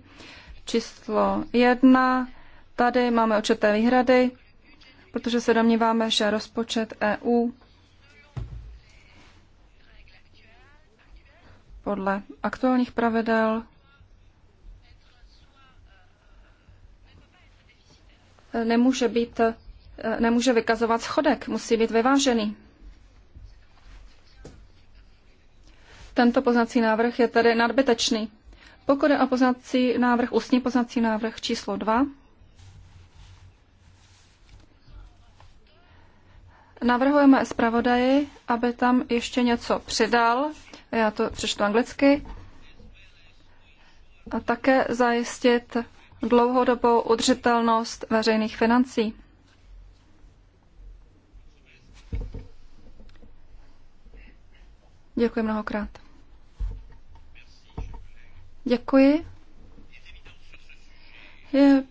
Číslo jedna. Tady máme určité výhrady, protože se domníváme, že rozpočet EU podle aktuálních pravidel nemůže, být, nemůže vykazovat schodek, musí být vyvážený. Tento poznací návrh je tedy nadbytečný. Pokud je o poznací návrh, ústní poznací návrh číslo 2, navrhujeme zpravodaji, aby tam ještě něco přidal, já to přečtu anglicky, a také zajistit dlouhodobou udržitelnost veřejných financí. Děkuji mnohokrát. Děkuji. Je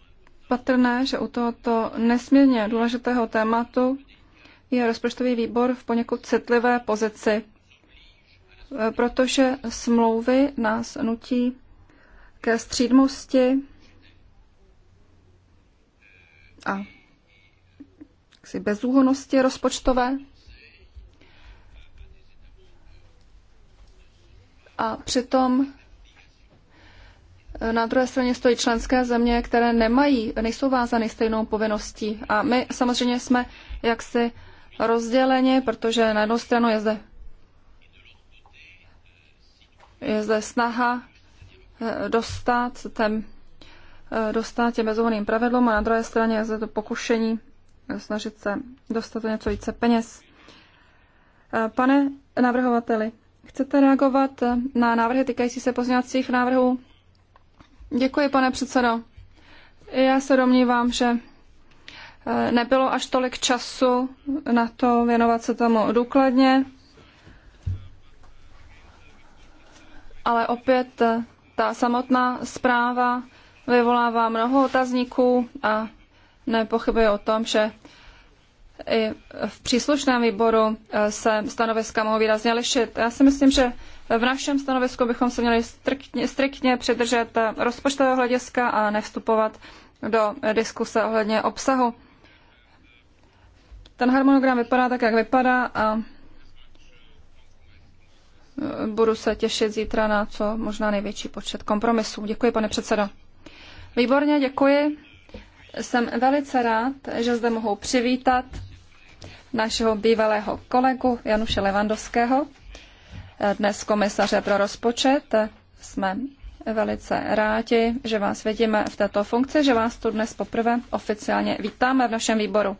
patrné, že u tohoto nesmírně důležitého tématu je rozpočtový výbor v poněkud citlivé pozici protože smlouvy nás nutí ke střídmosti a si bezúhonosti rozpočtové. A přitom na druhé straně stojí členské země, které nemají, nejsou vázány stejnou povinností. A my samozřejmě jsme jaksi rozděleni, protože na jednu stranu je zde je zde snaha eh, dostat, ten, eh, dostat těm bezvolným pravidlům a na druhé straně je zde to pokušení eh, snažit se dostat o něco více peněz. Pane navrhovateli, chcete reagovat na návrhy týkající se pozměňovacích návrhů? Děkuji, pane předsedo. Já se domnívám, že nebylo až tolik času na to věnovat se tomu důkladně. ale opět eh, ta samotná zpráva vyvolává mnoho otazníků a nepochybuji o tom, že i v příslušném výboru eh, se stanoviska mohou výrazně lišit. Já si myslím, že v našem stanovisku bychom se měli striktně, striktně přidržet eh, rozpočtového hlediska a nevstupovat do diskuse ohledně obsahu. Ten harmonogram vypadá tak, jak vypadá a budu se těšit zítra na co možná největší počet kompromisů. Děkuji, pane předsedo. Výborně, děkuji. Jsem velice rád, že zde mohou přivítat našeho bývalého kolegu Januše Levandovského, dnes komisaře pro rozpočet. Jsme velice rádi, že vás vidíme v této funkci, že vás tu dnes poprvé oficiálně vítáme v našem výboru.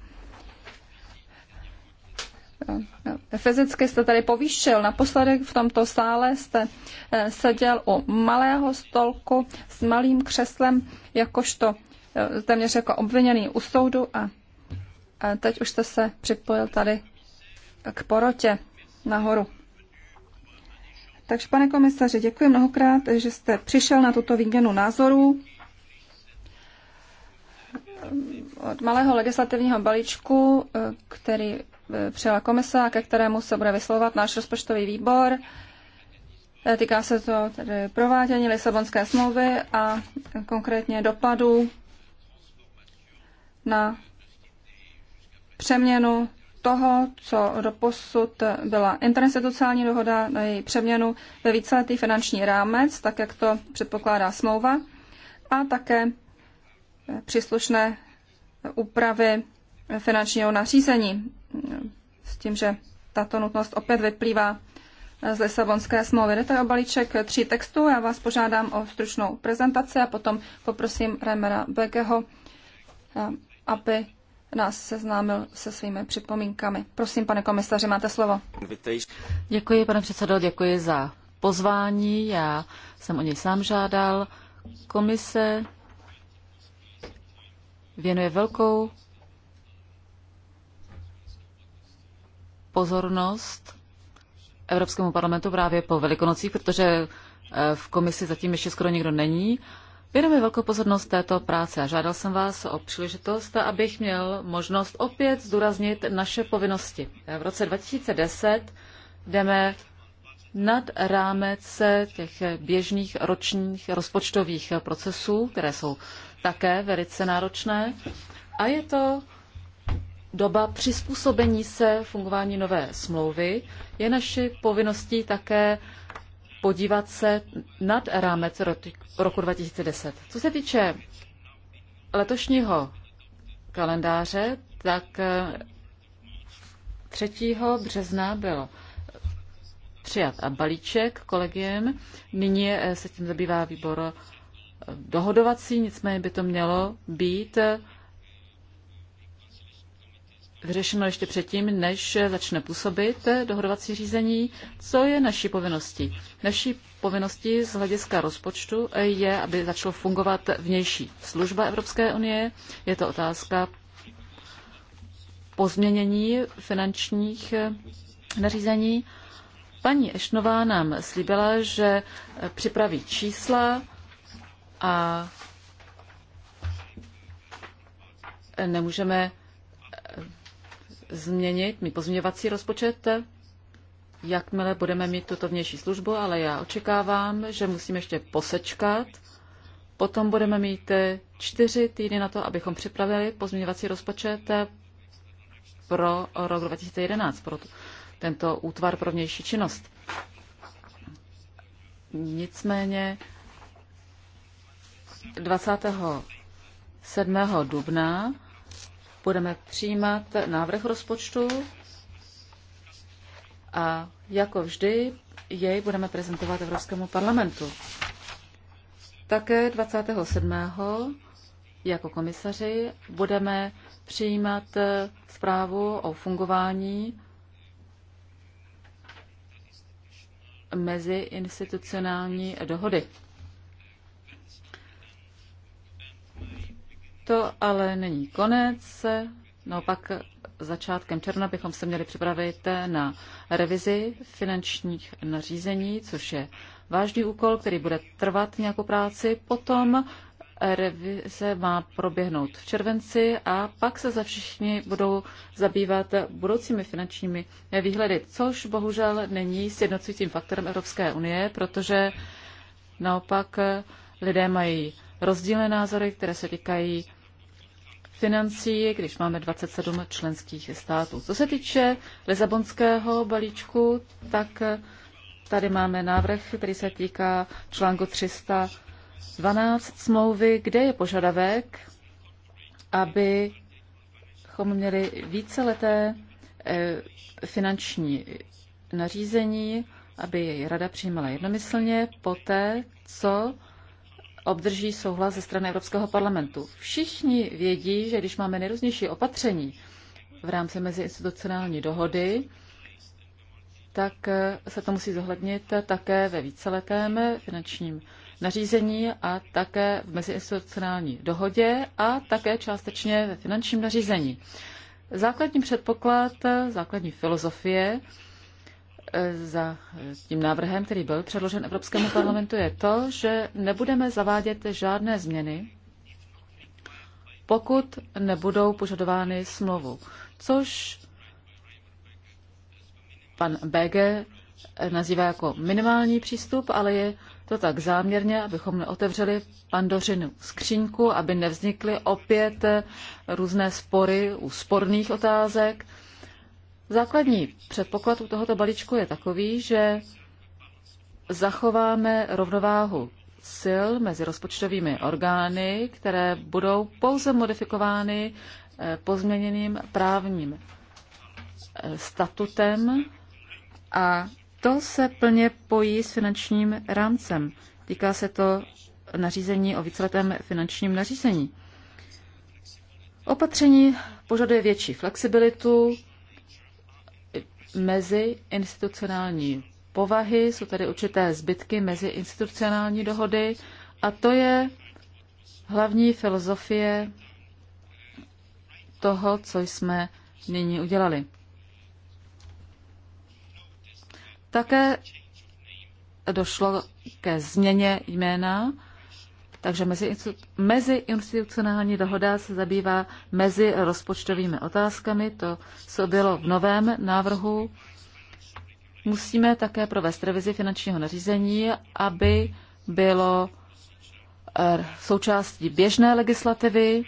Eh, fyzicky jste tady povýšil. Naposledy v tomto sále jste eh, seděl u malého stolku s malým křeslem, jakožto eh, téměř jako obviněný u soudu a teď už jste se připojil tady k porotě nahoru. Takže, pane komisaři, děkuji mnohokrát, že jste přišel na tuto výměnu názorů od malého legislativního balíčku, který E, přijala komise a ke kterému se bude vyslovovat náš rozpočtový výbor. E, týká se to tedy provádění Lisabonské smlouvy a konkrétně dopadů na přeměnu toho, co do posud byla interinstitucionální dohoda, na její přeměnu ve víceletý finanční rámec, tak jak to předpokládá smlouva, a také příslušné úpravy finančního nařízení s tím, že tato nutnost opět vyplývá z Lisabonské smlouvy. Jde tady o balíček tří textů. Já vás požádám o stručnou prezentaci a potom poprosím Remera Bekeho, eh, aby nás seznámil se svými připomínkami. Prosím, pane komisaři, máte slovo. Děkuji, pane předsedo, děkuji za pozvání. Já jsem o něj sám žádal. Komise věnuje velkou pozornost Evropskému parlamentu právě po velikonocích, protože eh, v komisi zatím ještě skoro nikdo není. Věnuji velkou pozornost této práce a žádal jsem vás o příležitost, abych měl možnost opět zdůraznit naše povinnosti. V roce 2010 jdeme nad rámec těch běžných ročních rozpočtových procesů, které jsou také velice náročné. A je to doba přizpůsobení se fungování nové smlouvy, je naši povinností také podívat se nad rámec roku 2010. Co se týče letošního kalendáře, tak 3. Eh, března byl přijat a balíček kolegiem. Nyní eh, se tím zabývá výbor eh, dohodovací, nicméně by to mělo být vyřešeno ještě předtím, než začne působit dohodovací řízení. Co je naší povinností? Naší povinností z hlediska rozpočtu je, aby začalo fungovat vnější služba Evropské unie. Je to otázka pozměnění finančních nařízení. Paní Ešnová nám slíbila, že připraví čísla a nemůžeme změnit, mi pozměňovací rozpočet, jakmile budeme mít tuto vnější službu, ale já očekávám, že musíme ještě posečkat. Potom budeme mít čtyři týdny na to, abychom připravili pozměňovací rozpočet pro rok 2011, pro tento útvar pro vnější činnost. Nicméně 27. dubna budeme přijímat návrh rozpočtu a jako vždy jej budeme prezentovat Evropskému parlamentu. Také 27. jako komisaři budeme přijímat zprávu o fungování mezi institucionální dohody. To ale není konec. No pak začátkem června bychom se měli připravit na revizi finančních nařízení, což je vážný úkol, který bude trvat nějakou práci. Potom revize má proběhnout v červenci a pak se za všichni budou zabývat budoucími finančními výhledy, což bohužel není sjednocujícím faktorem Evropské unie, protože naopak lidé mají rozdílné názory, které se týkají financí, když máme 27 členských států. Co se týče Lisabonského balíčku, tak tady máme návrh, který se týká článku 312 smlouvy, kde je požadavek, abychom měli víceleté eh, finanční nařízení, aby jej rada přijímala jednomyslně poté, co obdrží souhlas ze strany Evropského parlamentu. Všichni vědí, že když máme nejrůznější opatření v rámci meziinstitucionální dohody, tak eh, se to musí zohlednit také ve víceletém finančním nařízení a také v meziinstitucionální dohodě a také částečně ve finančním nařízení. Základní předpoklad, základní filozofie E, za e, tím návrhem, který byl předložen Evropskému parlamentu, je to, že nebudeme zavádět žádné změny, pokud nebudou požadovány smlouvu, což pan BG e, nazývá jako minimální přístup, ale je to tak záměrně, abychom neotevřeli pandořinu skřínku, aby nevznikly opět různé spory u sporných otázek. Základní předpoklad u tohoto balíčku je takový, že zachováme rovnováhu sil mezi rozpočtovými orgány, které budou pouze modifikovány eh, pozměněným právním eh, statutem a to se plně pojí s finančním rámcem. Týká se to nařízení o víceletém finančním nařízení. Opatření požaduje větší flexibilitu, mezi institucionální povahy, jsou tady určité zbytky mezi institucionální dohody a to je hlavní filozofie toho, co jsme nyní udělali. Také došlo ke změně jména takže meziinstitucionální dohoda se zabývá mezi rozpočtovými otázkami, to, co bylo v novém návrhu. Musíme také provést revizi finančního nařízení, aby bylo eh, součástí běžné legislativy.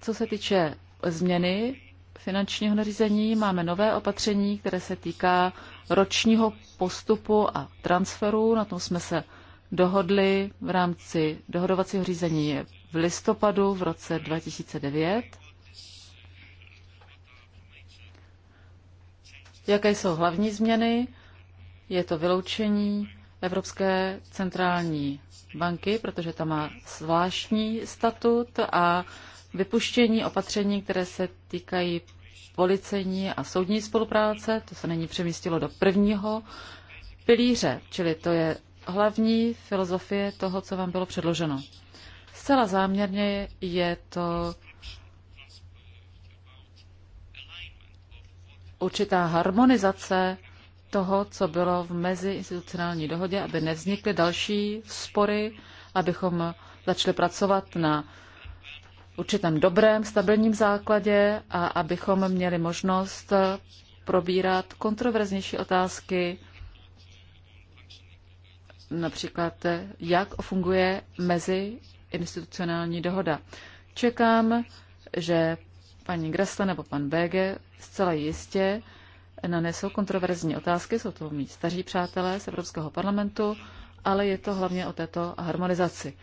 Co se týče změny finančního nařízení, máme nové opatření, které se týká ročního postupu a transferu. Na tom jsme se dohodli v rámci dohodovacího řízení v listopadu v roce 2009. Jaké jsou hlavní změny? Je to vyloučení Evropské centrální banky, protože ta má zvláštní statut a vypuštění opatření, které se týkají policejní a soudní spolupráce, to se není přemístilo do prvního pilíře, čili to je hlavní filozofie toho, co vám bylo předloženo. Zcela záměrně je to určitá harmonizace toho, co bylo v meziinstitucionální dohodě, aby nevznikly další spory, abychom začali pracovat na určitém dobrém, stabilním základě a abychom měli možnost probírat kontroverznější otázky, například jak funguje mezi institucionální dohoda. Čekám, že paní Grasle nebo pan BG zcela jistě nanesou kontroverzní otázky, jsou to mý staří přátelé z Evropského parlamentu, ale je to hlavně o této harmonizaci.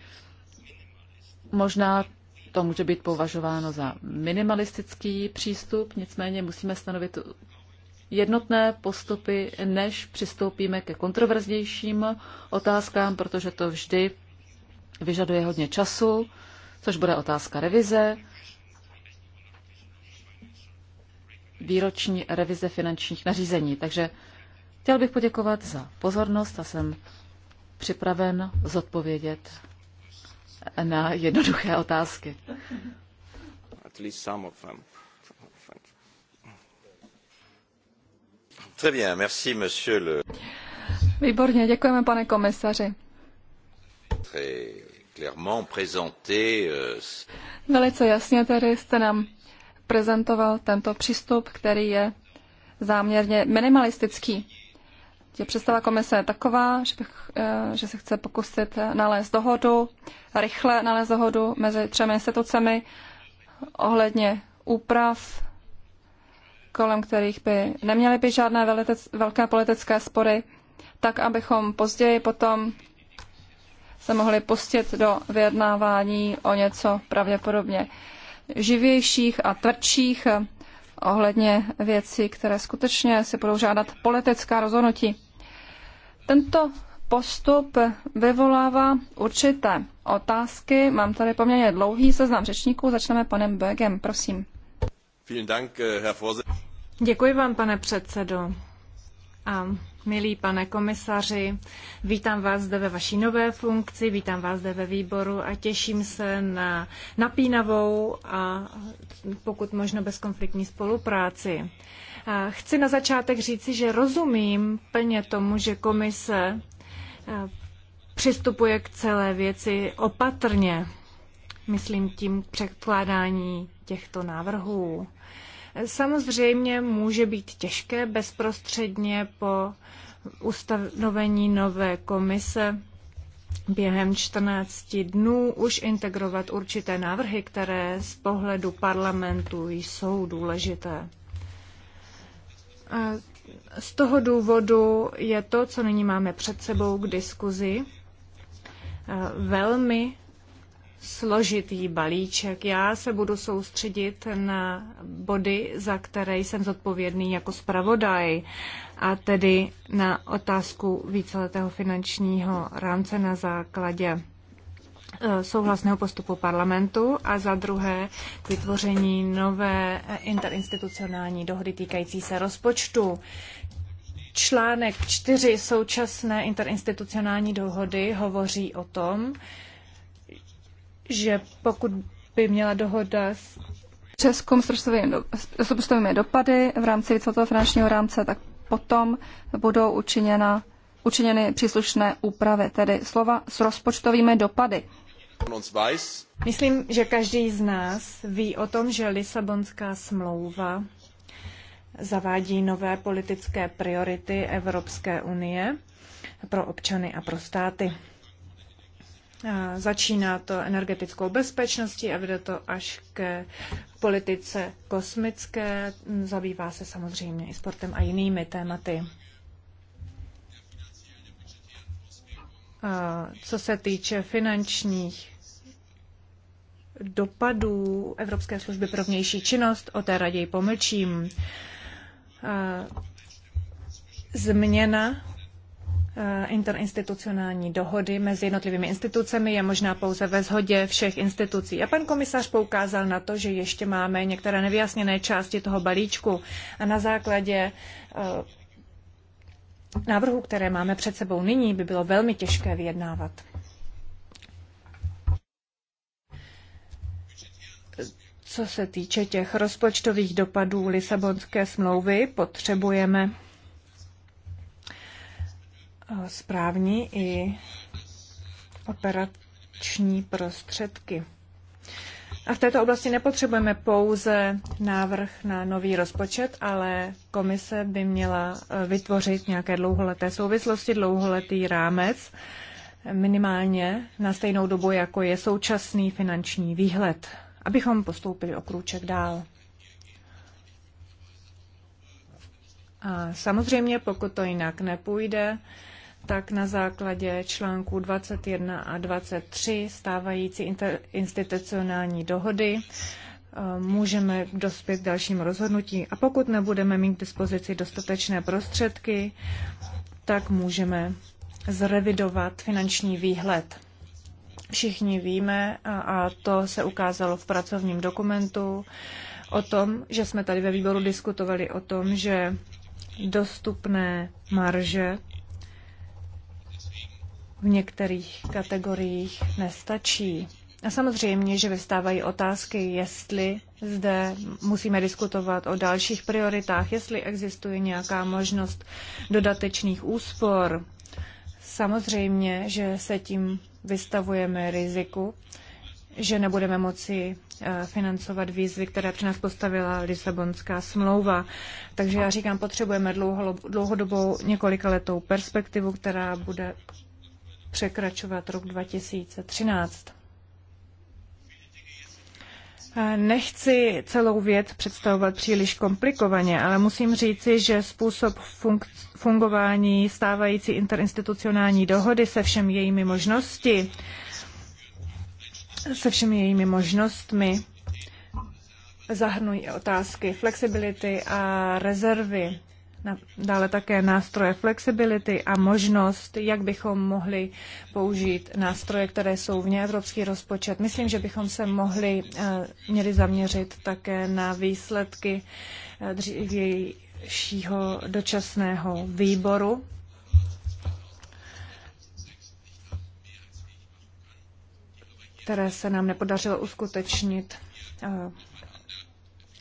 Možná to může být považováno za minimalistický přístup, nicméně musíme stanovit jednotné postupy, než přistoupíme ke kontroverznějším otázkám, protože to vždy vyžaduje hodně času, což bude otázka revize, výroční revize finančních nařízení. Takže chtěl bych poděkovat za pozornost a jsem připraven zodpovědět na jednoduché otázky. At least some of them. Très bien, merci, monsieur le... Výborně, děkujeme, pane komisaři. Euh, Velice jasně tedy jste nám prezentoval tento přístup, který je záměrně minimalistický. Je představa komise je taková, že, bych, eh, že se chce pokusit nalézt dohodu, rychle nalézt dohodu mezi třemi institucemi ohledně úprav kolem kterých by neměly být žádné veletec, velké politické spory, tak abychom později potom se mohli pustit do vyjednávání o něco pravděpodobně živějších a tvrdších ohledně věcí, které skutečně si budou žádat politická rozhodnutí. Tento postup vyvolává určité otázky. Mám tady poměrně dlouhý seznam řečníků. Začneme panem Bögem, prosím. Äh, Děkuji vám, pane předsedající A milý pane komisaři, vítám vás zde ve vaší nové funkci, vítám vás zde ve výboru a těším se na napínavou a pokud možno bezkonfliktní spolupráci. chci na začátek říci, že rozumím plně tomu, že komise přistupuje k celé věci opatrně myslím tím překládání těchto návrhů. Samozřejmě může být těžké bezprostředně po ustanovení nové komise během 14 dnů už integrovat určité návrhy, které z pohledu parlamentu jsou důležité. Z toho důvodu je to, co nyní máme před sebou k diskuzi, velmi složitý balíček. Já se budu soustředit na body, za které jsem zodpovědný jako zpravodaj, a tedy na otázku víceletého finančního rámce na základě e, souhlasného postupu parlamentu a za druhé k vytvoření nové interinstitucionální dohody týkající se rozpočtu. Článek 4 současné interinstitucionální dohody hovoří o tom, že pokud by měla dohoda s Českům s rozpočtovými dopady v rámci celého finančního rámce, tak potom budou učiněna, učiněny příslušné úpravy, tedy slova s rozpočtovými dopady. Myslím, že každý z nás ví o tom, že Lisabonská smlouva zavádí nové politické priority Evropské unie pro občany a pro státy. Začíná to energetickou bezpečností a vede to až ke politice kosmické. Zabývá se samozřejmě i sportem a jinými tématy. co se týče finančních dopadů Evropské služby pro vnější činnost, o té raději pomlčím. změna Eh, interinstitucionální dohody mezi jednotlivými institucemi je možná pouze ve shodě všech institucí. A pan komisař poukázal na to, že ještě máme některé nevyjasněné části toho balíčku a na základě eh, návrhů, které máme před sebou nyní, by bylo velmi těžké vyjednávat. Co se týče těch rozpočtových dopadů Lisabonské smlouvy, potřebujeme Eh, správní i operační prostředky. A v této oblasti nepotřebujeme pouze návrh na nový rozpočet, ale komise by měla eh, vytvořit nějaké dlouholeté souvislosti, dlouholetý rámec, minimálně na stejnou dobu, jako je současný finanční výhled, abychom postoupili o krůček dál. A samozřejmě, pokud to jinak nepůjde, tak na základě článku 21 a 23 stávající inter, institucionální dohody eh, můžeme dospět k dalším rozhodnutí. A pokud nebudeme mít k dispozici dostatečné prostředky, tak můžeme zrevidovat finanční výhled. Všichni víme, a, a to se ukázalo v pracovním dokumentu, o tom, že jsme tady ve výboru diskutovali o tom, že dostupné marže v některých kategoriích nestačí. A samozřejmě, že vystávají otázky, jestli zde musíme diskutovat o dalších prioritách, jestli existuje nějaká možnost dodatečných úspor. Samozřejmě, že se tím vystavujeme riziku, že nebudeme moci eh, financovat výzvy, které při nás postavila Lisabonská smlouva. Takže já říkám, potřebujeme dlouhodobou, několikaletou perspektivu, která bude překračovat rok 2013. Nechci celou věc představovat příliš komplikovaně, ale musím říci, že způsob fungování stávající interinstitucionální dohody se všemi jejími možnosti, se všemi jejími možnostmi zahrnují otázky flexibility a rezervy dále také nástroje flexibility a možnost, jak bychom mohli použít nástroje, které jsou vně evropský rozpočet. Myslím, že bychom se mohli, eh, měli zaměřit také na výsledky eh, dřívějšího dočasného výboru. které se nám nepodařilo uskutečnit eh,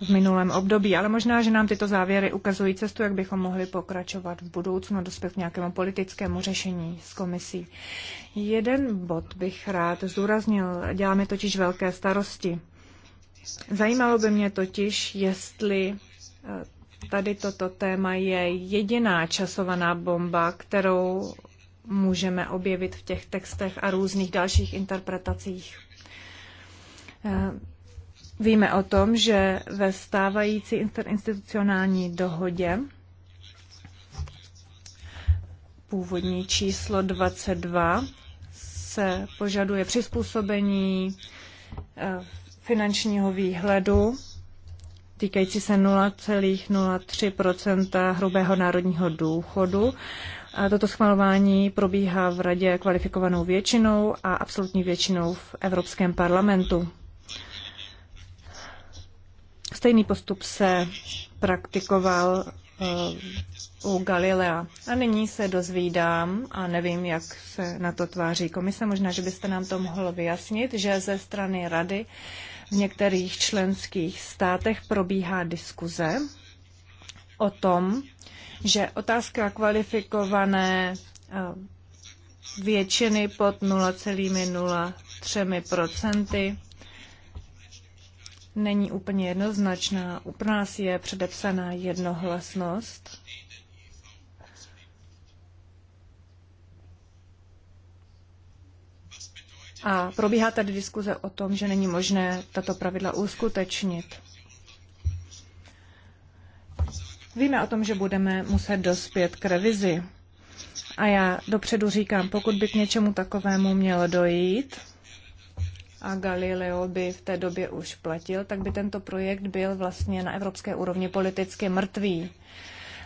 v minulém období, ale možná, že nám tyto závěry ukazují cestu, jak bychom mohli pokračovat v budoucnu a dospět k nějakému politickému řešení s komisí. Jeden bod bych rád zdůraznil, dělá mi totiž velké starosti. Zajímalo by mě totiž, jestli eh, tady toto téma je jediná časovaná bomba, kterou můžeme objevit v těch textech a různých dalších interpretacích. Eh, Víme o tom, že ve stávající interinstitucionální dohodě původní číslo 22 se požaduje přizpůsobení eh, finančního výhledu týkající se 0,03 hrubého národního důchodu. A toto schvalování probíhá v Radě kvalifikovanou většinou a absolutní většinou v Evropském parlamentu. Stejný postup se praktikoval eh, u Galilea. A nyní se dozvídám, a nevím, jak se na to tváří komise, možná, že byste nám to mohl vyjasnit, že ze strany rady v některých členských státech probíhá diskuze o tom, že otázka kvalifikované eh, většiny pod 0,03 není úplně jednoznačná. U nás je předepsaná jednohlasnost. A probíhá tady diskuze o tom, že není možné tato pravidla uskutečnit. Víme o tom, že budeme muset dospět k revizi. A já dopředu říkám, pokud by k něčemu takovému mělo dojít, a Galileo by v té době už platil, tak by tento projekt byl vlastně na evropské úrovni politicky mrtvý.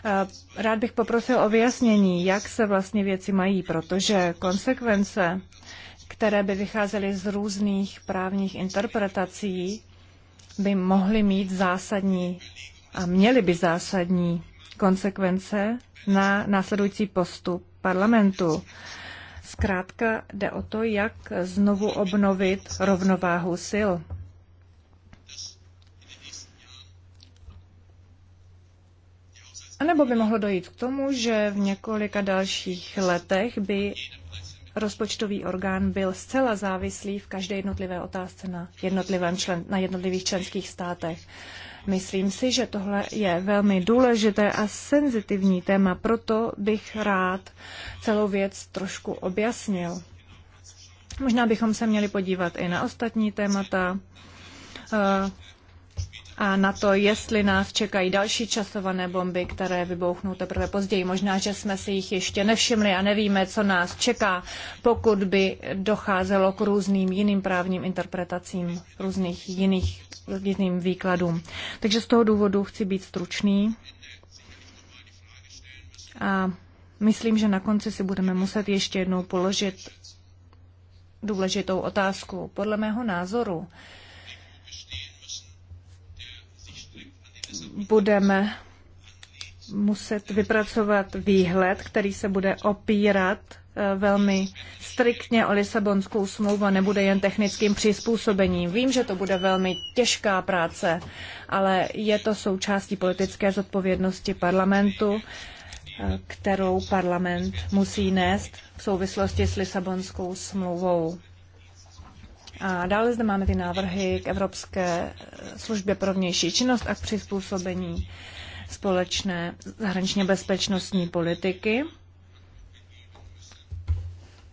Eh, rád bych poprosil o vyjasnění, jak se vlastně věci mají, protože konsekvence, které by vycházely z různých právních interpretací, by mohly mít zásadní a měly by zásadní konsekvence na následující postup parlamentu. Zkrátka jde o to, jak znovu obnovit rovnováhu sil. A nebo by mohlo dojít k tomu, že v několika dalších letech by rozpočtový orgán byl zcela závislý v každé jednotlivé otázce na, jednotlivém člen, na jednotlivých členských státech. Myslím si, že tohle je velmi důležité a senzitivní téma, proto bych rád celou věc trošku objasnil. Možná bychom se měli podívat i na ostatní témata eh, a na to, jestli nás čekají další časované bomby, které vybouchnou teprve později. Možná, že jsme si jich ještě nevšimli a nevíme, co nás čeká, pokud by docházelo k různým jiným právním interpretacím různých jiných rozdílným výkladům. Takže z toho důvodu chci být stručný. A myslím, že na konci si budeme muset ještě jednou položit důležitou otázku. Podle mého názoru budeme muset vypracovat výhled, který se bude opírat Eh, velmi striktně o Lisabonskou smlouvu a nebude jen technickým přizpůsobením. Vím, že to bude velmi těžká práce, ale je to součástí politické zodpovědnosti parlamentu, eh, kterou parlament musí nést v souvislosti s Lisabonskou smlouvou. A dále zde máme ty návrhy k Evropské službě pro vnější činnost a k přizpůsobení společné zahraničně bezpečnostní politiky.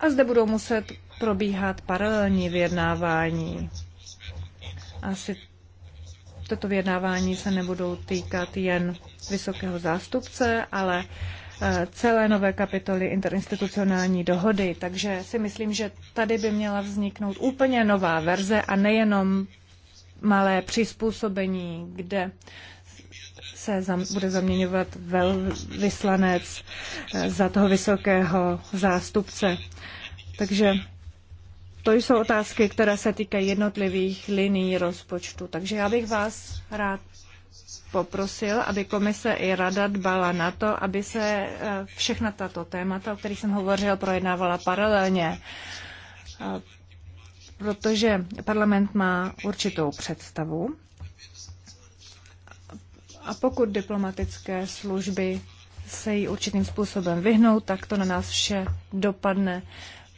A zde budou muset probíhat paralelní vyjednávání. Asi toto vyjednávání se nebudou týkat jen vysokého zástupce, ale eh, celé nové kapitoly interinstitucionální dohody. Takže si myslím, že tady by měla vzniknout úplně nová verze a nejenom malé přizpůsobení, kde se zam, bude zaměňovat velvyslanec eh, za toho vysokého zástupce. Takže to jsou otázky, které se týkají jednotlivých linií rozpočtu. Takže já bych vás rád poprosil, aby komise i rada dbala na to, aby se eh, všechna tato témata, o kterých jsem hovořil, projednávala paralelně. Eh, protože parlament má určitou představu a pokud diplomatické služby se jí určitým způsobem vyhnou, tak to na nás vše dopadne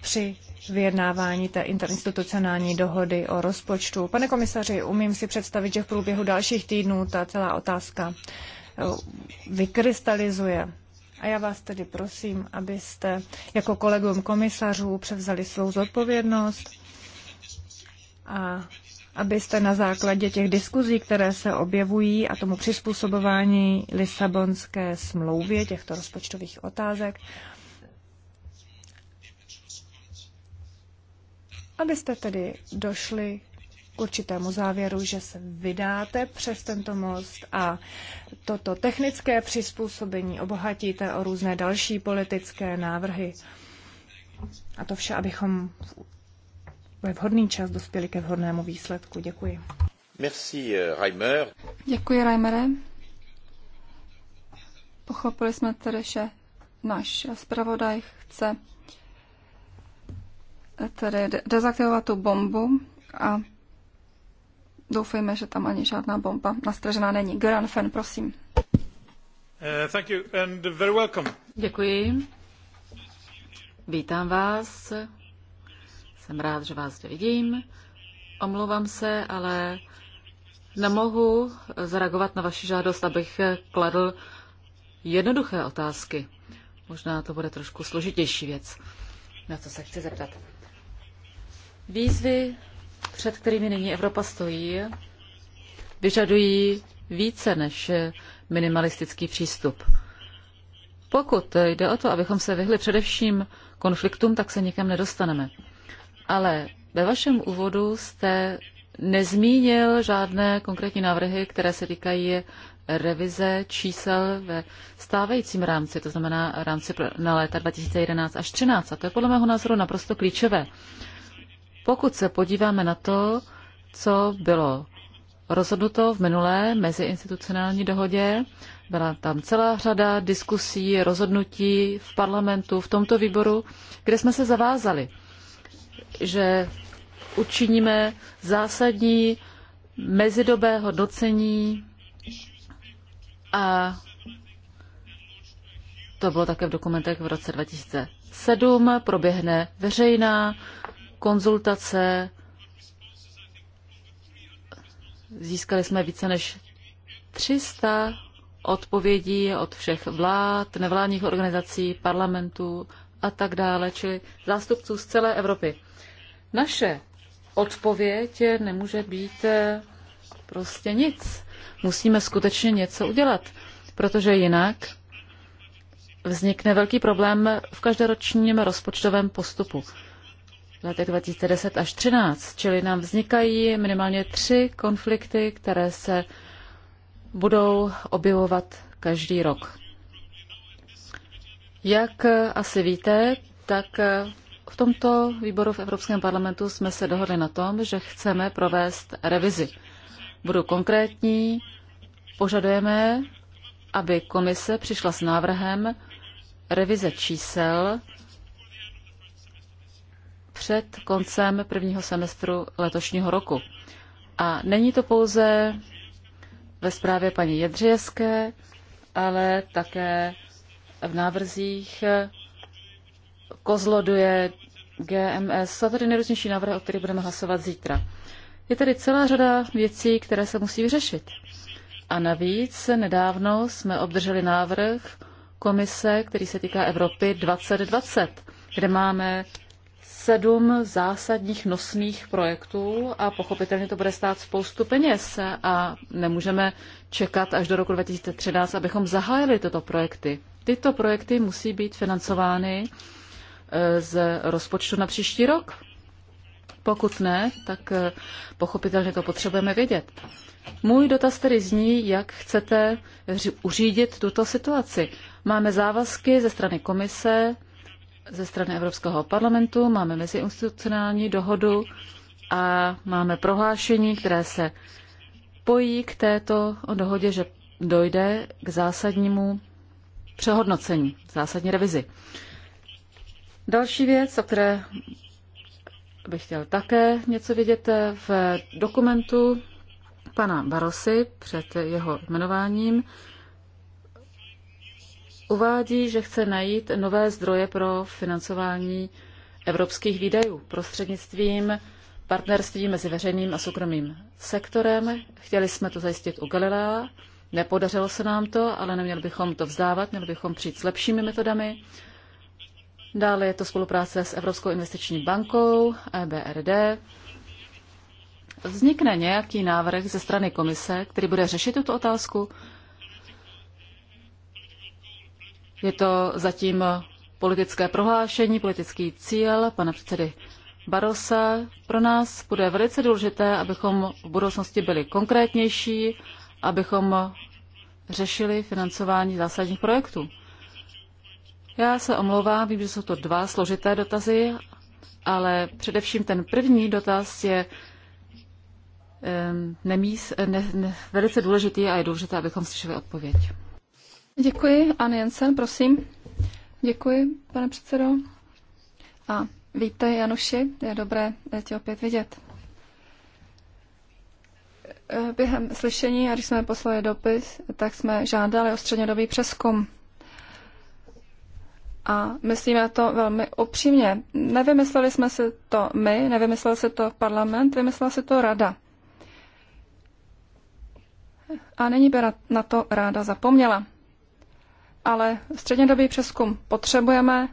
při vyjednávání té interinstitucionální dohody o rozpočtu. Pane komisaři, umím si představit, že v průběhu dalších týdnů ta celá otázka eh, vykrystalizuje. A já vás tedy prosím, abyste jako kolegům komisařů převzali svou zodpovědnost a abyste na základě těch diskuzí, které se objevují a tomu přizpůsobování Lisabonské smlouvě těchto rozpočtových otázek, abyste tedy došli k určitému závěru, že se vydáte přes tento most a toto technické přizpůsobení obohatíte o různé další politické návrhy. A to vše, abychom ve vhodný čas dospěli ke vhodnému výsledku. Děkuji. Merci, eh, Reimer. Děkuji, Reimere. Pochopili jsme tedy, že náš zpravodaj chce eh, tedy dezaktivovat tu bombu a doufejme, že tam ani žádná bomba nastražená není. Gran Fen, prosím. Uh, thank you and very welcome. Děkuji. Vítám vás jsem rád, že vás zde vidím. Omlouvám se, ale nemohu zareagovat na vaši žádost, abych kladl jednoduché otázky. Možná to bude trošku složitější věc, na co se chci zeptat. Výzvy, před kterými nyní Evropa stojí, vyžadují více než minimalistický přístup. Pokud jde o to, abychom se vyhli především konfliktům, tak se nikam nedostaneme ale ve vašem úvodu jste nezmínil žádné konkrétní návrhy, které se týkají revize čísel ve stávajícím rámci, to znamená rámci na léta 2011 až 2013. A to je podle mého názoru naprosto klíčové. Pokud se podíváme na to, co bylo rozhodnuto v minulé meziinstitucionální dohodě, byla tam celá řada diskusí, rozhodnutí v parlamentu, v tomto výboru, kde jsme se zavázali – že učiníme zásadní mezidobé hodnocení a to bylo také v dokumentech v roce 2007. Proběhne veřejná konzultace. Získali jsme více než 300 odpovědí od všech vlád, nevládních organizací, parlamentů a tak dále, čili zástupců z celé Evropy. Naše odpověď nemůže být eh, prostě nic. Musíme skutečně něco udělat, protože jinak vznikne velký problém v každoročním rozpočtovém postupu letech 2010 až 2013, čili nám vznikají minimálně tři konflikty, které se budou objevovat každý rok. Jak asi víte, tak v tomto výboru v Evropském parlamentu jsme se dohodli na tom, že chceme provést revizi. Budu konkrétní, požadujeme, aby komise přišla s návrhem revize čísel před koncem prvního semestru letošního roku. A není to pouze ve zprávě paní Jedřijeské, ale také v návrzích Kozloduje, GMS. Jsou tady nejrůznější návrhy, o kterých budeme hlasovat zítra. Je tady celá řada věcí, které se musí vyřešit. A navíc nedávno jsme obdrželi návrh komise, který se týká Evropy 2020, kde máme sedm zásadních nosných projektů a pochopitelně to bude stát spoustu peněz a nemůžeme čekat až do roku 2013, abychom zahájili tyto projekty. Tyto projekty musí být financovány z rozpočtu na příští rok? Pokud ne, tak eh, pochopitelně to potřebujeme vědět. Můj dotaz tedy zní, jak chcete uřídit tuto situaci. Máme závazky ze strany komise, ze strany Evropského parlamentu, máme meziinstitucionální dohodu a máme prohlášení, které se pojí k této dohodě, že dojde k zásadnímu přehodnocení, zásadní revizi. Další věc, o které bych chtěl také něco vidět eh, v dokumentu pana Barosy před jeho jmenováním, uvádí, že chce najít nové zdroje pro financování evropských výdajů prostřednictvím partnerství mezi veřejným a soukromým sektorem. Chtěli jsme to zajistit u Galilea, nepodařilo se nám to, ale neměli bychom to vzdávat, měli bychom přijít s lepšími metodami. Dále je to spolupráce s Evropskou investiční bankou, EBRD. Vznikne nějaký návrh ze strany komise, který bude řešit tuto otázku? Je to zatím politické prohlášení, politický cíl pana předsedy Barosa. Pro nás bude velice důležité, abychom v budoucnosti byli konkrétnější, abychom řešili financování zásadních projektů. Já se omlouvám, vím, že jsou to dva složité dotazy, ale především ten první dotaz je nemíz, ne, ne, velice důležitý a je důležité, abychom slyšeli odpověď. Děkuji. Anne Jensen, prosím. Děkuji, pane předsedo. A víte, Januši, je dobré tě opět vidět. Během slyšení, a když jsme poslali dopis, tak jsme žádali o střednědobý přeskum a myslíme to velmi upřímně. Nevymysleli jsme si to my, nevymyslel si to parlament, vymyslela si to rada. A není by na to ráda zapomněla. Ale střednědobý přeskum potřebujeme.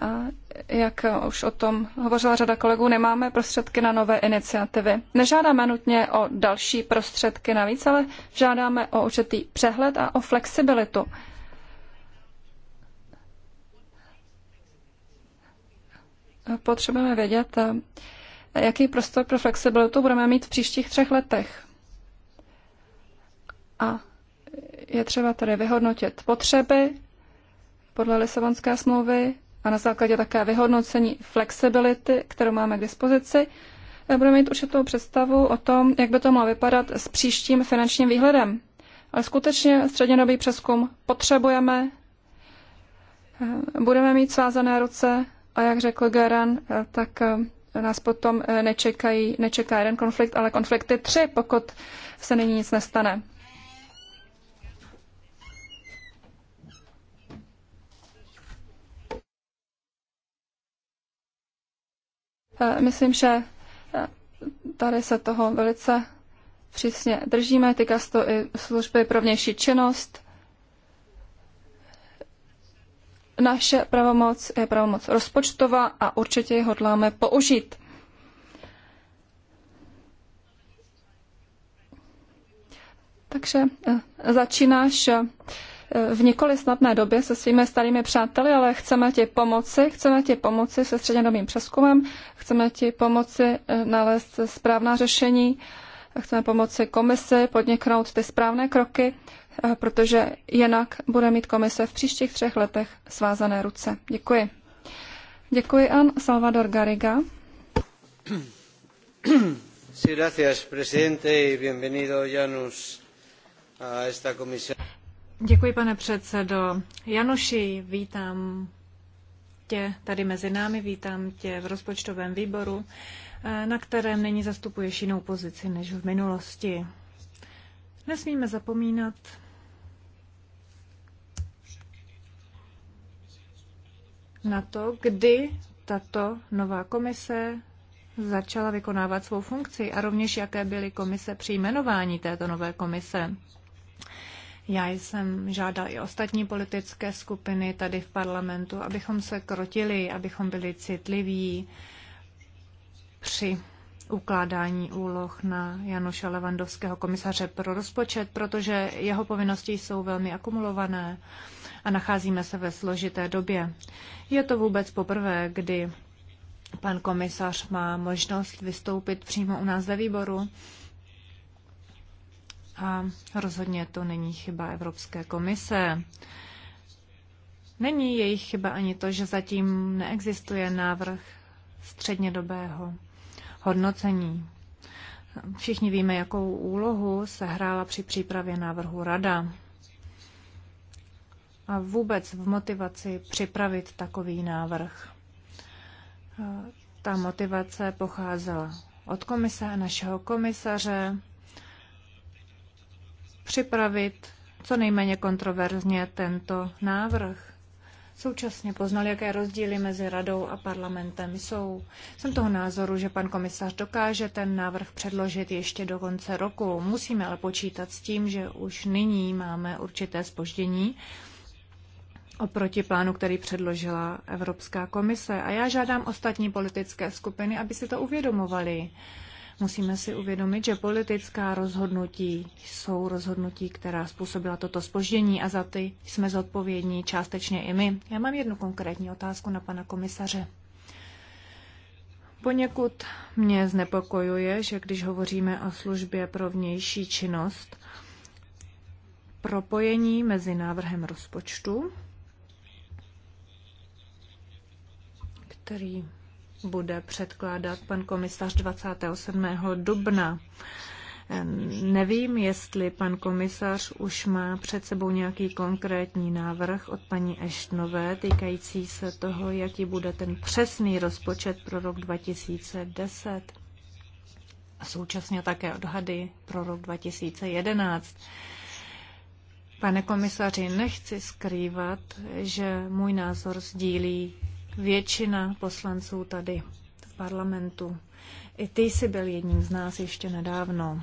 A jak už o tom hovořila řada kolegů, nemáme prostředky na nové iniciativy. Nežádáme nutně o další prostředky navíc, ale žádáme o určitý přehled a o flexibilitu. potřebujeme vědět, eh, jaký prostor pro flexibilitu budeme mít v příštích třech letech. A je třeba tedy vyhodnotit potřeby podle Lisabonské smlouvy a na základě také vyhodnocení flexibility, kterou máme k dispozici, eh, budeme mít určitou představu o tom, jak by to mohlo vypadat s příštím finančním výhledem. Ale skutečně střednědobý přeskum potřebujeme, eh, budeme mít svázané ruce a jak řekl Garan, tak eh, nás potom eh, nečekají, nečeká jeden konflikt, ale konflikty tři, pokud se nyní nic nestane. Eh, myslím, že tady se toho velice přísně držíme. Týká se to i služby pro vnější činnost. Naše pravomoc je pravomoc rozpočtová a určitě ji hodláme použít. Takže eh, začínáš eh, v nikoli snadné době se svými starými přáteli, ale chceme ti pomoci, chceme ti pomoci se střednědobým přeskumem, chceme ti pomoci eh, nalézt správná řešení, chceme pomoci komisi podniknout ty správné kroky, Eh, protože jinak bude mít komise v příštích třech letech svázané ruce. Děkuji. Děkuji, An Salvador Garriga. Sí, gracias, presidente, y bienvenido, Janus, a esta comisión. Děkuji, pane předsedo. Januši, vítám tě tady mezi námi, vítám tě v rozpočtovém výboru, eh, na kterém není zastupuješ jinou pozici než v minulosti. Nesmíme zapomínat, na to, kdy tato nová komise začala vykonávat svou funkci a rovněž jaké byly komise při jmenování této nové komise. Já jsem žádal i ostatní politické skupiny tady v parlamentu, abychom se krotili, abychom byli citliví při ukládání úloh na Januša Levandovského komisaře pro rozpočet, protože jeho povinnosti jsou velmi akumulované a nacházíme se ve složité době. Je to vůbec poprvé, kdy pan komisař má možnost vystoupit přímo u nás ve výboru a rozhodně to není chyba Evropské komise. Není jejich chyba ani to, že zatím neexistuje návrh střednědobého hodnocení. Všichni víme, jakou úlohu se hrála při přípravě návrhu rada a vůbec v motivaci připravit takový návrh. Ta motivace pocházela od komise a našeho komisaře připravit co nejméně kontroverzně tento návrh současně poznal, jaké rozdíly mezi radou a parlamentem jsou. Jsem toho názoru, že pan komisař dokáže ten návrh předložit ještě do konce roku. Musíme ale počítat s tím, že už nyní máme určité spoždění oproti plánu, který předložila Evropská komise. A já žádám ostatní politické skupiny, aby si to uvědomovali. Musíme si uvědomit, že politická rozhodnutí jsou rozhodnutí, která způsobila toto spoždění a za ty jsme zodpovědní částečně i my. Já mám jednu konkrétní otázku na pana komisaře. Poněkud mě znepokojuje, že když hovoříme o službě pro vnější činnost, propojení mezi návrhem rozpočtu, který bude předkládat pan komisař 27. dubna. Nevím, jestli pan komisař už má před sebou nějaký konkrétní návrh od paní Eštnové týkající se toho, jaký bude ten přesný rozpočet pro rok 2010 a současně také odhady pro rok 2011. Pane komisaři, nechci skrývat, že můj názor sdílí většina poslanců tady v parlamentu. I ty jsi byl jedním z nás ještě nedávno.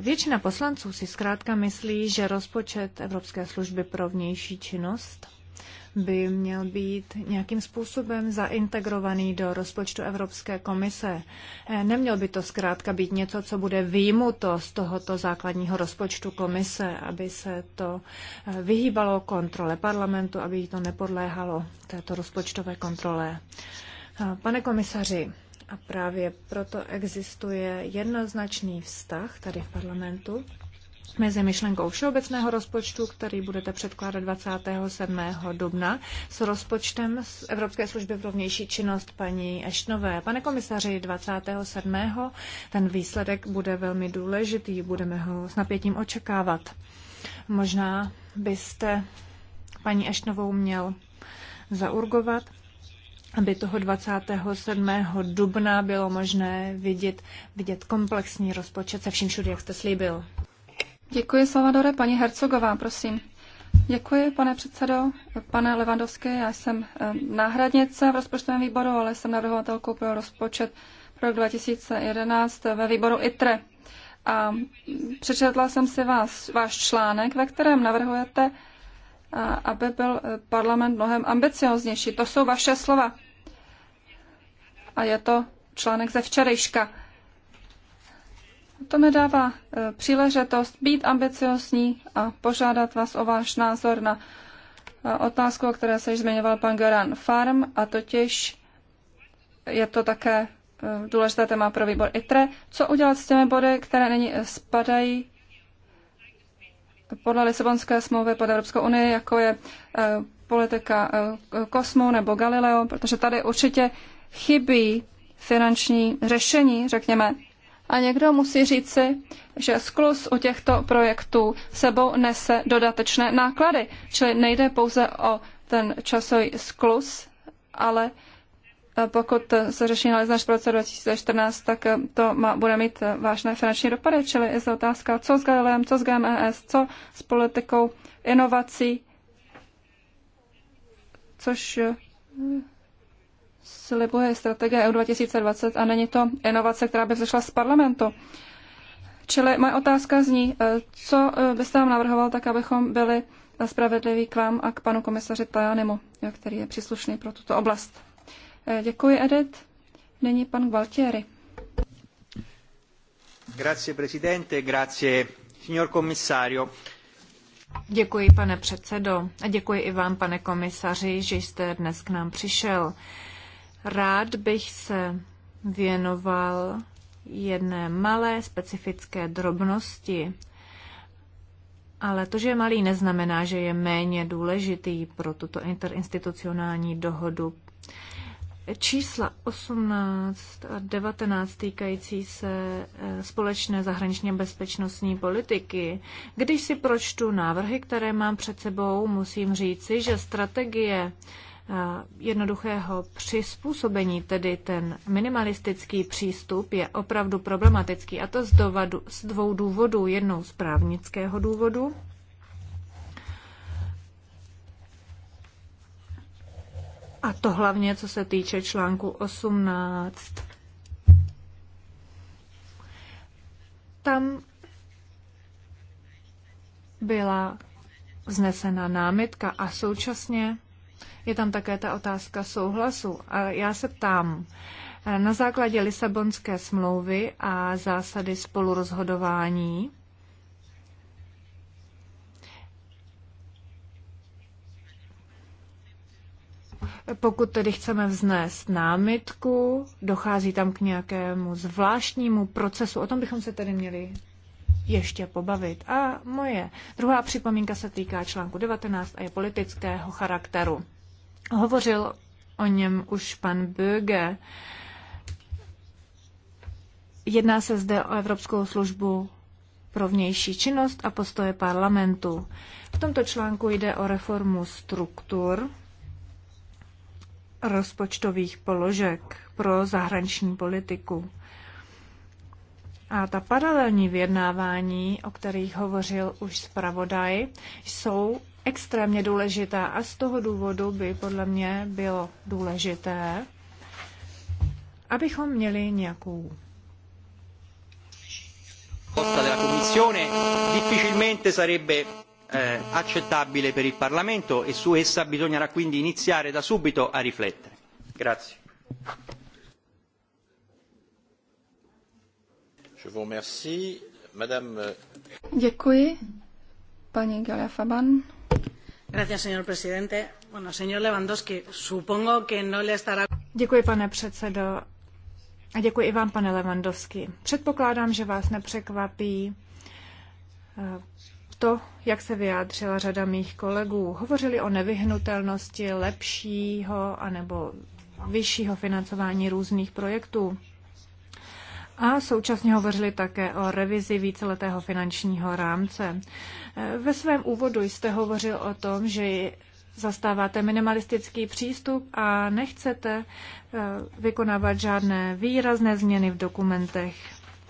Většina poslanců si zkrátka myslí, že rozpočet Evropské služby pro vnější činnost by měl být nějakým způsobem zaintegrovaný do rozpočtu Evropské komise. Eh, neměl by to zkrátka být něco, co bude výjimuto z tohoto základního rozpočtu komise, aby se to eh, vyhýbalo kontrole parlamentu, aby to nepodléhalo této rozpočtové kontrole. Eh, pane komisaři, a právě proto existuje jednoznačný vztah tady v parlamentu mezi myšlenkou všeobecného rozpočtu, který budete předkládat 27. dubna, s rozpočtem z Evropské služby pro vnější činnost paní Ešnové. Pane komisaři, 27. ten výsledek bude velmi důležitý, budeme ho s napětím očekávat. Možná byste paní Ešnovou měl zaurgovat, aby toho 27. dubna bylo možné vidět, vidět komplexní rozpočet se vším všude, jak jste slíbil. Děkuji, Salvadore. Paní Hercogová, prosím. Děkuji, pane předsedo. Pane Levandovský, já jsem eh, náhradnice v rozpočtovém výboru, ale jsem navrhovatelkou pro rozpočet pro rok 2011 ve výboru ITRE. A přečetla jsem si vás, váš článek, ve kterém navrhujete, eh, aby byl eh, parlament mnohem ambicioznější. To jsou vaše slova. A je to článek ze včerejška. To mi dává e, příležitost být ambiciozní a požádat vás o váš názor na e, otázku, o které se již zmiňoval pan Garan Farm, a totiž je to také e, důležité téma pro výbor ITRE. Co udělat s těmi body, které není spadají podle Lisabonské smlouvy pod Evropskou unii, jako je politika kosmu nebo Galileo, protože tady určitě chybí finanční řešení, řekněme, a někdo musí říci, že sklus u těchto projektů sebou nese dodatečné náklady. Čili nejde pouze o ten časový sklus, ale e, pokud se řeší nalezne v roce 2014, tak e, to má, bude mít e, vážné finanční dopady, čili je to otázka, co s Galileem, co s GMES, co s politikou inovací, což slibuje strategie EU 2020 a není to inovace, která by vzešla z parlamentu. Čili moje otázka zní, eh, co eh, byste nám navrhoval tak, abychom byli spravedliví k vám a k panu komisaři Tajanemu, eh, který je příslušný pro tuto oblast. Děkuji, Edith. Nyní pan Gualtieri. Grazie, presidente, grazie, signor commissario. Děkuji, pane předsedo, a děkuji i vám, pane komisaři, že jste dnes k nám přišel. Rád bych se věnoval jedné malé specifické drobnosti, ale to, že je malý, neznamená, že je méně důležitý pro tuto interinstitucionální dohodu. Čísla 18 a 19 týkající se eh, společné zahraničně bezpečnostní politiky. Když si pročtu návrhy, které mám před sebou, musím říci, že strategie jednoduchého přizpůsobení, tedy ten minimalistický přístup, je opravdu problematický. A to z, dovadu, z dvou důvodů. Jednou z právnického důvodu, a to hlavně, co se týče článku 18. Tam byla vznesena námitka a současně je tam také ta otázka souhlasu. A já se ptám, na základě Lisabonské smlouvy a zásady spolurozhodování Pokud tedy chceme vznést námitku, dochází tam k nějakému zvláštnímu procesu, o tom bychom se tedy měli ještě pobavit. A moje druhá připomínka se týká článku 19 a je politického charakteru. Hovořil o něm už pan Böge. Jedná se zde o Evropskou službu pro vnější činnost a postoje parlamentu. V tomto článku jde o reformu struktur rozpočtových položek pro zahraniční politiku. A ta paralelní vyjednávání, o kterých hovořil už zpravodaj, jsou extrémně důležitá a z toho důvodu by podle mě bylo důležité, abychom měli nějakou Posta della Commissione difficilmente sarebbe eh, accettabile per il Parlamento e su essa bisognerà quindi iniziare da subito a riflettere. Grazie. Je vous remercie. Madame... Euh, Děkuji, paní Galefaban señor presidente. señor Lewandowski, supongo que no le estará... Děkuji, pane předsedo. A děkuji i vám, pane Lewandowski. Předpokládám, že vás nepřekvapí eh, to, jak se vyjádřila řada mých kolegů. Hovořili o nevyhnutelnosti lepšího anebo vyššího financování různých projektů a současně hovořili také o revizi víceletého finančního rámce. Ve svém úvodu jste hovořil o tom, že zastáváte minimalistický přístup a nechcete eh, vykonávat žádné výrazné změny v dokumentech,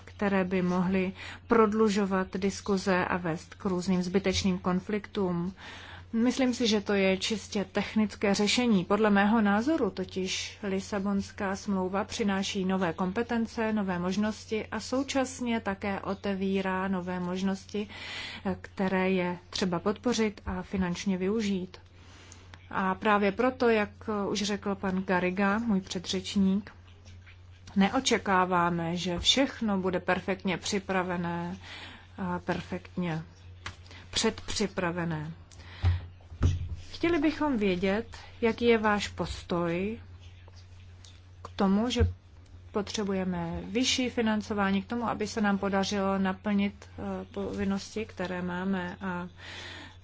které by mohly prodlužovat diskuze a vést k různým zbytečným konfliktům. Myslím si, že to je čistě technické řešení. Podle mého názoru totiž Lisabonská smlouva přináší nové kompetence, nové možnosti a současně také otevírá nové možnosti, eh, které je třeba podpořit a finančně využít. A právě proto, jak eh, už řekl pan Gariga, můj předřečník, neočekáváme, že všechno bude perfektně připravené a perfektně předpřipravené. Chtěli bychom vědět, jaký je váš postoj k tomu, že potřebujeme vyšší financování k tomu, aby se nám podařilo naplnit eh, povinnosti, které máme a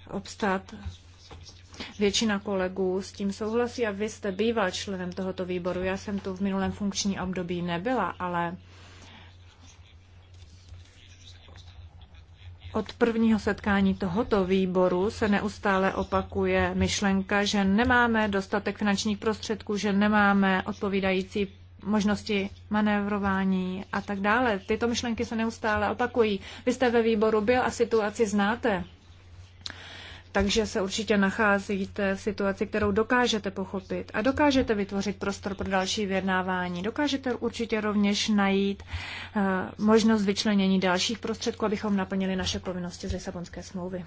obstát. Většina kolegů s tím souhlasí a vy jste býval členem tohoto výboru. Já jsem tu v minulém funkční období nebyla, ale Od prvního setkání tohoto výboru se neustále opakuje myšlenka, že nemáme dostatek finančních prostředků, že nemáme odpovídající možnosti manévrování a tak dále. Tyto myšlenky se neustále opakují. Vy jste ve výboru byl a situaci znáte takže se určitě nacházíte v situaci, kterou dokážete pochopit a dokážete vytvořit prostor pro další vyjednávání. Dokážete určitě rovněž najít eh, možnost vyčlenění dalších prostředků, abychom naplnili naše povinnosti z Lisabonské smlouvy.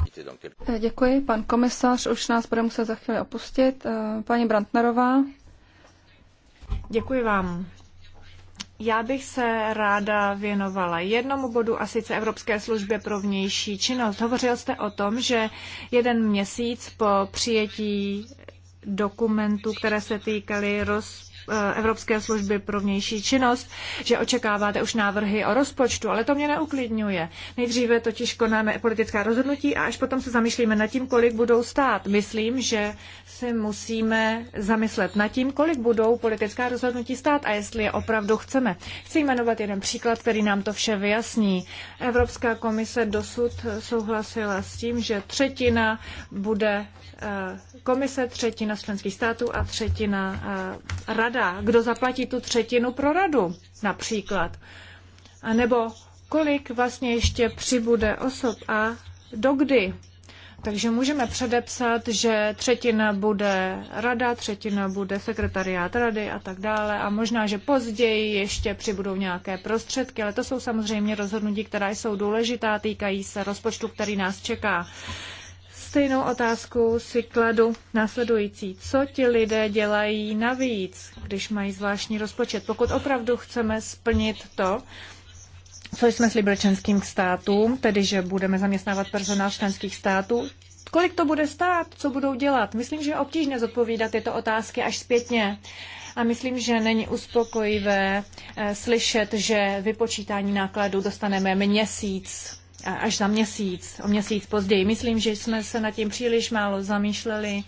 Děkuji. Pan komisař už nás bude muset za chvíli opustit. Eh, paní Brantnerová. Děkuji vám. Já bych se ráda věnovala jednomu bodu, a sice Evropské službě pro vnější činnost. Hovořil jste o tom, že jeden měsíc po přijetí dokumentů, které se týkaly roz Eh, Evropské služby pro vnější činnost, že očekáváte už návrhy o rozpočtu, ale to mě neuklidňuje. Nejdříve totiž konáme politická rozhodnutí a až potom se zamýšlíme nad tím, kolik budou stát. Myslím, že si musíme zamyslet nad tím, kolik budou politická rozhodnutí stát a jestli je opravdu chceme. Chci jmenovat jeden příklad, který nám to vše vyjasní. Evropská komise dosud souhlasila s tím, že třetina bude eh, komise, třetina členských států a třetina eh, rada rada, kdo zaplatí tu třetinu pro radu například, a nebo kolik vlastně ještě přibude osob a dokdy. Takže můžeme předepsat, že třetina bude rada, třetina bude sekretariát rady a tak dále. A možná, že později ještě přibudou nějaké prostředky, ale to jsou samozřejmě rozhodnutí, která jsou důležitá, týkají se rozpočtu, který nás čeká. Stejnou otázku si kladu následující. Co ti lidé dělají navíc, když mají zvláštní rozpočet? Pokud opravdu chceme splnit to, co jsme slíbili členským státům, tedy že budeme zaměstnávat personál členských států, kolik to bude stát, co budou dělat? Myslím, že je obtížné zodpovídat tyto otázky až zpětně. A myslím, že není uspokojivé eh, slyšet, že vypočítání nákladů dostaneme měsíc až za měsíc, o měsíc později. Myslím, že jsme se nad tím příliš málo zamýšleli,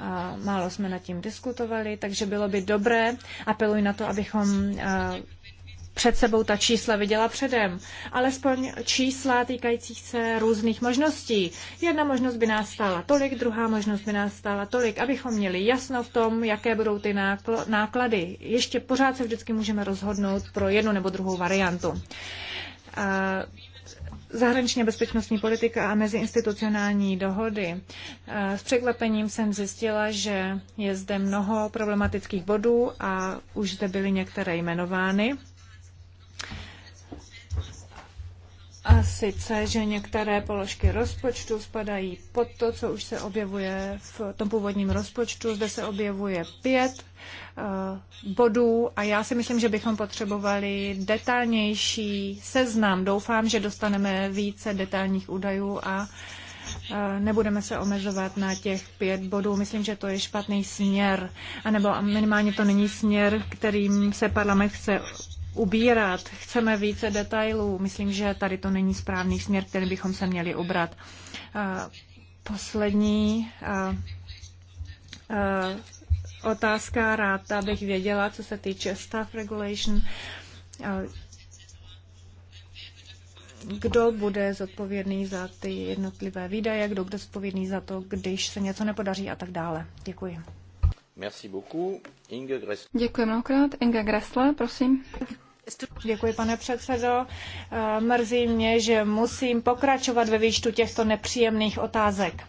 a málo jsme nad tím diskutovali, takže bylo by dobré, apeluji na to, abychom před sebou ta čísla viděla předem, alespoň čísla týkajících se různých možností. Jedna možnost by nás stála tolik, druhá možnost by nás stála tolik, abychom měli jasno v tom, jaké budou ty náklady. Ještě pořád se vždycky můžeme rozhodnout pro jednu nebo druhou variantu. Zahraničně bezpečnostní politika a meziinstitucionální dohody. Eh, s překvapením jsem zjistila, že je zde mnoho problematických bodů a už zde byly některé jmenovány. A sice, že některé položky rozpočtu spadají pod to, co už se objevuje v tom původním rozpočtu. Zde se objevuje pět eh, bodů a já si myslím, že bychom potřebovali detailnější seznam. Doufám, že dostaneme více detailních údajů a eh, nebudeme se omezovat na těch pět bodů. Myslím, že to je špatný směr, anebo minimálně to není směr, kterým se parlament chce ubírat. Chceme více detailů. Myslím, že tady to není správný směr, který bychom se měli ubrat. Poslední otázka. Ráda bych věděla, co se týče staff regulation kdo bude zodpovědný za ty jednotlivé výdaje, kdo bude zodpovědný za to, když se něco nepodaří a tak dále. Děkuji. Merci beaucoup. Inge Gressler. Děkuji mnohokrát. Inge Gressler, prosím. Děkuji, pane předsedo. Eh, mrzí mě, že musím pokračovat ve výčtu těchto nepříjemných otázek.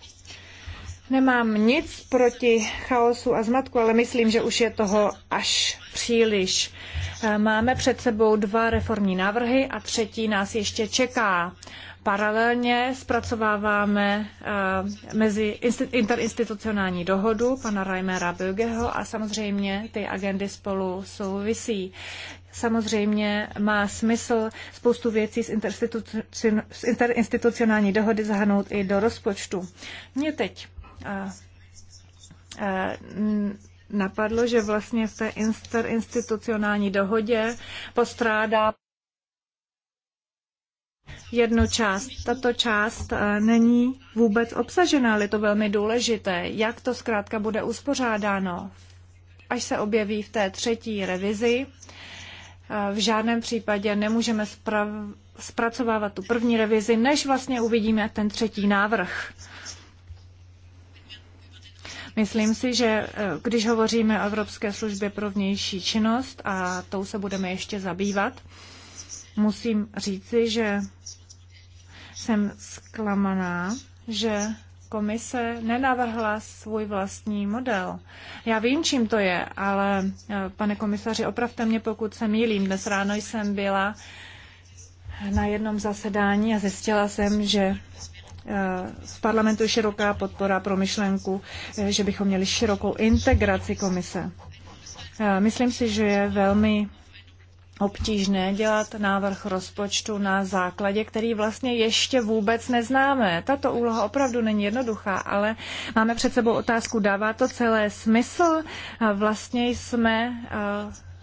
Nemám nic proti chaosu a zmatku, ale myslím, že už je toho až příliš. Eh, máme před sebou dva reformní návrhy a třetí nás ještě čeká. Paralelně zpracováváme eh, mezi interinstitucionální dohodu pana Reimera Bögeho a samozřejmě ty agendy spolu souvisí samozřejmě má smysl spoustu věcí z, z interinstitucionální dohody zahrnout i do rozpočtu. Mně teď a, a, napadlo, že vlastně v té interinstitucionální dohodě postrádá jednu část. Tato část není vůbec obsažená, ale je to velmi důležité. Jak to zkrátka bude uspořádáno? Až se objeví v té třetí revizi, Eh, v žádném případě nemůžeme spra- zpracovávat tu první revizi, než vlastně uvidíme ten třetí návrh. Myslím si, že eh, když hovoříme o Evropské službě pro vnější činnost a tou se budeme ještě zabývat, musím říci, že jsem zklamaná, že komise nenavrhla svůj vlastní model. Já vím, čím to je, ale eh, pane komisaři, opravte mě, pokud se mýlím. Dnes ráno jsem byla na jednom zasedání a zjistila jsem, že eh, v parlamentu je široká podpora pro myšlenku, eh, že bychom měli širokou integraci komise. Myslím si, že je velmi obtížné dělat návrh rozpočtu na základě, který vlastně ještě vůbec neznáme. Tato úloha opravdu není jednoduchá, ale máme před sebou otázku, dává to celé smysl? Vlastně jsme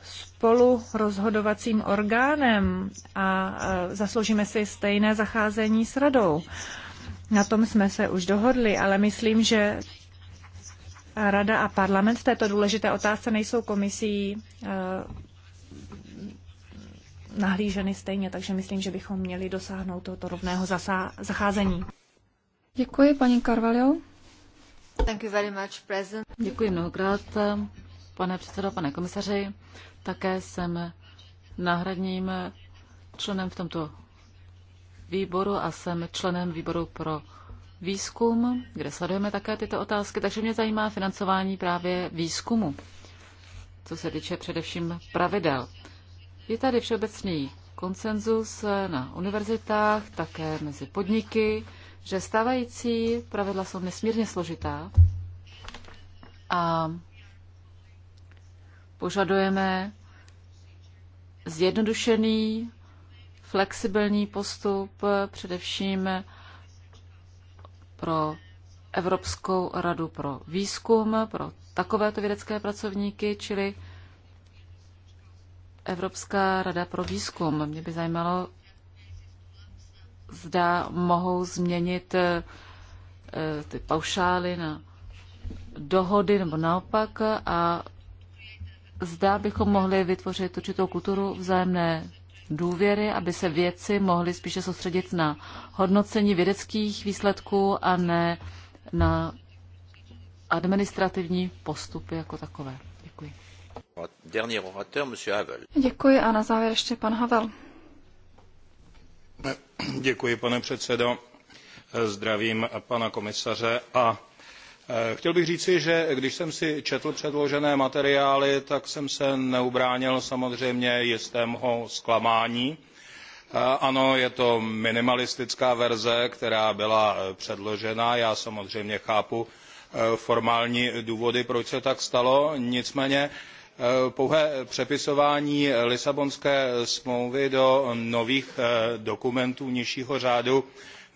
spolu rozhodovacím orgánem a zasloužíme si stejné zacházení s radou. Na tom jsme se už dohodli, ale myslím, že Rada a parlament v této důležité otázce nejsou komisí nahlíženy stejně, takže myslím, že bychom měli dosáhnout tohoto rovného zacházení. Děkuji, paní Carvalho. Thank you very much, President. Děkuji mnohokrát, pane předsedo, pane komisaři. Také jsem náhradním členem v tomto výboru a jsem členem výboru pro výzkum, kde sledujeme také tyto otázky, takže mě zajímá financování právě výzkumu, co se týče především pravidel. Je tady všeobecný konsenzus na univerzitách, také mezi podniky, že stávající pravidla jsou nesmírně složitá a požadujeme zjednodušený, flexibilní postup, především pro Evropskou radu pro výzkum, pro takovéto vědecké pracovníky, čili Evropská rada pro výzkum. Mě by zajímalo, zda mohou změnit eh, ty paušály na dohody nebo naopak a zda bychom mohli vytvořit určitou kulturu vzájemné důvěry, aby se věci mohly spíše soustředit na hodnocení vědeckých výsledků a ne na administrativní postupy jako takové. Děkuji a na závěr ještě pan Havel. Děkuji, pane předsedo. Zdravím pana komisaře a e, Chtěl bych říci, že když jsem si četl předložené materiály, tak jsem se neubránil samozřejmě jistému zklamání. E, ano, je to minimalistická verze, která byla e, předložena. Já samozřejmě chápu formální důvody, proč se tak stalo. Nicméně Eh, pouhé přepisování lisabonské smlouvy do nových eh, dokumentů nižšího řádu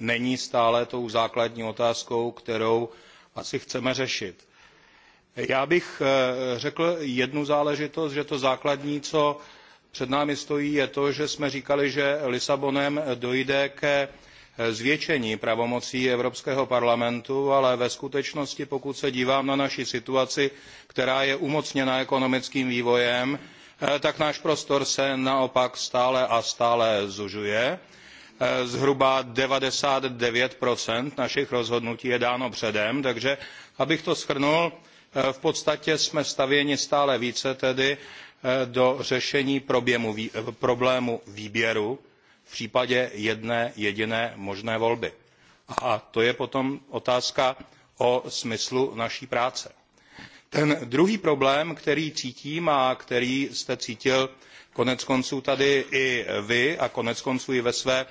není stále tou základní otázkou kterou asi chceme řešit. já bych eh, řekl jednu záležitost že to základní co před námi stojí je to že jsme říkali že lisabonem dojde ke zvětšení pravomocí evropského parlamentu ale ve skutečnosti pokud se dívám na naši situaci která je umocněna ekonomickým vývojem eh, tak náš prostor se naopak stále a stále zužuje eh, zhruba ninety nine našich rozhodnutí je dáno předem takže abych to shrnul eh, v podstatě jsme stavěni stále více tedy do řešení problému výběru v případě jedné jediné možné volby. a to je potom otázka o smyslu naší práce. ten druhý problém který cítím a který jste cítil konec konců tady i vy a konec konců i ve své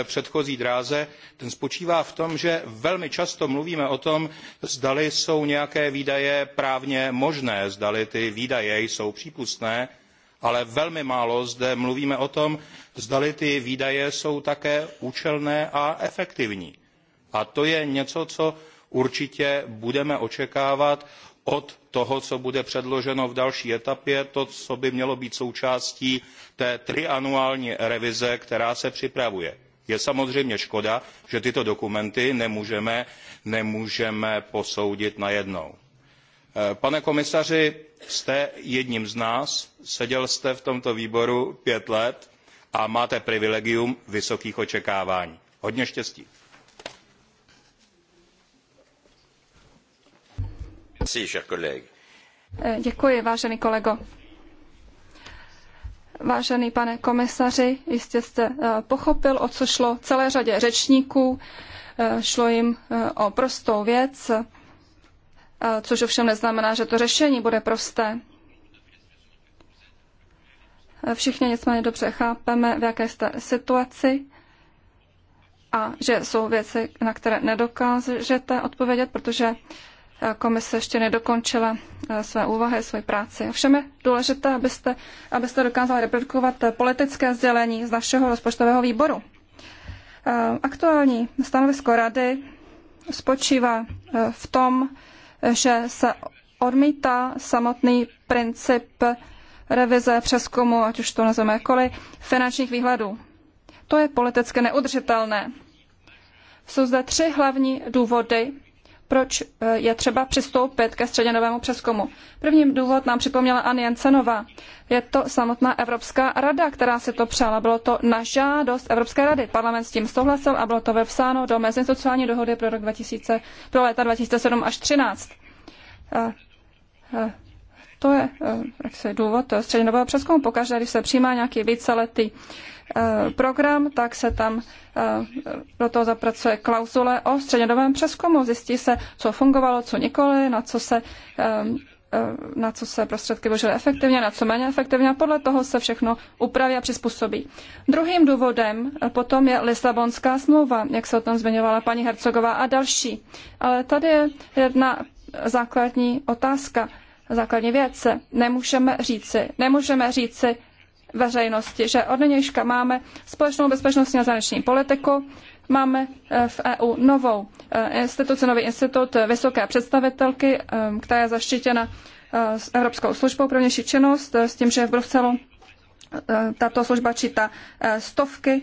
eh, předchozí dráze ten spočívá v tom že velmi často mluvíme o tom zdali jsou nějaké výdaje právně možné zdali ty výdaje jsou přípustné ale velmi málo zde mluvíme o tom zdali ty výdaje jsou také účelné a efektivní a to je něco co určitě budeme očekávat od toho co bude předloženo v další etapě to co by mělo být součástí té trianuální revize která se připravuje. je samozřejmě škoda že tyto dokumenty nemůžeme, nemůžeme posoudit najednou. Eh, pane komisaři jste jedním z nás seděl jste v tomto výboru pět let a máte privilegium vysokých očekávání. hodně štěstí. Děkuji, vážený kolego. Vážený pane komisaři, jistě jste eh, pochopil, o co šlo celé řadě řečníků. Eh, šlo jim eh, o prostou věc což ovšem neznamená, že to řešení bude prosté. Všichni nicméně dobře chápeme, v jaké jste situaci a že jsou věci, na které nedokážete odpovědět, protože komise ještě nedokončila eh, své úvahy, svoji práci. Ovšem je důležité, abyste, abyste dokázali reprodukovat politické sdělení z našeho rozpočtového výboru. Eh, aktuální stanovisko rady spočívá eh, v tom, že se odmítá samotný princip revize přeskumu, ať už to nazveme jakkoliv, finančních výhledů. To je politicky neudržitelné. Jsou zde tři hlavní důvody, proč eh, je třeba přistoupit ke střednědobému přeskumu. Prvním důvod nám připomněla Anne Jensenová. Je to samotná Evropská rada, která si to přála. Bylo to na žádost Evropské rady. Parlament s tím souhlasil a bylo to vepsáno do mezinsociální dohody pro, rok 2000, pro léta 2007 až 2013. Eh, eh, to je důvod střednědobého přeskumu. Pokaždé, když se přijímá nějaký víceletý Eh, program, tak se tam eh, do toho zapracuje klauzule o střednědobém přeskumu. Zjistí se, co fungovalo, co nikoli, na co se eh, na co se prostředky využily efektivně, na co méně efektivně a podle toho se všechno upraví a přizpůsobí. Druhým důvodem potom je Lisabonská smlouva, jak se o tom zmiňovala paní Hercogová a další. Ale tady je jedna základní otázka, základní věc. Nemůžeme říci, nemůžeme říci, veřejnosti, že od nynějška máme společnou bezpečnostní a zahraniční politiku, máme eh, v EU novou eh, instituci, nový institut vysoké představitelky, eh, která je zaštítěna s Evropskou službou pro vnější činnost, s tím, že v Bruselu tato služba čítá stovky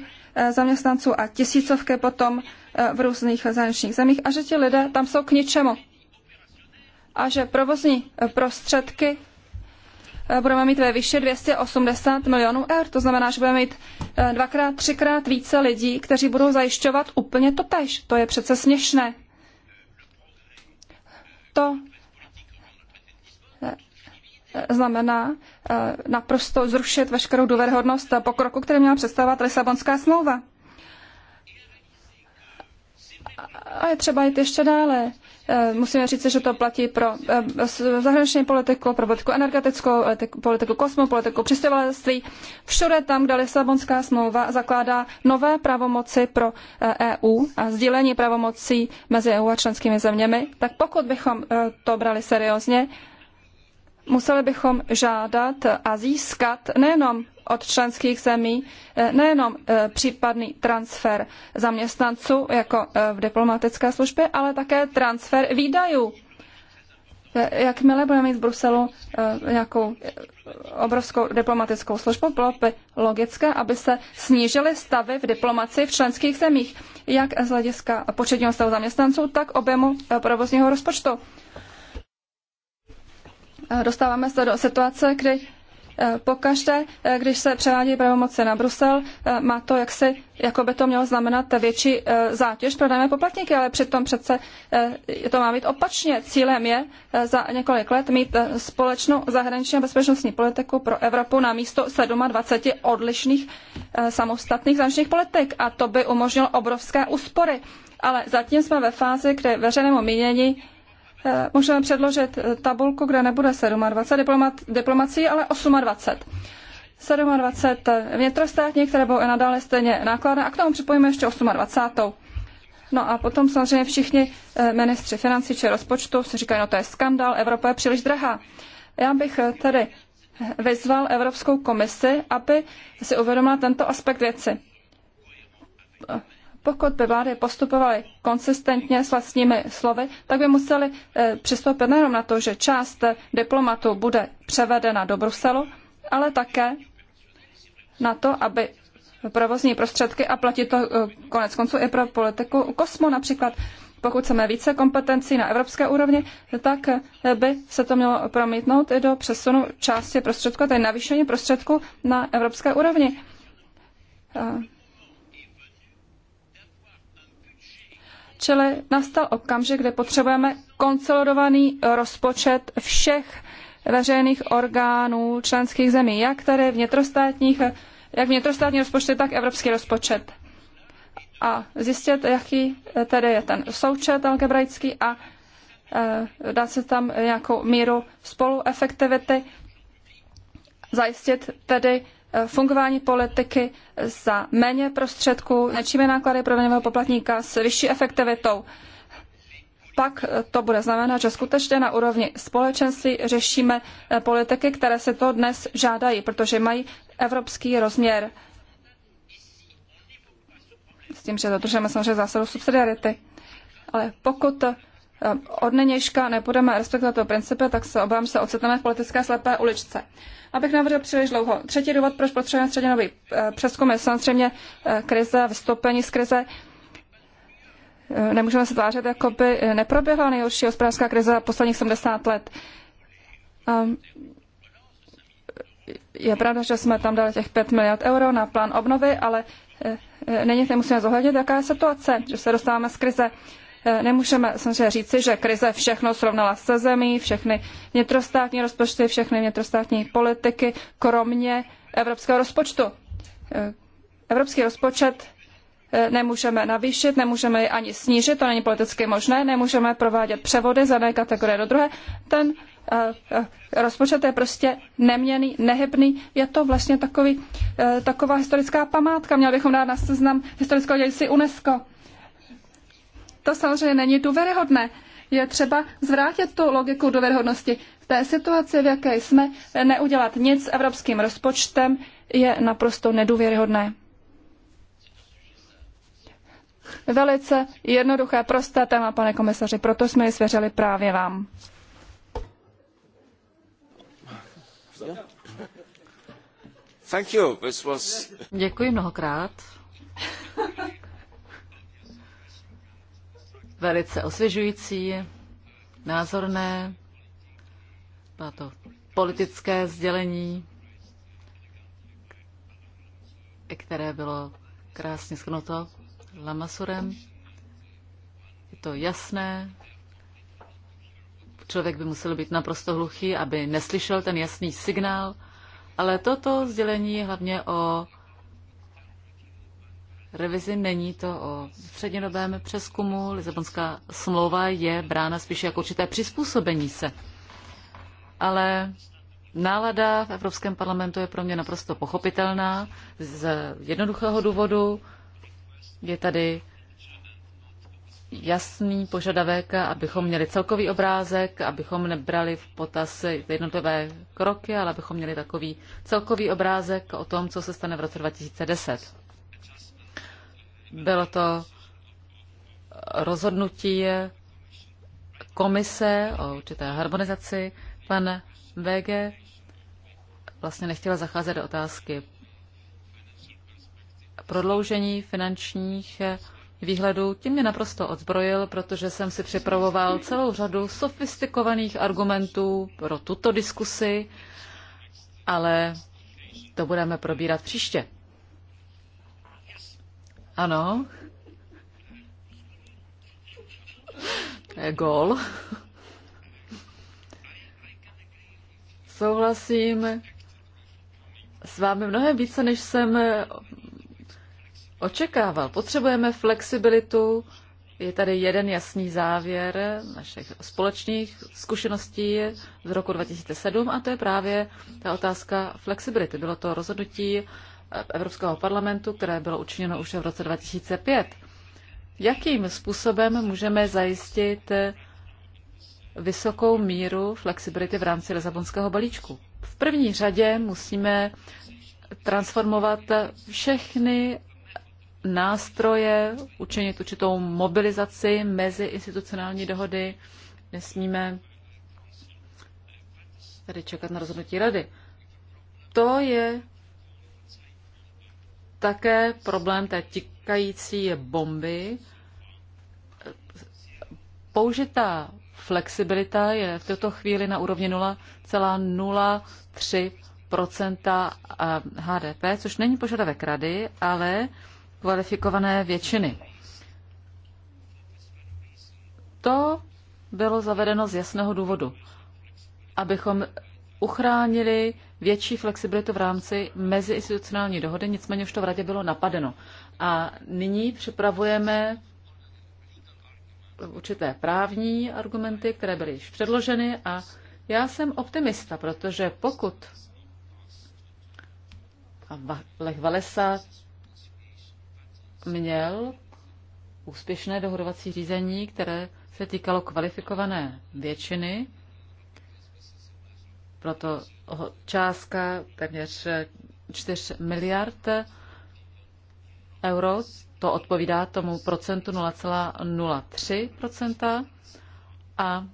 zaměstnanců a tisícovky potom v různých zahraničních zemích a že ti lidé tam jsou k ničemu. A že provozní prostředky Eh, budeme mít ve výši 280 milionů eur. To znamená, že budeme mít eh, dvakrát, třikrát více lidí, kteří budou zajišťovat úplně to tež. To je přece směšné. To eh, znamená naprosto zrušit veškerou po pokroku, který měla představovat Lisabonská smlouva. A je třeba jít ještě dále. Eh, musíme říct, že to platí pro eh, zahraniční politiku, pro politiku energetickou, eh, politiku kosmu, politiku přistěhovalectví. Všude tam, kde Lisabonská smlouva zakládá nové pravomoci pro EU e a sdílení pravomocí mezi EU a členskými zeměmi, tak pokud bychom to brali seriózně, museli bychom žádat a získat nejenom od členských zemí eh, nejenom eh, případný transfer zaměstnanců jako eh, v diplomatické službě, ale také transfer výdajů. Jakmile budeme mít v Bruselu nějakou obrovskou diplomatickou službu, bylo by logické, aby se snížily stavy v diplomaci v členských zemích, jak z hlediska početního stavu zaměstnanců, tak objemu provozního rozpočtu. Dostáváme se do situace, kdy pokaždé, eh, když se převádí pravomoce na Brusel, eh, má to jaksi, jako by to mělo znamenat větší eh, zátěž pro dané poplatníky, ale přitom přece to má být opačně. Cílem je za několik let mít společnou zahraniční a bezpečnostní politiku pro Evropu na místo 27 odlišných samostatných zahraničních politik a to by umožnilo obrovské úspory. Ale zatím jsme ve fázi, kde veřejnému mínění Eh, můžeme předložit eh, tabulku, kde nebude 27 diplomat, diplomací, ale 28. 27 vnitrostátních, které budou i nadále stejně nákladné a k tomu připojíme ještě 28. No a potom samozřejmě všichni eh, ministři financí či rozpočtu si říkají, no to je skandal, Evropa je příliš drahá. Já bych tedy vyzval Evropskou komisi, aby si uvědomila tento aspekt věci. Pokud by vlády postupovaly konsistentně s vlastními slovy, tak by museli eh, přistoupit nejenom na to, že část eh, diplomatů bude převedena do Bruselu, ale také na to, aby provozní prostředky a platí to eh, konec konců i pro politiku Kosmo například. Pokud chceme více kompetencí na evropské úrovni, tak by se to mělo promítnout i do přesunu části prostředků, tedy navýšení prostředků na evropské úrovni. Čili nastal okamžik, kde potřebujeme konsolidovaný rozpočet všech veřejných orgánů členských zemí, jak tedy vnitrostátních, jak vnitrostátní rozpočty, tak evropský rozpočet. A zjistit, jaký tedy je ten součet algebraický a e, dát se tam nějakou míru spoluefektivity, zajistit tedy Eh, fungování politiky za méně prostředků, nečíme náklady pro daňového poplatníka s vyšší efektivitou. Pak eh, to bude znamenat, že skutečně na úrovni společenství řešíme eh, politiky, které se to dnes žádají, protože mají evropský rozměr. S tím, že dodržeme samozřejmě zásadu subsidiarity. Ale pokud Eh, od nynějška nepůjdeme respektovat to principy, tak se obávám, se ocitneme v politické slepé uličce. Abych navrhl příliš dlouho. Třetí důvod, proč potřebujeme střednědobý eh, přeskum, je samozřejmě eh, krize, vystoupení z krize. Nemůžeme se tvářit, jako by neproběhla nejhorší hospodářská krize posledních 70 let. Ehm, je pravda, že jsme tam dali těch 5 miliard euro na plán obnovy, ale není musíme zohlednit, jaká je situace, že se dostáváme z krize Eh, nemůžeme samozřejmě říci, že krize všechno srovnala se zemí, všechny vnitrostátní rozpočty, všechny vnitrostátní politiky, kromě evropského rozpočtu. Eh, evropský rozpočet eh, nemůžeme navýšit, nemůžeme ani snížit, to není politicky možné, nemůžeme provádět převody z jedné kategorie do druhé. Ten rozpočet je prostě neměný, nehybný. Je to vlastně takový, taková historická památka. Měli bychom dát na seznam historického dědictví UNESCO to samozřejmě není důvěryhodné. Je třeba zvrátit tu logiku důvěryhodnosti. V té situaci, v jaké jsme, neudělat nic s evropským rozpočtem je naprosto nedůvěryhodné. Velice jednoduché, prosté téma, pane komisaři, proto jsme ji svěřili právě vám. Děkuji mnohokrát velice osvěžující, názorné, bylo to politické sdělení, které bylo krásně schnuto Lamasurem. Je to jasné. Člověk by musel být naprosto hluchý, aby neslyšel ten jasný signál. Ale toto sdělení je hlavně o revizi, není to o střednědobém přeskumu. Lisabonská smlouva je brána spíše jako určité přizpůsobení se. Ale nálada v Evropském parlamentu je pro mě naprosto pochopitelná z jednoduchého důvodu. Je tady jasný požadavek, abychom měli celkový obrázek, abychom nebrali v potaz jednotlivé kroky, ale abychom měli takový celkový obrázek o tom, co se stane v roce 2010. Bylo to rozhodnutí komise o určité harmonizaci. Pan VG vlastně nechtěla zacházet do otázky prodloužení finančních výhledů. Tím mě naprosto odzbrojil, protože jsem si připravoval celou řadu sofistikovaných argumentů pro tuto diskusi, ale to budeme probírat příště. Ano. Gol. Souhlasím s vámi mnohem více, než jsem očekával. Potřebujeme flexibilitu. Je tady jeden jasný závěr našich společných zkušeností z roku 2007 a to je právě ta otázka flexibility. Bylo to rozhodnutí Evropského parlamentu, které bylo učiněno už v roce 2005. Jakým způsobem můžeme zajistit vysokou míru flexibility v rámci Lisabonského balíčku? V první řadě musíme transformovat všechny nástroje, učinit určitou mobilizaci mezi institucionální dohody. Nesmíme tady čekat na rozhodnutí rady. To je také problém té tikající bomby. Použitá flexibilita je v této chvíli na úrovni 0,03 eh, HDP, což není požadavek rady, ale kvalifikované většiny. To bylo zavedeno z jasného důvodu, abychom uchránili větší flexibilitu v rámci meziinstitucionální dohody, nicméně už to v radě bylo napadeno. A nyní připravujeme určité právní argumenty, které byly již předloženy a já jsem optimista, protože pokud Lech Valesa měl úspěšné dohodovací řízení, které se týkalo kvalifikované většiny, bylo to částka téměř 4 miliard euro, to odpovídá tomu procentu 0,03 a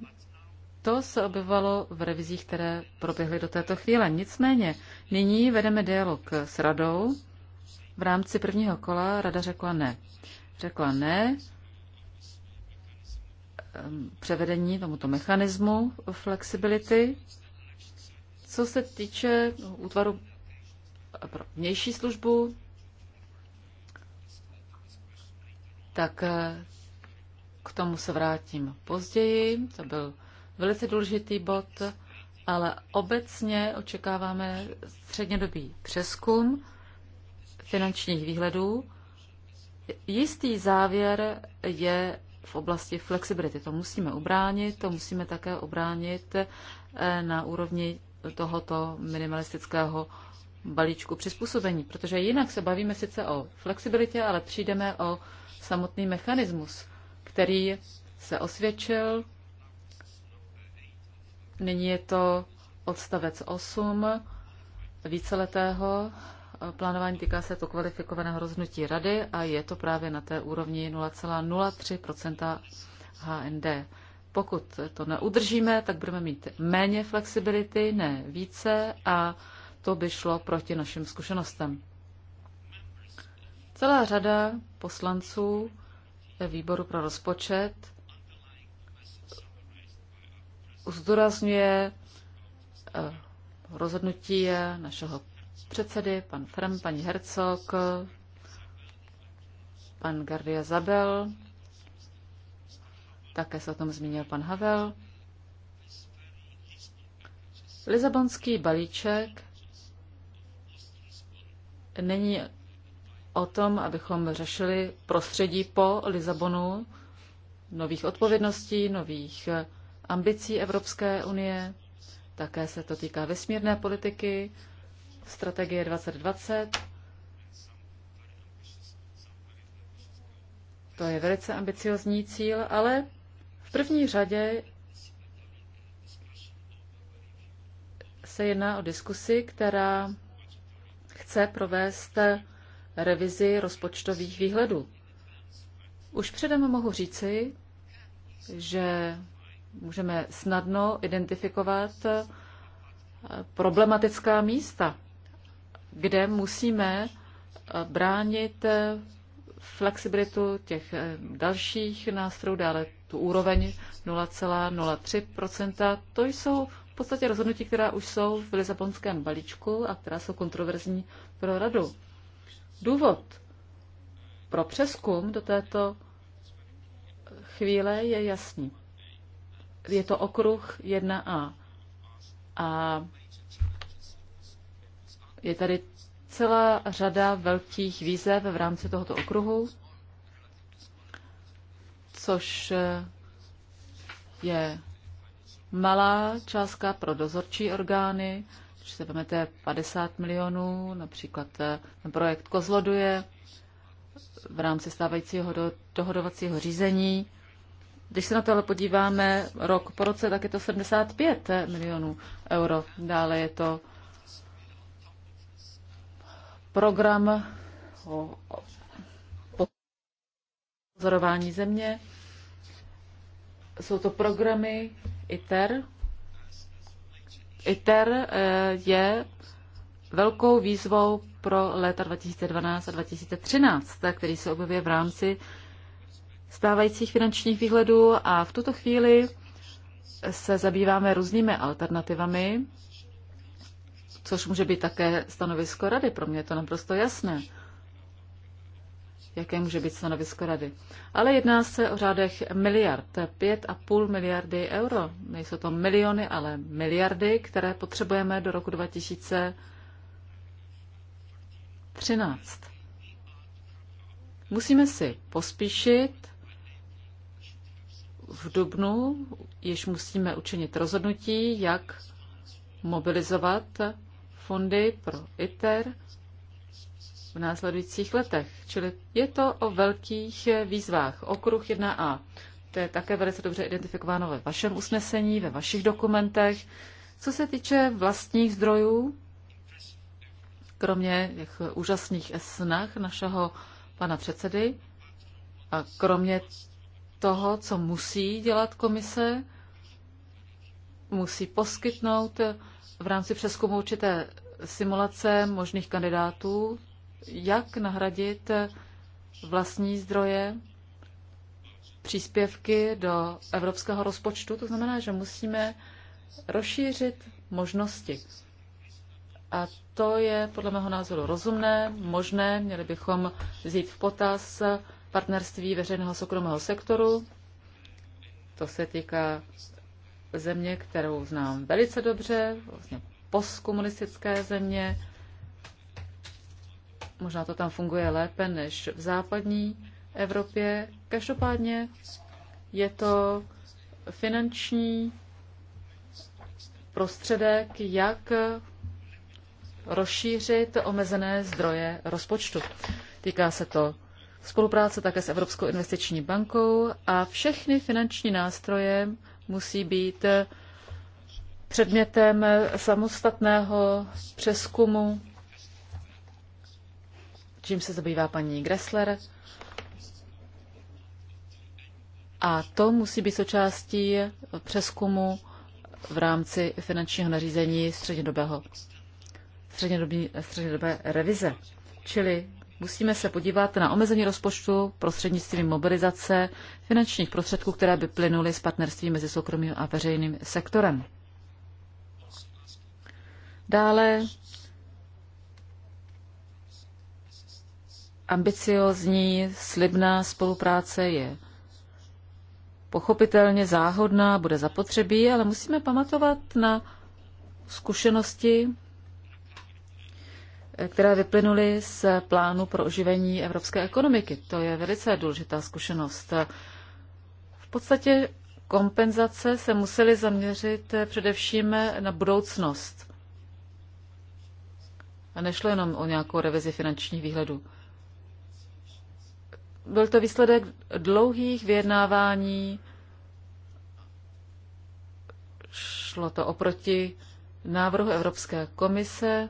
to se objevovalo v revizích, které proběhly do této chvíle. Nicméně nyní vedeme dialog s radou. V rámci prvního kola rada řekla ne. Řekla ne ehm, převedení tomuto mechanismu flexibility co se týče útvaru pro vnější službu, tak eh, k tomu se vrátím později. To byl velice důležitý bod, ale obecně očekáváme střednědobý přeskum finančních výhledů. Jistý závěr je v oblasti flexibility. To musíme ubránit, to musíme také ubránit eh, na úrovni tohoto minimalistického balíčku přizpůsobení, protože jinak se bavíme sice o flexibilitě, ale přijdeme o samotný mechanismus, který se osvědčil. Nyní je to odstavec 8 víceletého plánování týká se to kvalifikovaného rozhodnutí rady a je to právě na té úrovni 0,03 HND. Pokud to neudržíme, tak budeme mít méně flexibility, ne více, a to by šlo proti našim zkušenostem. Celá řada poslanců výboru pro rozpočet uzdorazňuje eh, rozhodnutí našeho předsedy, pan Frem, paní Hercog, pan Gardia Zabel, také se o tom zmínil pan Havel. Lizabonský balíček není o tom, abychom řešili prostředí po Lisabonu, nových odpovědností, nových ambicí Evropské unie. Také se to týká vesmírné politiky, strategie 2020. To je velice ambiciozní cíl, ale první řadě se jedná o diskusi, která chce provést revizi rozpočtových výhledů. Už předem mohu říci, že můžeme snadno identifikovat problematická místa, kde musíme bránit flexibilitu těch dalších nástrojů, dále tu úroveň 0,03 To jsou v podstatě rozhodnutí, která už jsou v Lisabonském balíčku a která jsou kontroverzní pro radu. Důvod pro přeskum do této chvíle je jasný. Je to okruh 1a. A je tady celá řada velkých výzev v rámci tohoto okruhu což eh, je malá částka pro dozorčí orgány. Když se vemete 50 milionů, například eh, ten projekt Kozloduje v rámci stávajícího do, dohodovacího řízení. Když se na to ale podíváme rok po roce, tak je to 75 eh, milionů euro. Dále je to program o pozorování země. Jsou to programy ITER. ITER eh, je velkou výzvou pro léta 2012 a 2013, eh, který se objevuje v rámci stávajících finančních výhledů a v tuto chvíli se zabýváme různými alternativami, což může být také stanovisko rady. Pro mě je to naprosto jasné jaké může být stanovisko rady. Ale jedná se o řádech miliard, pět a půl miliardy euro. Nejsou to miliony, ale miliardy, které potřebujeme do roku 2013. Musíme si pospíšit. V dubnu již musíme učinit rozhodnutí, jak mobilizovat fondy pro ITER v následujících letech. Čili je to o velkých výzvách. Okruh 1a. To je také velice dobře identifikováno ve vašem usnesení, ve vašich dokumentech. Co se týče vlastních zdrojů, kromě těch úžasných snah našeho pana předsedy a kromě toho, co musí dělat komise, musí poskytnout v rámci přeskumu určité simulace možných kandidátů, jak nahradit vlastní zdroje, příspěvky do evropského rozpočtu. To znamená, že musíme rozšířit možnosti. A to je podle mého názoru rozumné, možné. Měli bychom vzít v potaz partnerství veřejného soukromého sektoru. To se týká země, kterou znám velice dobře, vlastně postkomunistické země, Možná to tam funguje lépe než v západní Evropě. Každopádně je to finanční prostředek, jak rozšířit omezené zdroje rozpočtu. Týká se to spolupráce také s Evropskou investiční bankou a všechny finanční nástroje musí být předmětem samostatného přeskumu čím se zabývá paní Gressler. A to musí být součástí přeskumu v rámci finančního nařízení střednědobého, střednědobí, střednědobé revize. Čili musíme se podívat na omezení rozpočtu prostřednictvím mobilizace finančních prostředků, které by plynuly z partnerství mezi soukromým a veřejným sektorem. Dále ambiciozní, slibná spolupráce je pochopitelně záhodná, bude zapotřebí, ale musíme pamatovat na zkušenosti, eh, které vyplynuly z plánu pro oživení evropské ekonomiky. To je velice důležitá zkušenost. V podstatě kompenzace se musely zaměřit eh, především eh, na budoucnost. A nešlo jenom o nějakou revizi finančních výhledů byl to výsledek dlouhých vyjednávání. Šlo to oproti návrhu Evropské komise.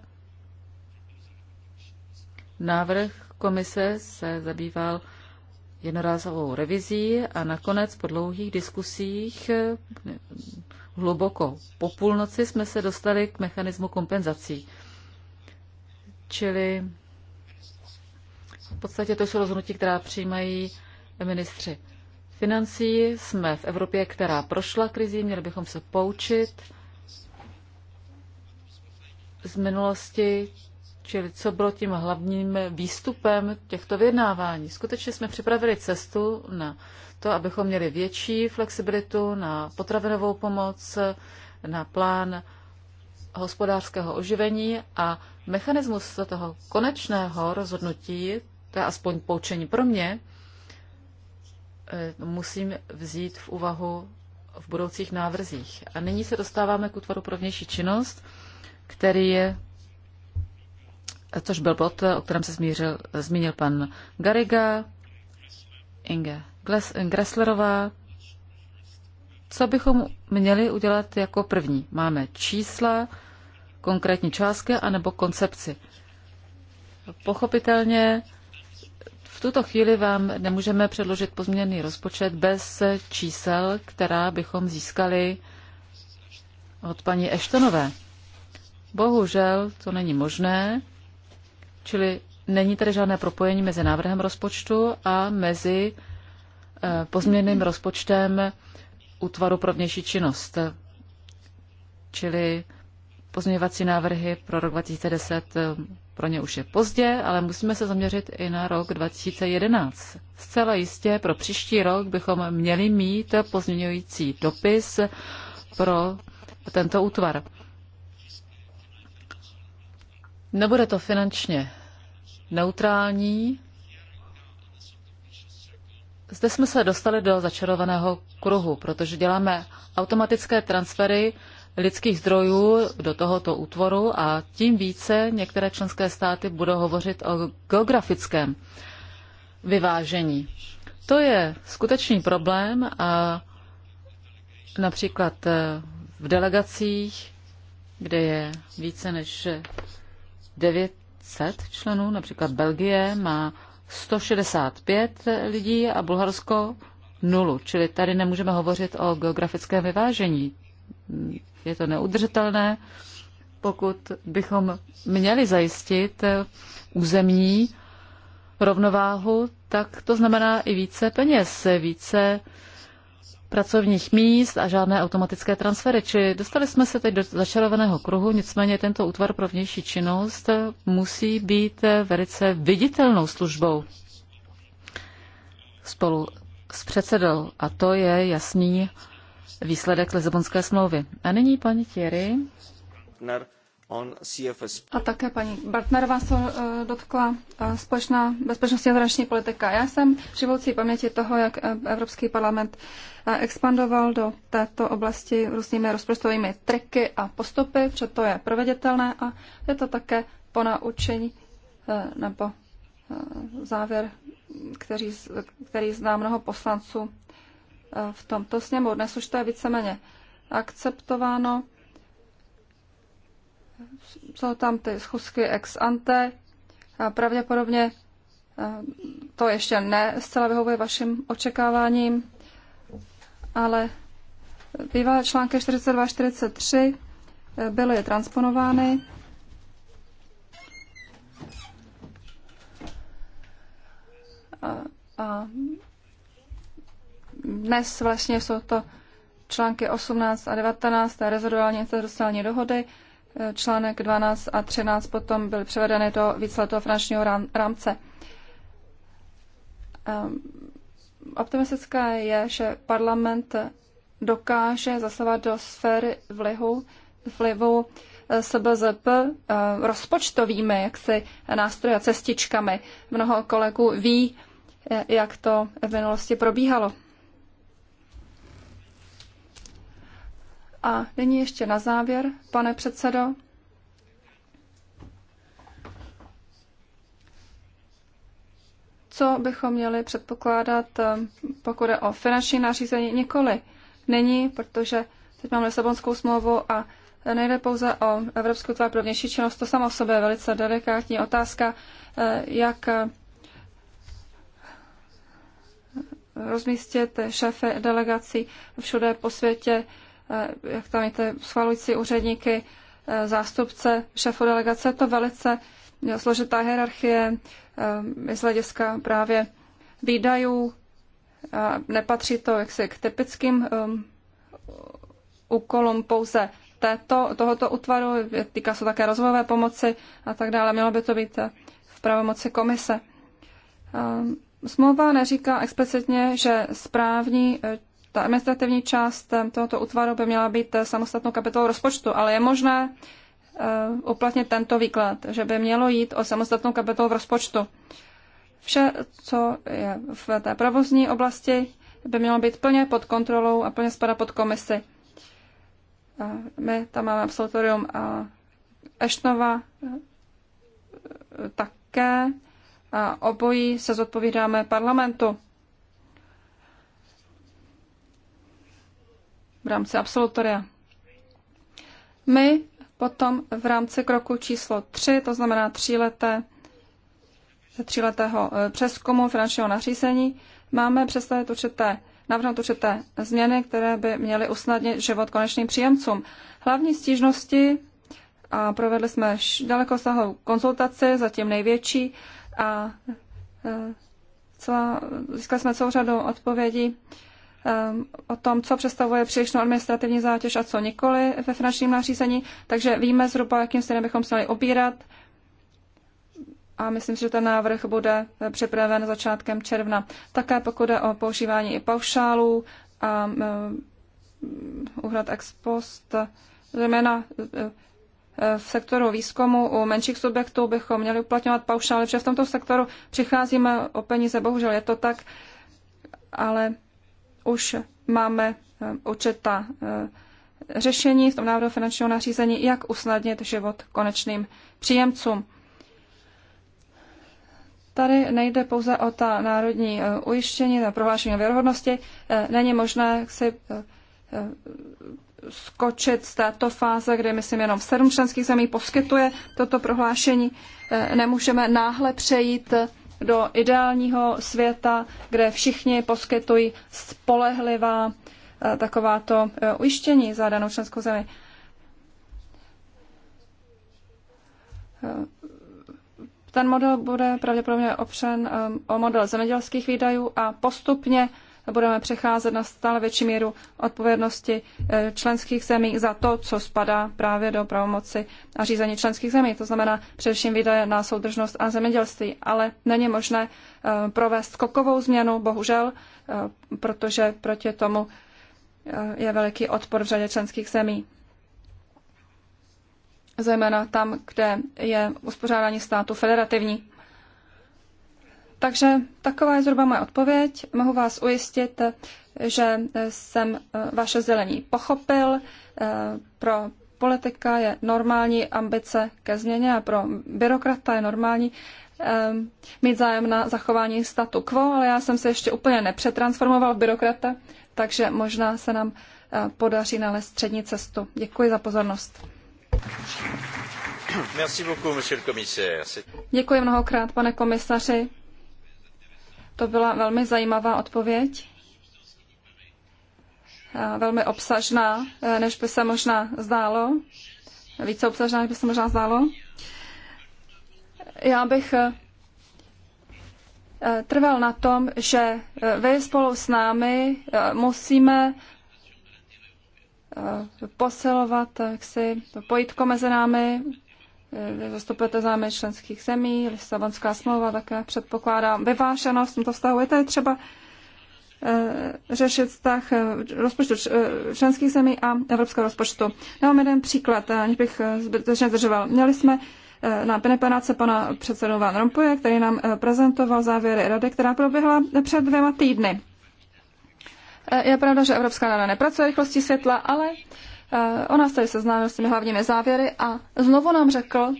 Návrh komise se zabýval jednorázovou revizí a nakonec po dlouhých diskusích hluboko po půlnoci jsme se dostali k mechanismu kompenzací. Čili podstatě to jsou rozhodnutí, která přijímají ministři financí. Jsme v Evropě, která prošla krizí, měli bychom se poučit z minulosti, čili co bylo tím hlavním výstupem těchto vyjednávání. Skutečně jsme připravili cestu na to, abychom měli větší flexibilitu na potravinovou pomoc, na plán hospodářského oživení a mechanismus toho konečného rozhodnutí, to je aspoň poučení pro mě, eh, musím vzít v úvahu v budoucích návrzích. A nyní se dostáváme k útvaru pro vnější činnost, který je, eh, což byl bod, eh, o kterém se zmířil, zmínil pan Gariga, Inge Gresslerová. Co bychom měli udělat jako první? Máme čísla, konkrétní částky anebo koncepci. Pochopitelně tuto chvíli vám nemůžeme předložit pozměněný rozpočet bez čísel, která bychom získali od paní Eštonové. Bohužel to není možné, čili není tady žádné propojení mezi návrhem rozpočtu a mezi eh, pozměněným rozpočtem útvaru pro vnější činnost. Čili pozměňovací návrhy pro rok 2010 eh, pro ně už je pozdě, ale musíme se zaměřit i na rok 2011. Zcela jistě pro příští rok bychom měli mít pozměňující dopis pro tento útvar. Nebude to finančně neutrální. Zde jsme se dostali do začarovaného kruhu, protože děláme automatické transfery lidských zdrojů do tohoto útvoru a tím více některé členské státy budou hovořit o geografickém vyvážení. To je skutečný problém a například eh, v delegacích, kde je více než 900 členů, například Belgie má 165 lidí a Bulharsko nulu, čili tady nemůžeme hovořit o geografickém vyvážení je to neudržitelné. Pokud bychom měli zajistit územní rovnováhu, tak to znamená i více peněz, více pracovních míst a žádné automatické transfery. Či dostali jsme se teď do začarovaného kruhu, nicméně tento útvar pro vnější činnost musí být velice viditelnou službou spolu s předsedou. A to je jasný výsledek Lisabonské smlouvy. A nyní paní Thierry. A také paní Bartnerová se eh, dotkla eh, společná bezpečnostní a zahraniční politika. Já jsem živoucí paměti toho, jak eh, Evropský parlament expandoval do této oblasti různými rozprostovými triky a postupy, že to je proveditelné a je to také po naučení nebo závěr, který, který zná mnoho poslanců v tomto sněmu. Dnes už to je víceméně akceptováno. Jsou tam ty schůzky ex ante. A pravděpodobně eh, to ještě ne zcela vyhovuje vašim očekáváním, ale bývalé články 42 43 eh, byly transponovány. A, a dnes vlastně jsou to články 18 a 19 eh, a rezervální interstální dohody, článek 12 a 13 potom byly převedeny do víceletého finančního rámce. Ehm, optimistické je, že parlament dokáže zasovat do sféry vlihu, vlivu eh, SBZP eh, rozpočtovými jaksi nástroje a cestičkami. Mnoho kolegů ví, jak to v minulosti probíhalo. A nyní ještě na závěr, pane předsedo. Co bychom měli předpokládat, eh, pokud je o finanční nařízení? Nikoli. Není, protože teď máme Lisabonskou smlouvu a nejde pouze o Evropskou tvář pro vnější činnost. To samo o sobě je velice delikátní otázka, eh, jak eh, rozmístit šéfy delegací všude po světě, Eh, jak tam víte, schvalující úředníky, eh, zástupce šéfu delegace. Je to velice eh, složitá hierarchie z hlediska právě výdajů. Nepatří to jaksi k typickým úkolům pouze této, tohoto útvaru, týká se také rozvojové pomoci a tak dále. Mělo by to být v pravomoci komise. Smlouva neříká explicitně, že správní ta administrativní část eh, tohoto útvaru by měla být eh, samostatnou kapitolou rozpočtu, ale je možné eh, uplatnit tento výklad, že by mělo jít o samostatnou kapitolu v rozpočtu. Vše, co je v té provozní oblasti, by mělo být plně pod kontrolou a plně spadat pod komisi. My tam máme absolutorium a Eštnova také a obojí se zodpovídáme parlamentu. v rámci absolutoria. My potom v rámci kroku číslo 3, to znamená tříleté, tříletého eh, přeskumu finančního nařízení, máme představit určité navrhnout určité změny, které by měly usnadnit život konečným příjemcům. Hlavní stížnosti a provedli jsme daleko dalekosáhlou konzultaci, zatím největší, a eh, celá, získali jsme celou řadu odpovědí Ehm, o tom, co představuje přílišnou administrativní zátěž a co nikoli ve finančním nařízení, takže víme zhruba, jakým směrem bychom se měli obírat a myslím si, že ten návrh bude připraven začátkem června. Také pokud je o používání i paušálů a uhrad ehm, ex post, zejména e, e, v sektoru výzkumu u menších subjektů bychom měli uplatňovat paušály, protože v tomto sektoru přicházíme o peníze, bohužel je to tak, ale už máme eh, určitá eh, řešení v tom návrhu finančního nařízení, jak usnadnit život konečným příjemcům. Tady nejde pouze o ta národní eh, ujištění, na prohlášení věrohodnosti. Není možné si skočit z této fáze, kde myslím jenom sedm členských zemí poskytuje toto prohlášení. Nemůžeme náhle přejít do ideálního světa, kde všichni poskytují spolehlivá eh, takováto eh, ujištění za danou členskou zemi. Eh, ten model bude pravděpodobně opřen o model zemědělských výdajů a postupně budeme přecházet na stále větší míru odpovědnosti eh, členských zemí za to, co spadá právě do pravomoci a řízení členských zemí. To znamená především výdaje na soudržnost a zemědělství. Ale není možné eh, provést skokovou změnu, bohužel, eh, protože proti tomu je veliký odpor v řadě členských zemí zejména tam, kde je uspořádání státu federativní. Takže taková je zhruba moje odpověď. Mohu vás ujistit, že jsem eh, vaše zelení pochopil. Eh, pro politika je normální ambice ke změně a pro byrokrata je normální eh, mít zájem na zachování statu quo, ale já jsem se ještě úplně nepřetransformoval v byrokrata, takže možná se nám podaří nalézt střední cestu. Děkuji za pozornost. Děkuji mnohokrát, pane komisaři. To byla velmi zajímavá odpověď, velmi obsažná, e, než by se možná zdálo, více obsažná, než by se možná zdálo. Já bych e, e, trval na tom, že vy spolu s námi musíme posilovat jaksi, to pojítko mezi námi, zastupujete zájmy členských zemí, Lisabonská smlouva také předpokládá vyváženost v tomto vztahu. Je tady třeba eh, řešit vztah eh, rozpočtu eh, členských zemí a evropského rozpočtu. Já mám jeden příklad, aniž bych zbytečně zdržoval. Měli jsme na penepenáce pana předsedu Van Rompuje, který nám prezentoval závěry rady, která proběhla před dvěma týdny. Je pravda, že Evropská rada nepracuje rychlostí světla, ale Eh, ona tady seznámil s těmi hlavními závěry a znovu nám řekl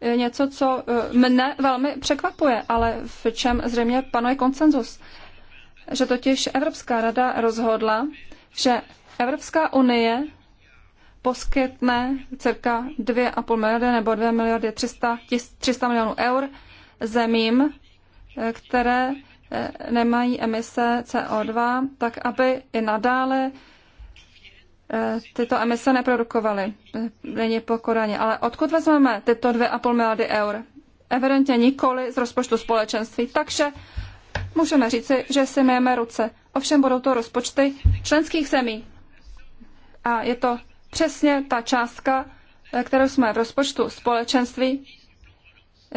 eh, něco, co eh, mne velmi překvapuje, ale v čem zřejmě panuje konsenzus. Že totiž Evropská rada rozhodla, že Evropská unie poskytne cirka 2,5 miliardy nebo 2 miliardy 300, 300 milionů eur zemím, které nemají emise CO2, tak aby i nadále Eh, tyto emise neprodukovaly, eh, není po Koraně. Ale odkud vezmeme tyto 2,5 miliardy eur? Evidentně nikoli z rozpočtu společenství, takže můžeme říci, že si myjeme ruce. Ovšem budou to rozpočty členských zemí. A je to přesně ta částka, eh, kterou jsme v rozpočtu společenství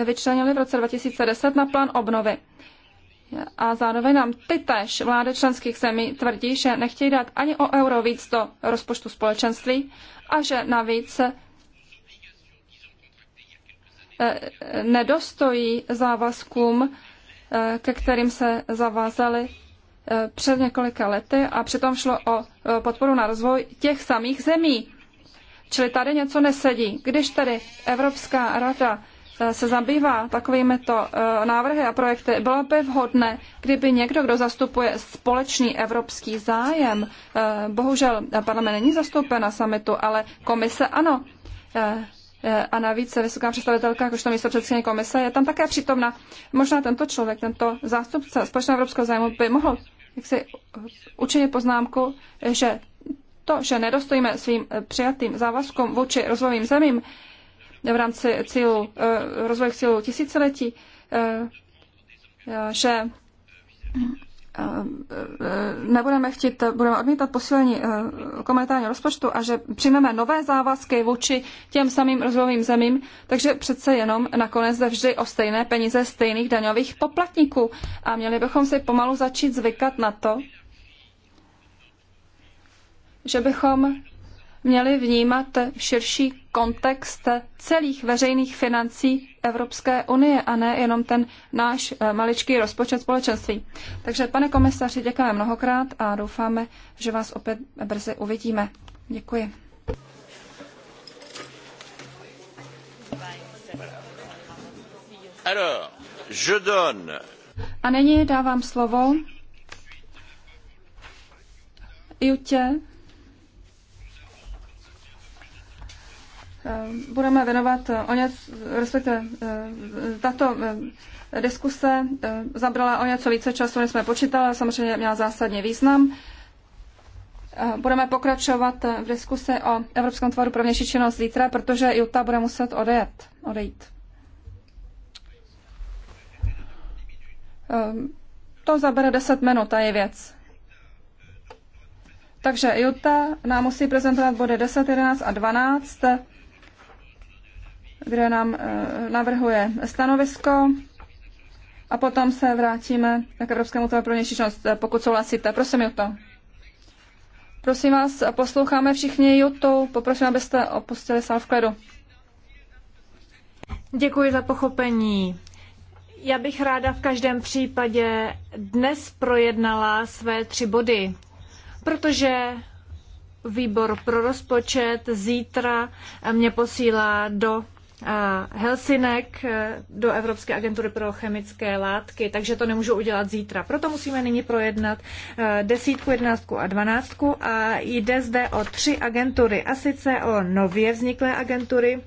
vyčlenili v roce 2010 na plán obnovy a zároveň nám ty tež vlády členských zemí tvrdí, že nechtějí dát ani o euro víc do rozpočtu společenství a že navíc eh, nedostojí závazkům, eh, ke kterým se zavázali eh, před několika lety a přitom šlo o podporu na rozvoj těch samých zemí. Čili tady něco nesedí. Když tady Evropská rada Eh, se zabývá takovýmito to eh, návrhy a projekty, bylo by vhodné, kdyby někdo, kdo zastupuje společný evropský zájem, eh, bohužel parlament není zastoupen na summitu, ale komise ano. A navíc vysoká představitelka, jakožto místo předsedkyně komise, je tam také přítomna. Možná tento člověk, tento zástupce společného evropského zájmu by mohl jak si učinit poznámku, že to, že nedostojíme svým přijatým závazkům vůči rozvojovým zemím, v rámci cílu, eh, rozvoje cílu tisíciletí, eh, eh, že nebudeme chtít, budeme odmítat posílení komunitárního rozpočtu a že přijmeme nové závazky vůči těm samým rozvojovým zemím, takže přece jenom nakonec jde vždy o stejné peníze stejných daňových poplatníků a měli bychom si pomalu začít zvykat na to, že bychom měli vnímat širší kontext celých veřejných financí Evropské unie a ne jenom ten náš eh, maličký rozpočet společenství. Takže, pane komisaři, děkáme mnohokrát a doufáme, že vás opět brzy uvidíme. Děkuji. Alors, je donne... A nyní dávám slovo Jutě Eh, budeme věnovat eh, o něco, respektive eh, tato diskuse zabrala o něco více času, než jsme počítali, samozřejmě měla zásadní význam. Budeme pokračovat v diskuse o Evropském tvaru pro vnější činnost zítra, protože Juta bude muset odejet, odejít. To zabere 10 minut a je věc. Takže Juta nám musí prezentovat body 10, 11 a 12 kde nám eh, navrhuje stanovisko a potom se vrátíme k Evropskému tomu pro vnější činnost, eh, pokud souhlasíte. Prosím, Juto. Prosím vás, posloucháme všichni Juto. Poprosím, abyste opustili sál v klidu. Děkuji za pochopení. Já bych ráda v každém případě dnes projednala své tři body, protože výbor pro rozpočet zítra mě posílá do Helsinek eh, do Evropské agentury pro chemické látky, takže to nemůžu udělat zítra. Proto musíme nyní projednat eh, desítku, jedenáctku a dvanáctku a jde zde o tři agentury, a sice o nově vzniklé agentury,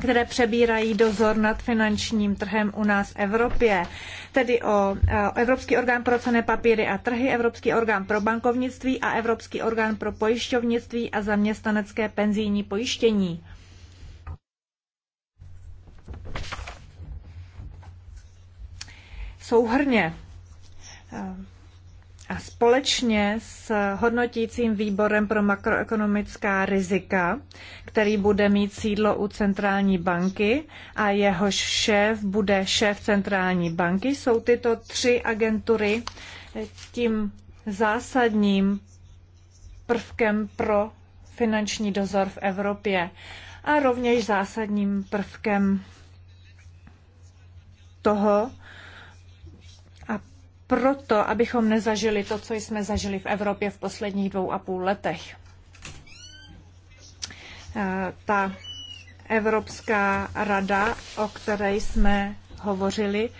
které přebírají dozor nad finančním trhem u nás v Evropě, tedy o eh, Evropský orgán pro cené papíry a trhy, Evropský orgán pro bankovnictví a Evropský orgán pro pojišťovnictví a zaměstnanecké penzijní pojištění. Souhrně a společně s hodnotícím výborem pro makroekonomická rizika, který bude mít sídlo u centrální banky a jehož šéf bude šéf centrální banky, jsou tyto tři agentury tím zásadním prvkem pro finanční dozor v Evropě a rovněž zásadním prvkem toho a proto, abychom nezažili to, co jsme zažili v Evropě v posledních dvou a půl letech. Ta Evropská rada, o které jsme hovořili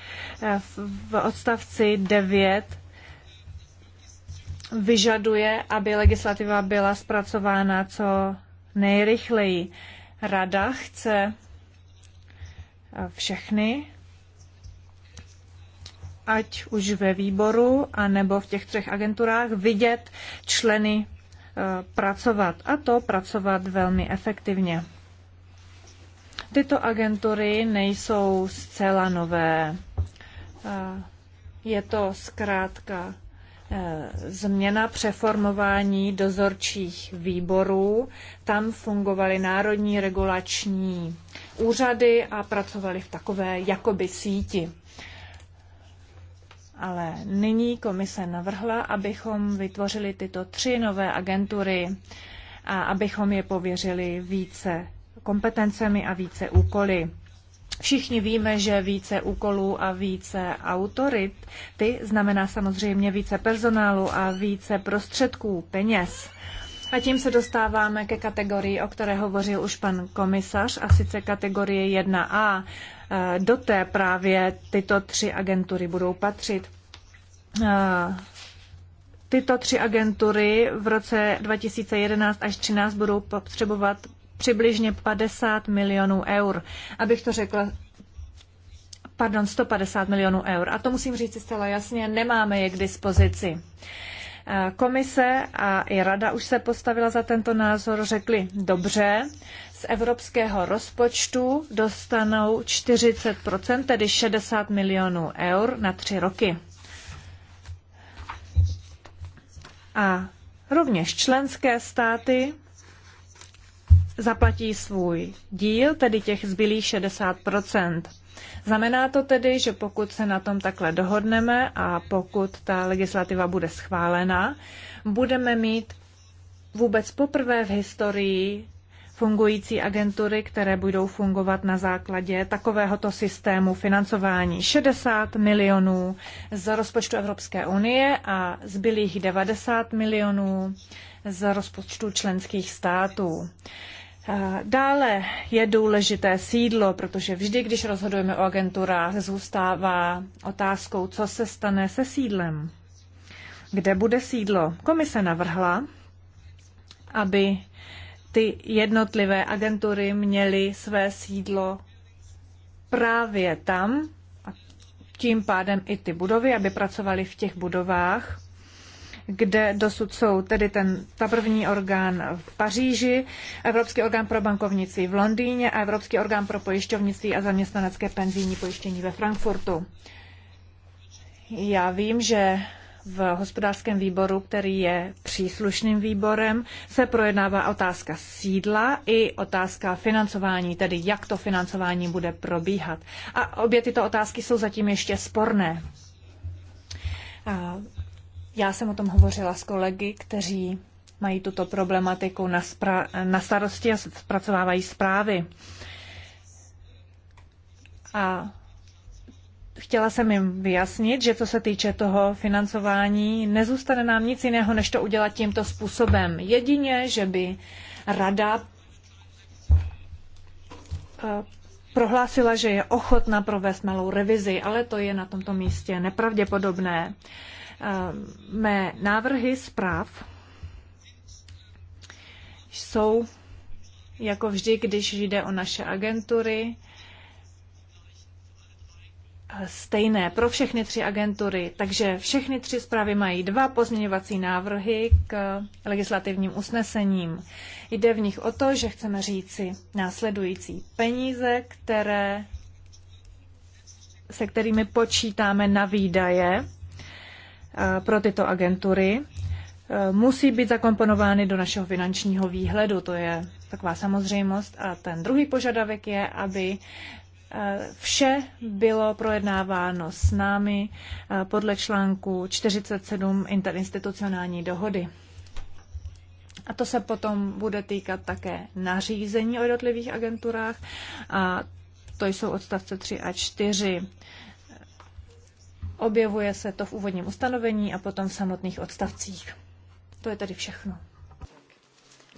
v odstavci 9, vyžaduje, aby legislativa byla zpracována co nejrychleji. Rada chce všechny ať už ve výboru, anebo v těch třech agenturách, vidět členy eh, pracovat a to pracovat velmi efektivně. Tyto agentury nejsou zcela nové. Eh, je to zkrátka eh, změna přeformování dozorčích výborů. Tam fungovaly národní regulační úřady a pracovali v takové jakoby síti. Ale nyní komise navrhla, abychom vytvořili tyto tři nové agentury a abychom je pověřili více kompetencemi a více úkoly. Všichni víme, že více úkolů a více autorit, ty znamená samozřejmě více personálu a více prostředků, peněz. A tím se dostáváme ke kategorii, o které hovořil už pan komisař, a sice kategorie 1a. Eh, do té právě tyto tři agentury budou patřit. Eh, tyto tři agentury v roce 2011 až 2013 budou potřebovat přibližně 50 milionů eur. Abych to řekla pardon, 150 milionů eur. A to musím říct zcela jasně, nemáme je k dispozici. Eh, komise a i rada už se postavila za tento názor, řekli dobře, evropského rozpočtu dostanou 40 tedy 60 milionů eur na tři roky. A rovněž členské státy zaplatí svůj díl, tedy těch zbylých 60 Znamená to tedy, že pokud se na tom takhle dohodneme a pokud ta legislativa bude schválena, budeme mít vůbec poprvé v historii fungující agentury, které budou fungovat na základě takovéhoto systému financování. 60 milionů z rozpočtu Evropské unie a zbylých 90 milionů z rozpočtu členských států. Dále je důležité sídlo, protože vždy, když rozhodujeme o agenturách, zůstává otázkou, co se stane se sídlem. Kde bude sídlo? Komise navrhla, aby ty jednotlivé agentury měly své sídlo právě tam a tím pádem i ty budovy, aby pracovali v těch budovách, kde dosud jsou tedy ten, ta první orgán v Paříži, Evropský orgán pro bankovnictví v Londýně a Evropský orgán pro pojišťovnictví a zaměstnanecké penzijní pojištění ve Frankfurtu. Já vím, že v hospodářském výboru, který je příslušným výborem, se projednává otázka sídla i otázka financování, tedy jak to financování bude probíhat. A obě tyto otázky jsou zatím ještě sporné. A já jsem o tom hovořila s kolegy, kteří mají tuto problematiku na, na starosti a zpracovávají zprávy. A chtěla jsem jim vyjasnit, že co se týče toho financování, nezůstane nám nic jiného, než to udělat tímto způsobem. Jedině, že by rada eh, prohlásila, že je ochotna provést malou revizi, ale to je na tomto místě nepravděpodobné. Eh, mé návrhy zpráv jsou jako vždy, když jde o naše agentury, stejné pro všechny tři agentury, takže všechny tři zprávy mají dva pozměňovací návrhy k legislativním usnesením. Jde v nich o to, že chceme říci následující peníze, které, se kterými počítáme na výdaje eh, pro tyto agentury, eh, musí být zakomponovány do našeho finančního výhledu. To je taková samozřejmost. A ten druhý požadavek je, aby Vše bylo projednáváno s námi eh, podle článku 47 interinstitucionální dohody. A to se potom bude týkat také nařízení o jednotlivých agenturách a to jsou odstavce 3 a 4. Objevuje se to v úvodním ustanovení a potom v samotných odstavcích. To je tady všechno.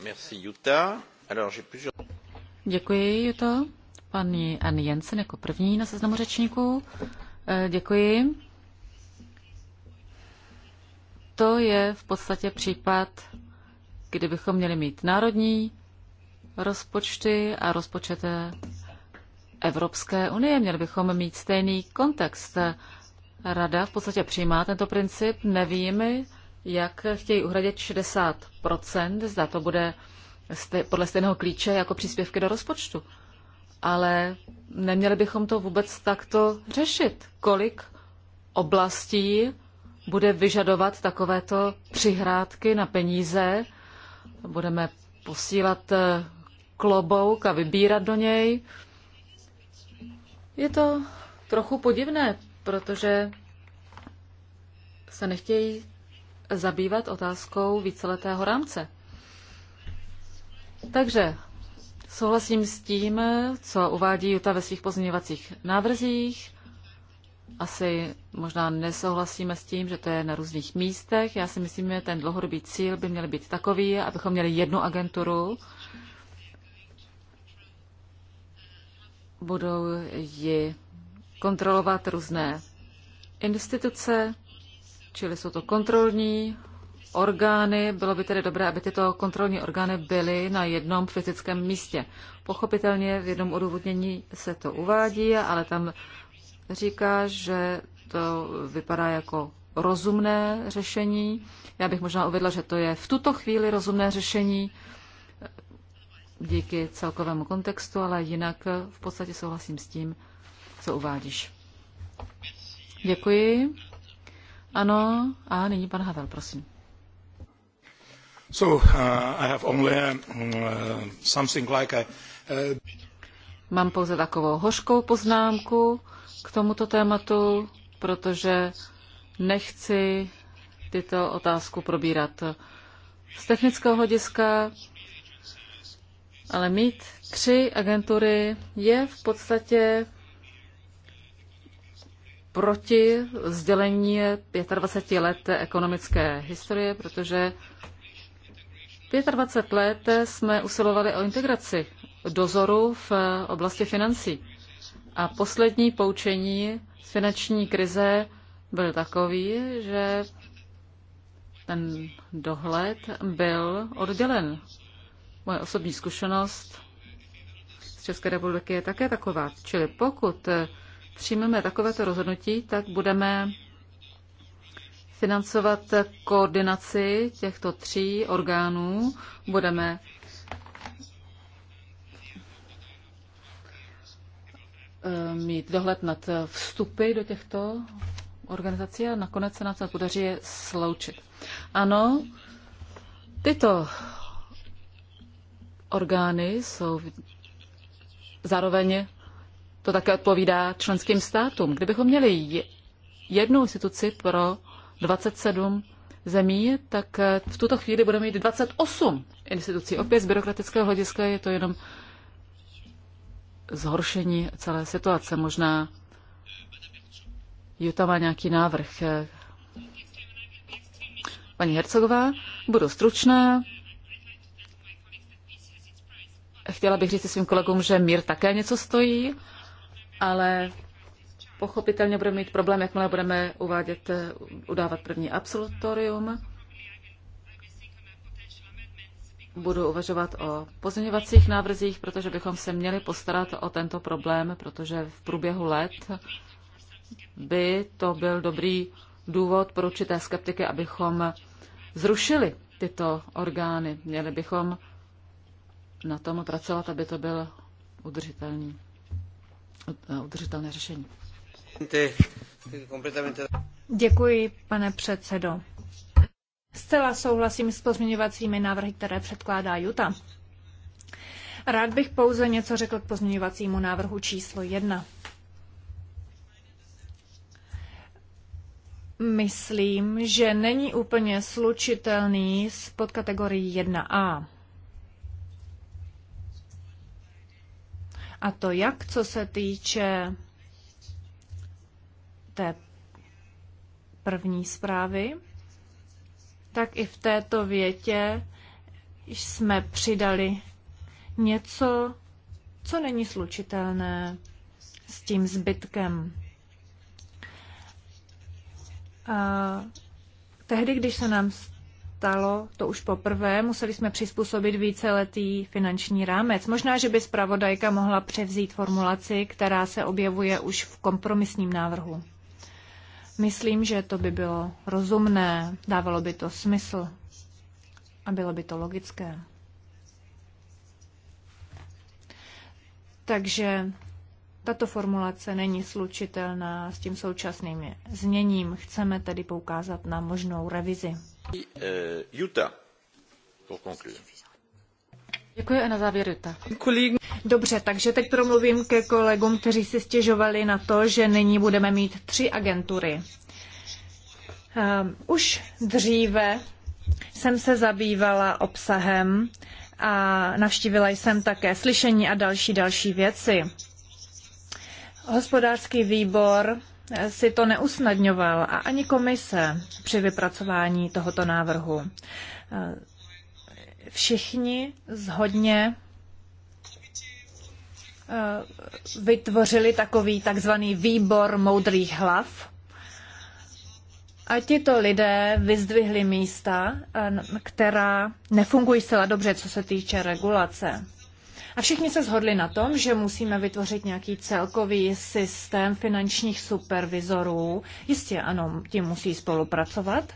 Merci, Jutta. Alors, plusieurs... Děkuji, Jutta paní Ann Jensen jako první na seznamu řečníků. Eh, děkuji. To je v podstatě případ, kdybychom měli mít národní rozpočty a rozpočet Evropské unie. Měli bychom mít stejný kontext. Rada v podstatě přijímá tento princip. Nevíme, jak chtějí uhradit 60 zda to bude podle stejného klíče jako příspěvky do rozpočtu ale neměli bychom to vůbec takto řešit. Kolik oblastí bude vyžadovat takovéto přihrádky na peníze? Budeme posílat eh, klobouk a vybírat do něj. Je to trochu podivné, protože se nechtějí zabývat otázkou víceletého rámce. Takže Souhlasím s tím, co uvádí Juta ve svých pozměňovacích návrzích. Asi možná nesouhlasíme s tím, že to je na různých místech. Já si myslím, že ten dlouhodobý cíl by měl být takový, abychom měli jednu agenturu. Budou ji kontrolovat různé instituce, čili jsou to kontrolní orgány. Bylo by tedy dobré, aby tyto kontrolní orgány byly na jednom fyzickém místě. Pochopitelně v jednom odůvodnění se to uvádí, ale tam říká, že to vypadá jako rozumné řešení. Já bych možná uvedla, že to je v tuto chvíli rozumné řešení díky celkovému kontextu, ale jinak v podstatě souhlasím s tím, co uvádíš. Děkuji. Ano, a nyní pan Havel, prosím. So, uh, I have only um, uh, something like a, uh... Mám pouze takovou hořkou poznámku k tomuto tématu, protože nechci tyto otázku probírat z technického hlediska, ale mít tři agentury je v podstatě proti sdělení 25 let ekonomické historie, protože 25 let jsme usilovali o integraci dozoru v oblasti financí. A poslední poučení z finanční krize byl takový, že ten dohled byl oddělen. Moje osobní zkušenost z České republiky je také taková. Čili pokud přijmeme takovéto rozhodnutí, tak budeme financovat koordinaci těchto tří orgánů. Budeme eh, mít dohled nad vstupy do těchto organizací a nakonec se nám to podaří je sloučit. Ano, tyto orgány jsou zároveň to také odpovídá členským státům. Kdybychom měli jednu instituci pro 27 zemí, tak eh, v tuto chvíli budeme mít 28 institucí. Opět z byrokratického hlediska je to jenom zhoršení celé situace. Možná Juta má nějaký návrh. Eh. Paní Hercogová, budu stručná. Chtěla bych říct svým kolegům, že mír také něco stojí, ale Pochopitelně budeme mít problém, jakmile budeme uvádět, eh, udávat první absolutorium. Budu uvažovat o pozměňovacích návrzích, protože bychom se měli postarat o tento problém, protože v průběhu let by to byl dobrý důvod pro určité skeptiky, abychom zrušili tyto orgány. Měli bychom na tom pracovat, aby to byl udržitelný, eh, udržitelné řešení. Děkuji, pane předsedo. Zcela souhlasím s pozměňovacími návrhy, které předkládá Juta. Rád bych pouze něco řekl k pozměňovacímu návrhu číslo jedna. Myslím, že není úplně slučitelný s podkategorií 1a. A to jak, co se týče té první zprávy, tak i v této větě jsme přidali něco, co není slučitelné s tím zbytkem. A tehdy, když se nám stalo to už poprvé, museli jsme přizpůsobit víceletý finanční rámec. Možná, že by zpravodajka mohla převzít formulaci, která se objevuje už v kompromisním návrhu. Myslím, že to by bylo rozumné, dávalo by to smysl a bylo by to logické. Takže tato formulace není slučitelná s tím současným zněním. Chceme tedy poukázat na možnou revizi. E, Utah, pour conclure. Děkuji a na závěr Dobře, takže teď promluvím ke kolegům, kteří si stěžovali na to, že nyní budeme mít tři agentury. Um, už dříve jsem se zabývala obsahem a navštívila jsem také slyšení a další další věci. Hospodářský výbor eh, si to neusnadňoval a ani komise při vypracování tohoto návrhu. Ehm, všichni zhodně eh, vytvořili takový takzvaný výbor moudrých hlav. A tito lidé vyzdvihli místa, eh, která nefungují zcela dobře, co se týče regulace. A všichni se shodli na tom, že musíme vytvořit nějaký celkový systém finančních supervizorů. Jistě ano, ti musí spolupracovat.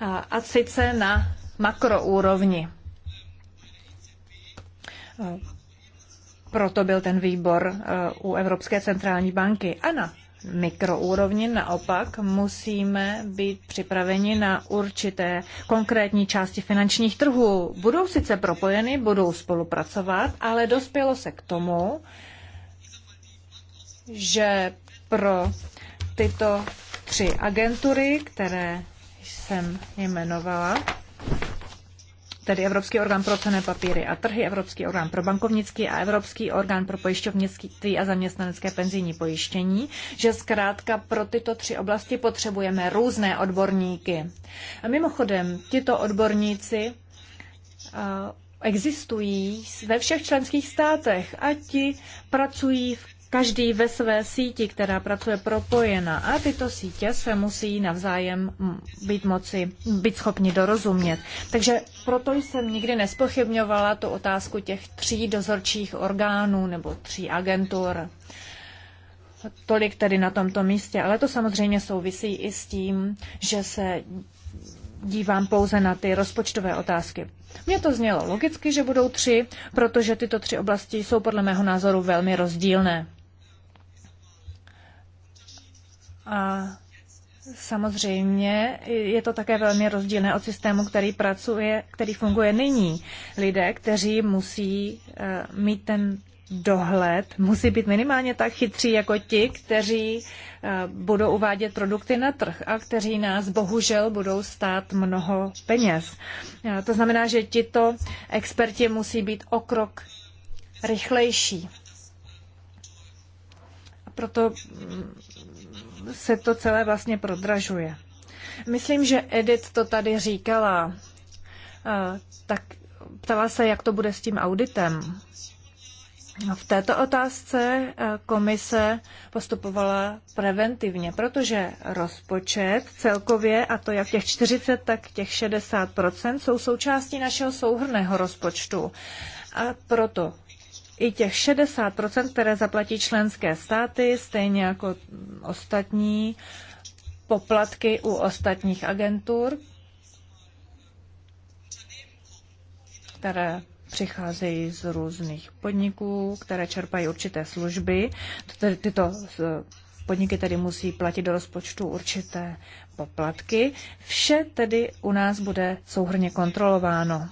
A, a sice na makroúrovni. Proto byl ten výbor eh, u Evropské centrální banky. A na mikroúrovni naopak musíme být připraveni na určité konkrétní části finančních trhů. Budou sice propojeny, budou spolupracovat, ale dospělo se k tomu, že pro tyto tři agentury, které jsem jmenovala, tedy Evropský orgán pro cené papíry a trhy, Evropský orgán pro bankovnický a Evropský orgán pro pojišťovnictví a zaměstnanecké penzijní pojištění, že zkrátka pro tyto tři oblasti potřebujeme různé odborníky. A mimochodem, tyto odborníci eh, existují ve všech členských státech a ti pracují v každý ve své síti, která pracuje propojena a tyto sítě se musí navzájem být moci, být schopni dorozumět. Takže proto jsem nikdy nespochybňovala tu otázku těch tří dozorčích orgánů nebo tří agentur. Tolik tedy na tomto místě, ale to samozřejmě souvisí i s tím, že se dívám pouze na ty rozpočtové otázky. Mně to znělo logicky, že budou tři, protože tyto tři oblasti jsou podle mého názoru velmi rozdílné. A Samozřejmě je to také velmi rozdílné od systému, který pracuje, který funguje nyní. Lidé, kteří musí eh, mít ten dohled, musí být minimálně tak chytří jako ti, kteří eh, budou uvádět produkty na trh a kteří nás bohužel budou stát mnoho peněz. Eh, to znamená, že tito experti musí být o krok rychlejší. proto mm, se to celé vlastně prodražuje. Myslím, že Edith to tady říkala. Eh, tak ptala se, jak to bude s tím auditem. V této otázce eh, komise postupovala preventivně, protože rozpočet celkově, a to jak těch 40, tak těch 60 jsou součástí našeho souhrného rozpočtu. A proto i těch 60%, které zaplatí členské státy, stejně jako ostatní poplatky u ostatních agentur, které přicházejí z různých podniků, které čerpají určité služby. Tyto eh, podniky tedy musí platit do rozpočtu určité poplatky. Vše tedy u nás bude souhrně kontrolováno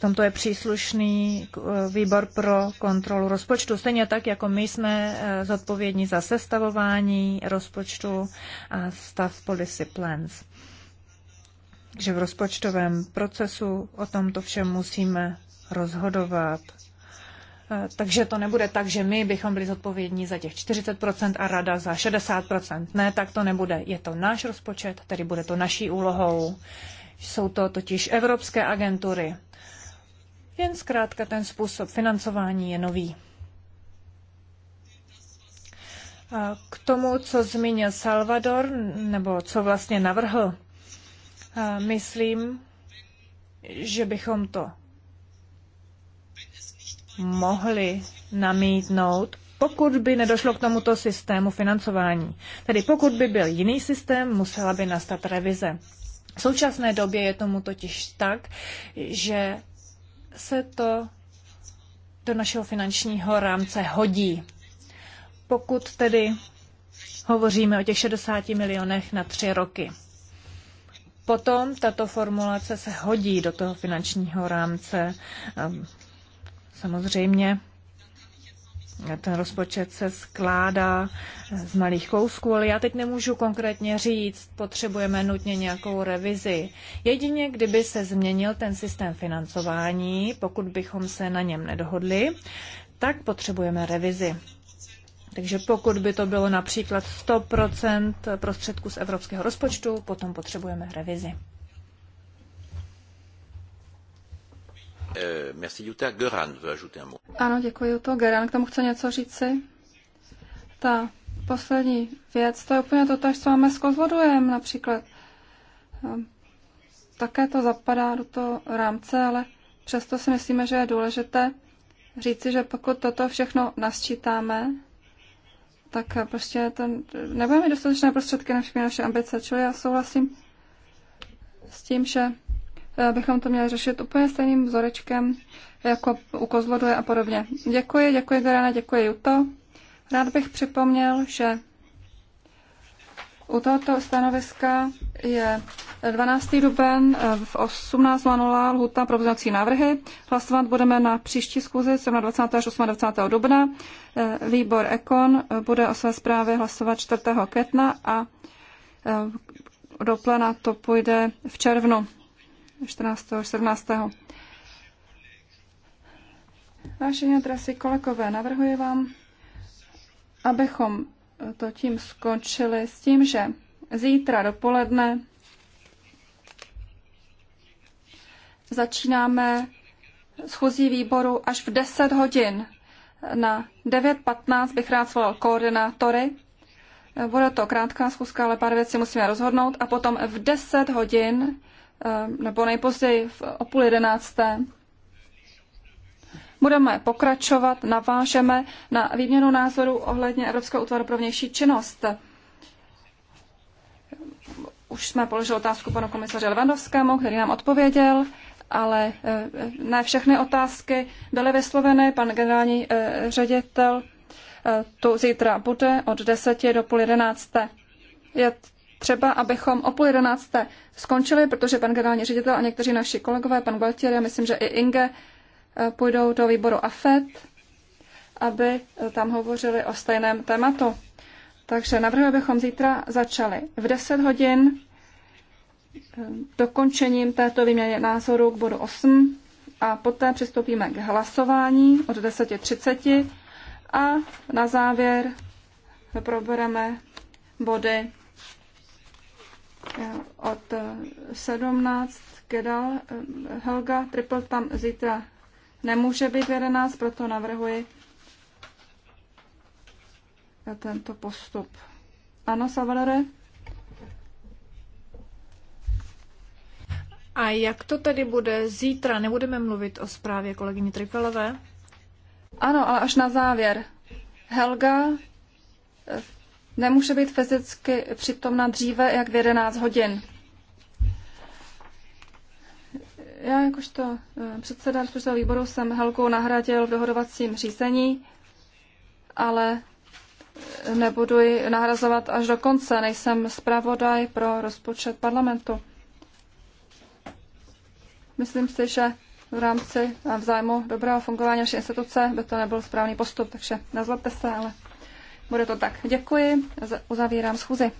tomto je příslušný eh, výbor pro kontrolu rozpočtu. Stejně tak, jako my jsme eh, zodpovědní za sestavování rozpočtu a stav policy plans. Takže v rozpočtovém procesu o tomto všem musíme rozhodovat. Eh, takže to nebude tak, že my bychom byli zodpovědní za těch 40% a rada za 60%. Ne, tak to nebude. Je to náš rozpočet, tedy bude to naší úlohou. Jsou to totiž evropské agentury. Jen zkrátka ten způsob financování je nový. A k tomu, co zmínil Salvador, nebo co vlastně navrhl, myslím, že bychom to mohli namítnout, pokud by nedošlo k tomuto systému financování. Tedy pokud by byl jiný systém, musela by nastat revize. V současné době je tomu totiž tak, že se to do našeho finančního rámce hodí. Pokud tedy hovoříme o těch 60 milionech na tři roky. Potom tato formulace se hodí do toho finančního rámce. Ehm, samozřejmě ten rozpočet se skládá z malých kousků, ale já teď nemůžu konkrétně říct, potřebujeme nutně nějakou revizi. Jedině, kdyby se změnil ten systém financování, pokud bychom se na něm nedohodli, tak potřebujeme revizi. Takže pokud by to bylo například 100% prostředků z evropského rozpočtu, potom potřebujeme revizi. Eh, merci Jutta. Göran veut ajouter un mot. Ano, děkuji Juto. Göran k tomu chce něco říci? Ta poslední věc, to je úplně to tež, co máme s kozlodujem například. Ehm, také to zapadá do toho rámce, ale přesto si myslíme, že je důležité říci, že pokud toto všechno nasčítáme, tak prostě to nebudeme mít dostatečné prostředky na všechny naše ambice. Čili já souhlasím s tím, že Eh, bychom to měli řešit úplně stejným vzorečkem jako u kozloduje a podobně. Děkuji, děkuji Gorana, děkuji Juto. Rád bych připomněl, že u tohoto stanoviska je 12. duben eh, v 18.00 lhuta pro vznací návrhy. Hlasovat budeme na příští schůzi 27. až 28. dubna. Eh, výbor Ekon bude o své zprávě hlasovat 4. května a do plena to půjde v červnu. 14. až 17. Vážení odrasy kolegové, navrhuji vám, abychom to tím skončili s tím, že zítra dopoledne začínáme schůzí výboru až v 10 hodin. Na 9.15 bych rád svolal koordinátory. Bude to krátká schůzka, ale pár věcí musíme rozhodnout. A potom v 10 hodin Eh, nebo nejpozději v, o půl jedenácté. Budeme pokračovat, navážeme na výměnu názorů ohledně Evropského útvaru pro vnější činnost. Už jsme položili otázku panu komisaři Levandovskému, který nám odpověděl, ale eh, ne všechny otázky byly vysloveny. Pan generální eh, ředitel tu zítra bude od 10 do půl jedenácté. Je třeba, abychom o půl jedenácté skončili, protože pan generální ředitel a někteří naši kolegové, pan Gualtieri a myslím, že i Inge, eh, půjdou do výboru AFET, aby eh, tam hovořili o stejném tématu. Takže navrhuji, abychom zítra začali v 10 hodin eh, dokončením této výměny názoru k bodu 8 a poté přistoupíme k hlasování od 10.30 a na závěr probereme body Eh, od 17 eh, Kedal eh, Helga Triple tam zítra nemůže být v 11, proto navrhuji tento postup. Ano, Savalere? A jak to tedy bude zítra? Nebudeme mluvit o zprávě kolegyni Tripelové? Ano, ale až na závěr. Helga v nemůže být fyzicky přítomna dříve jak v 11 hodin. Já jakožto eh, předseda rozpočtového výboru jsem Helkou nahradil v dohodovacím řízení, ale eh, nebudu ji nahrazovat až do konce. Nejsem zpravodaj pro rozpočet parlamentu. Myslím si, že v rámci a v zájmu dobrého fungování naší instituce by to nebyl správný postup, takže nezlobte se, ale bude to tak. Děkuji. Uzavírám schůzi.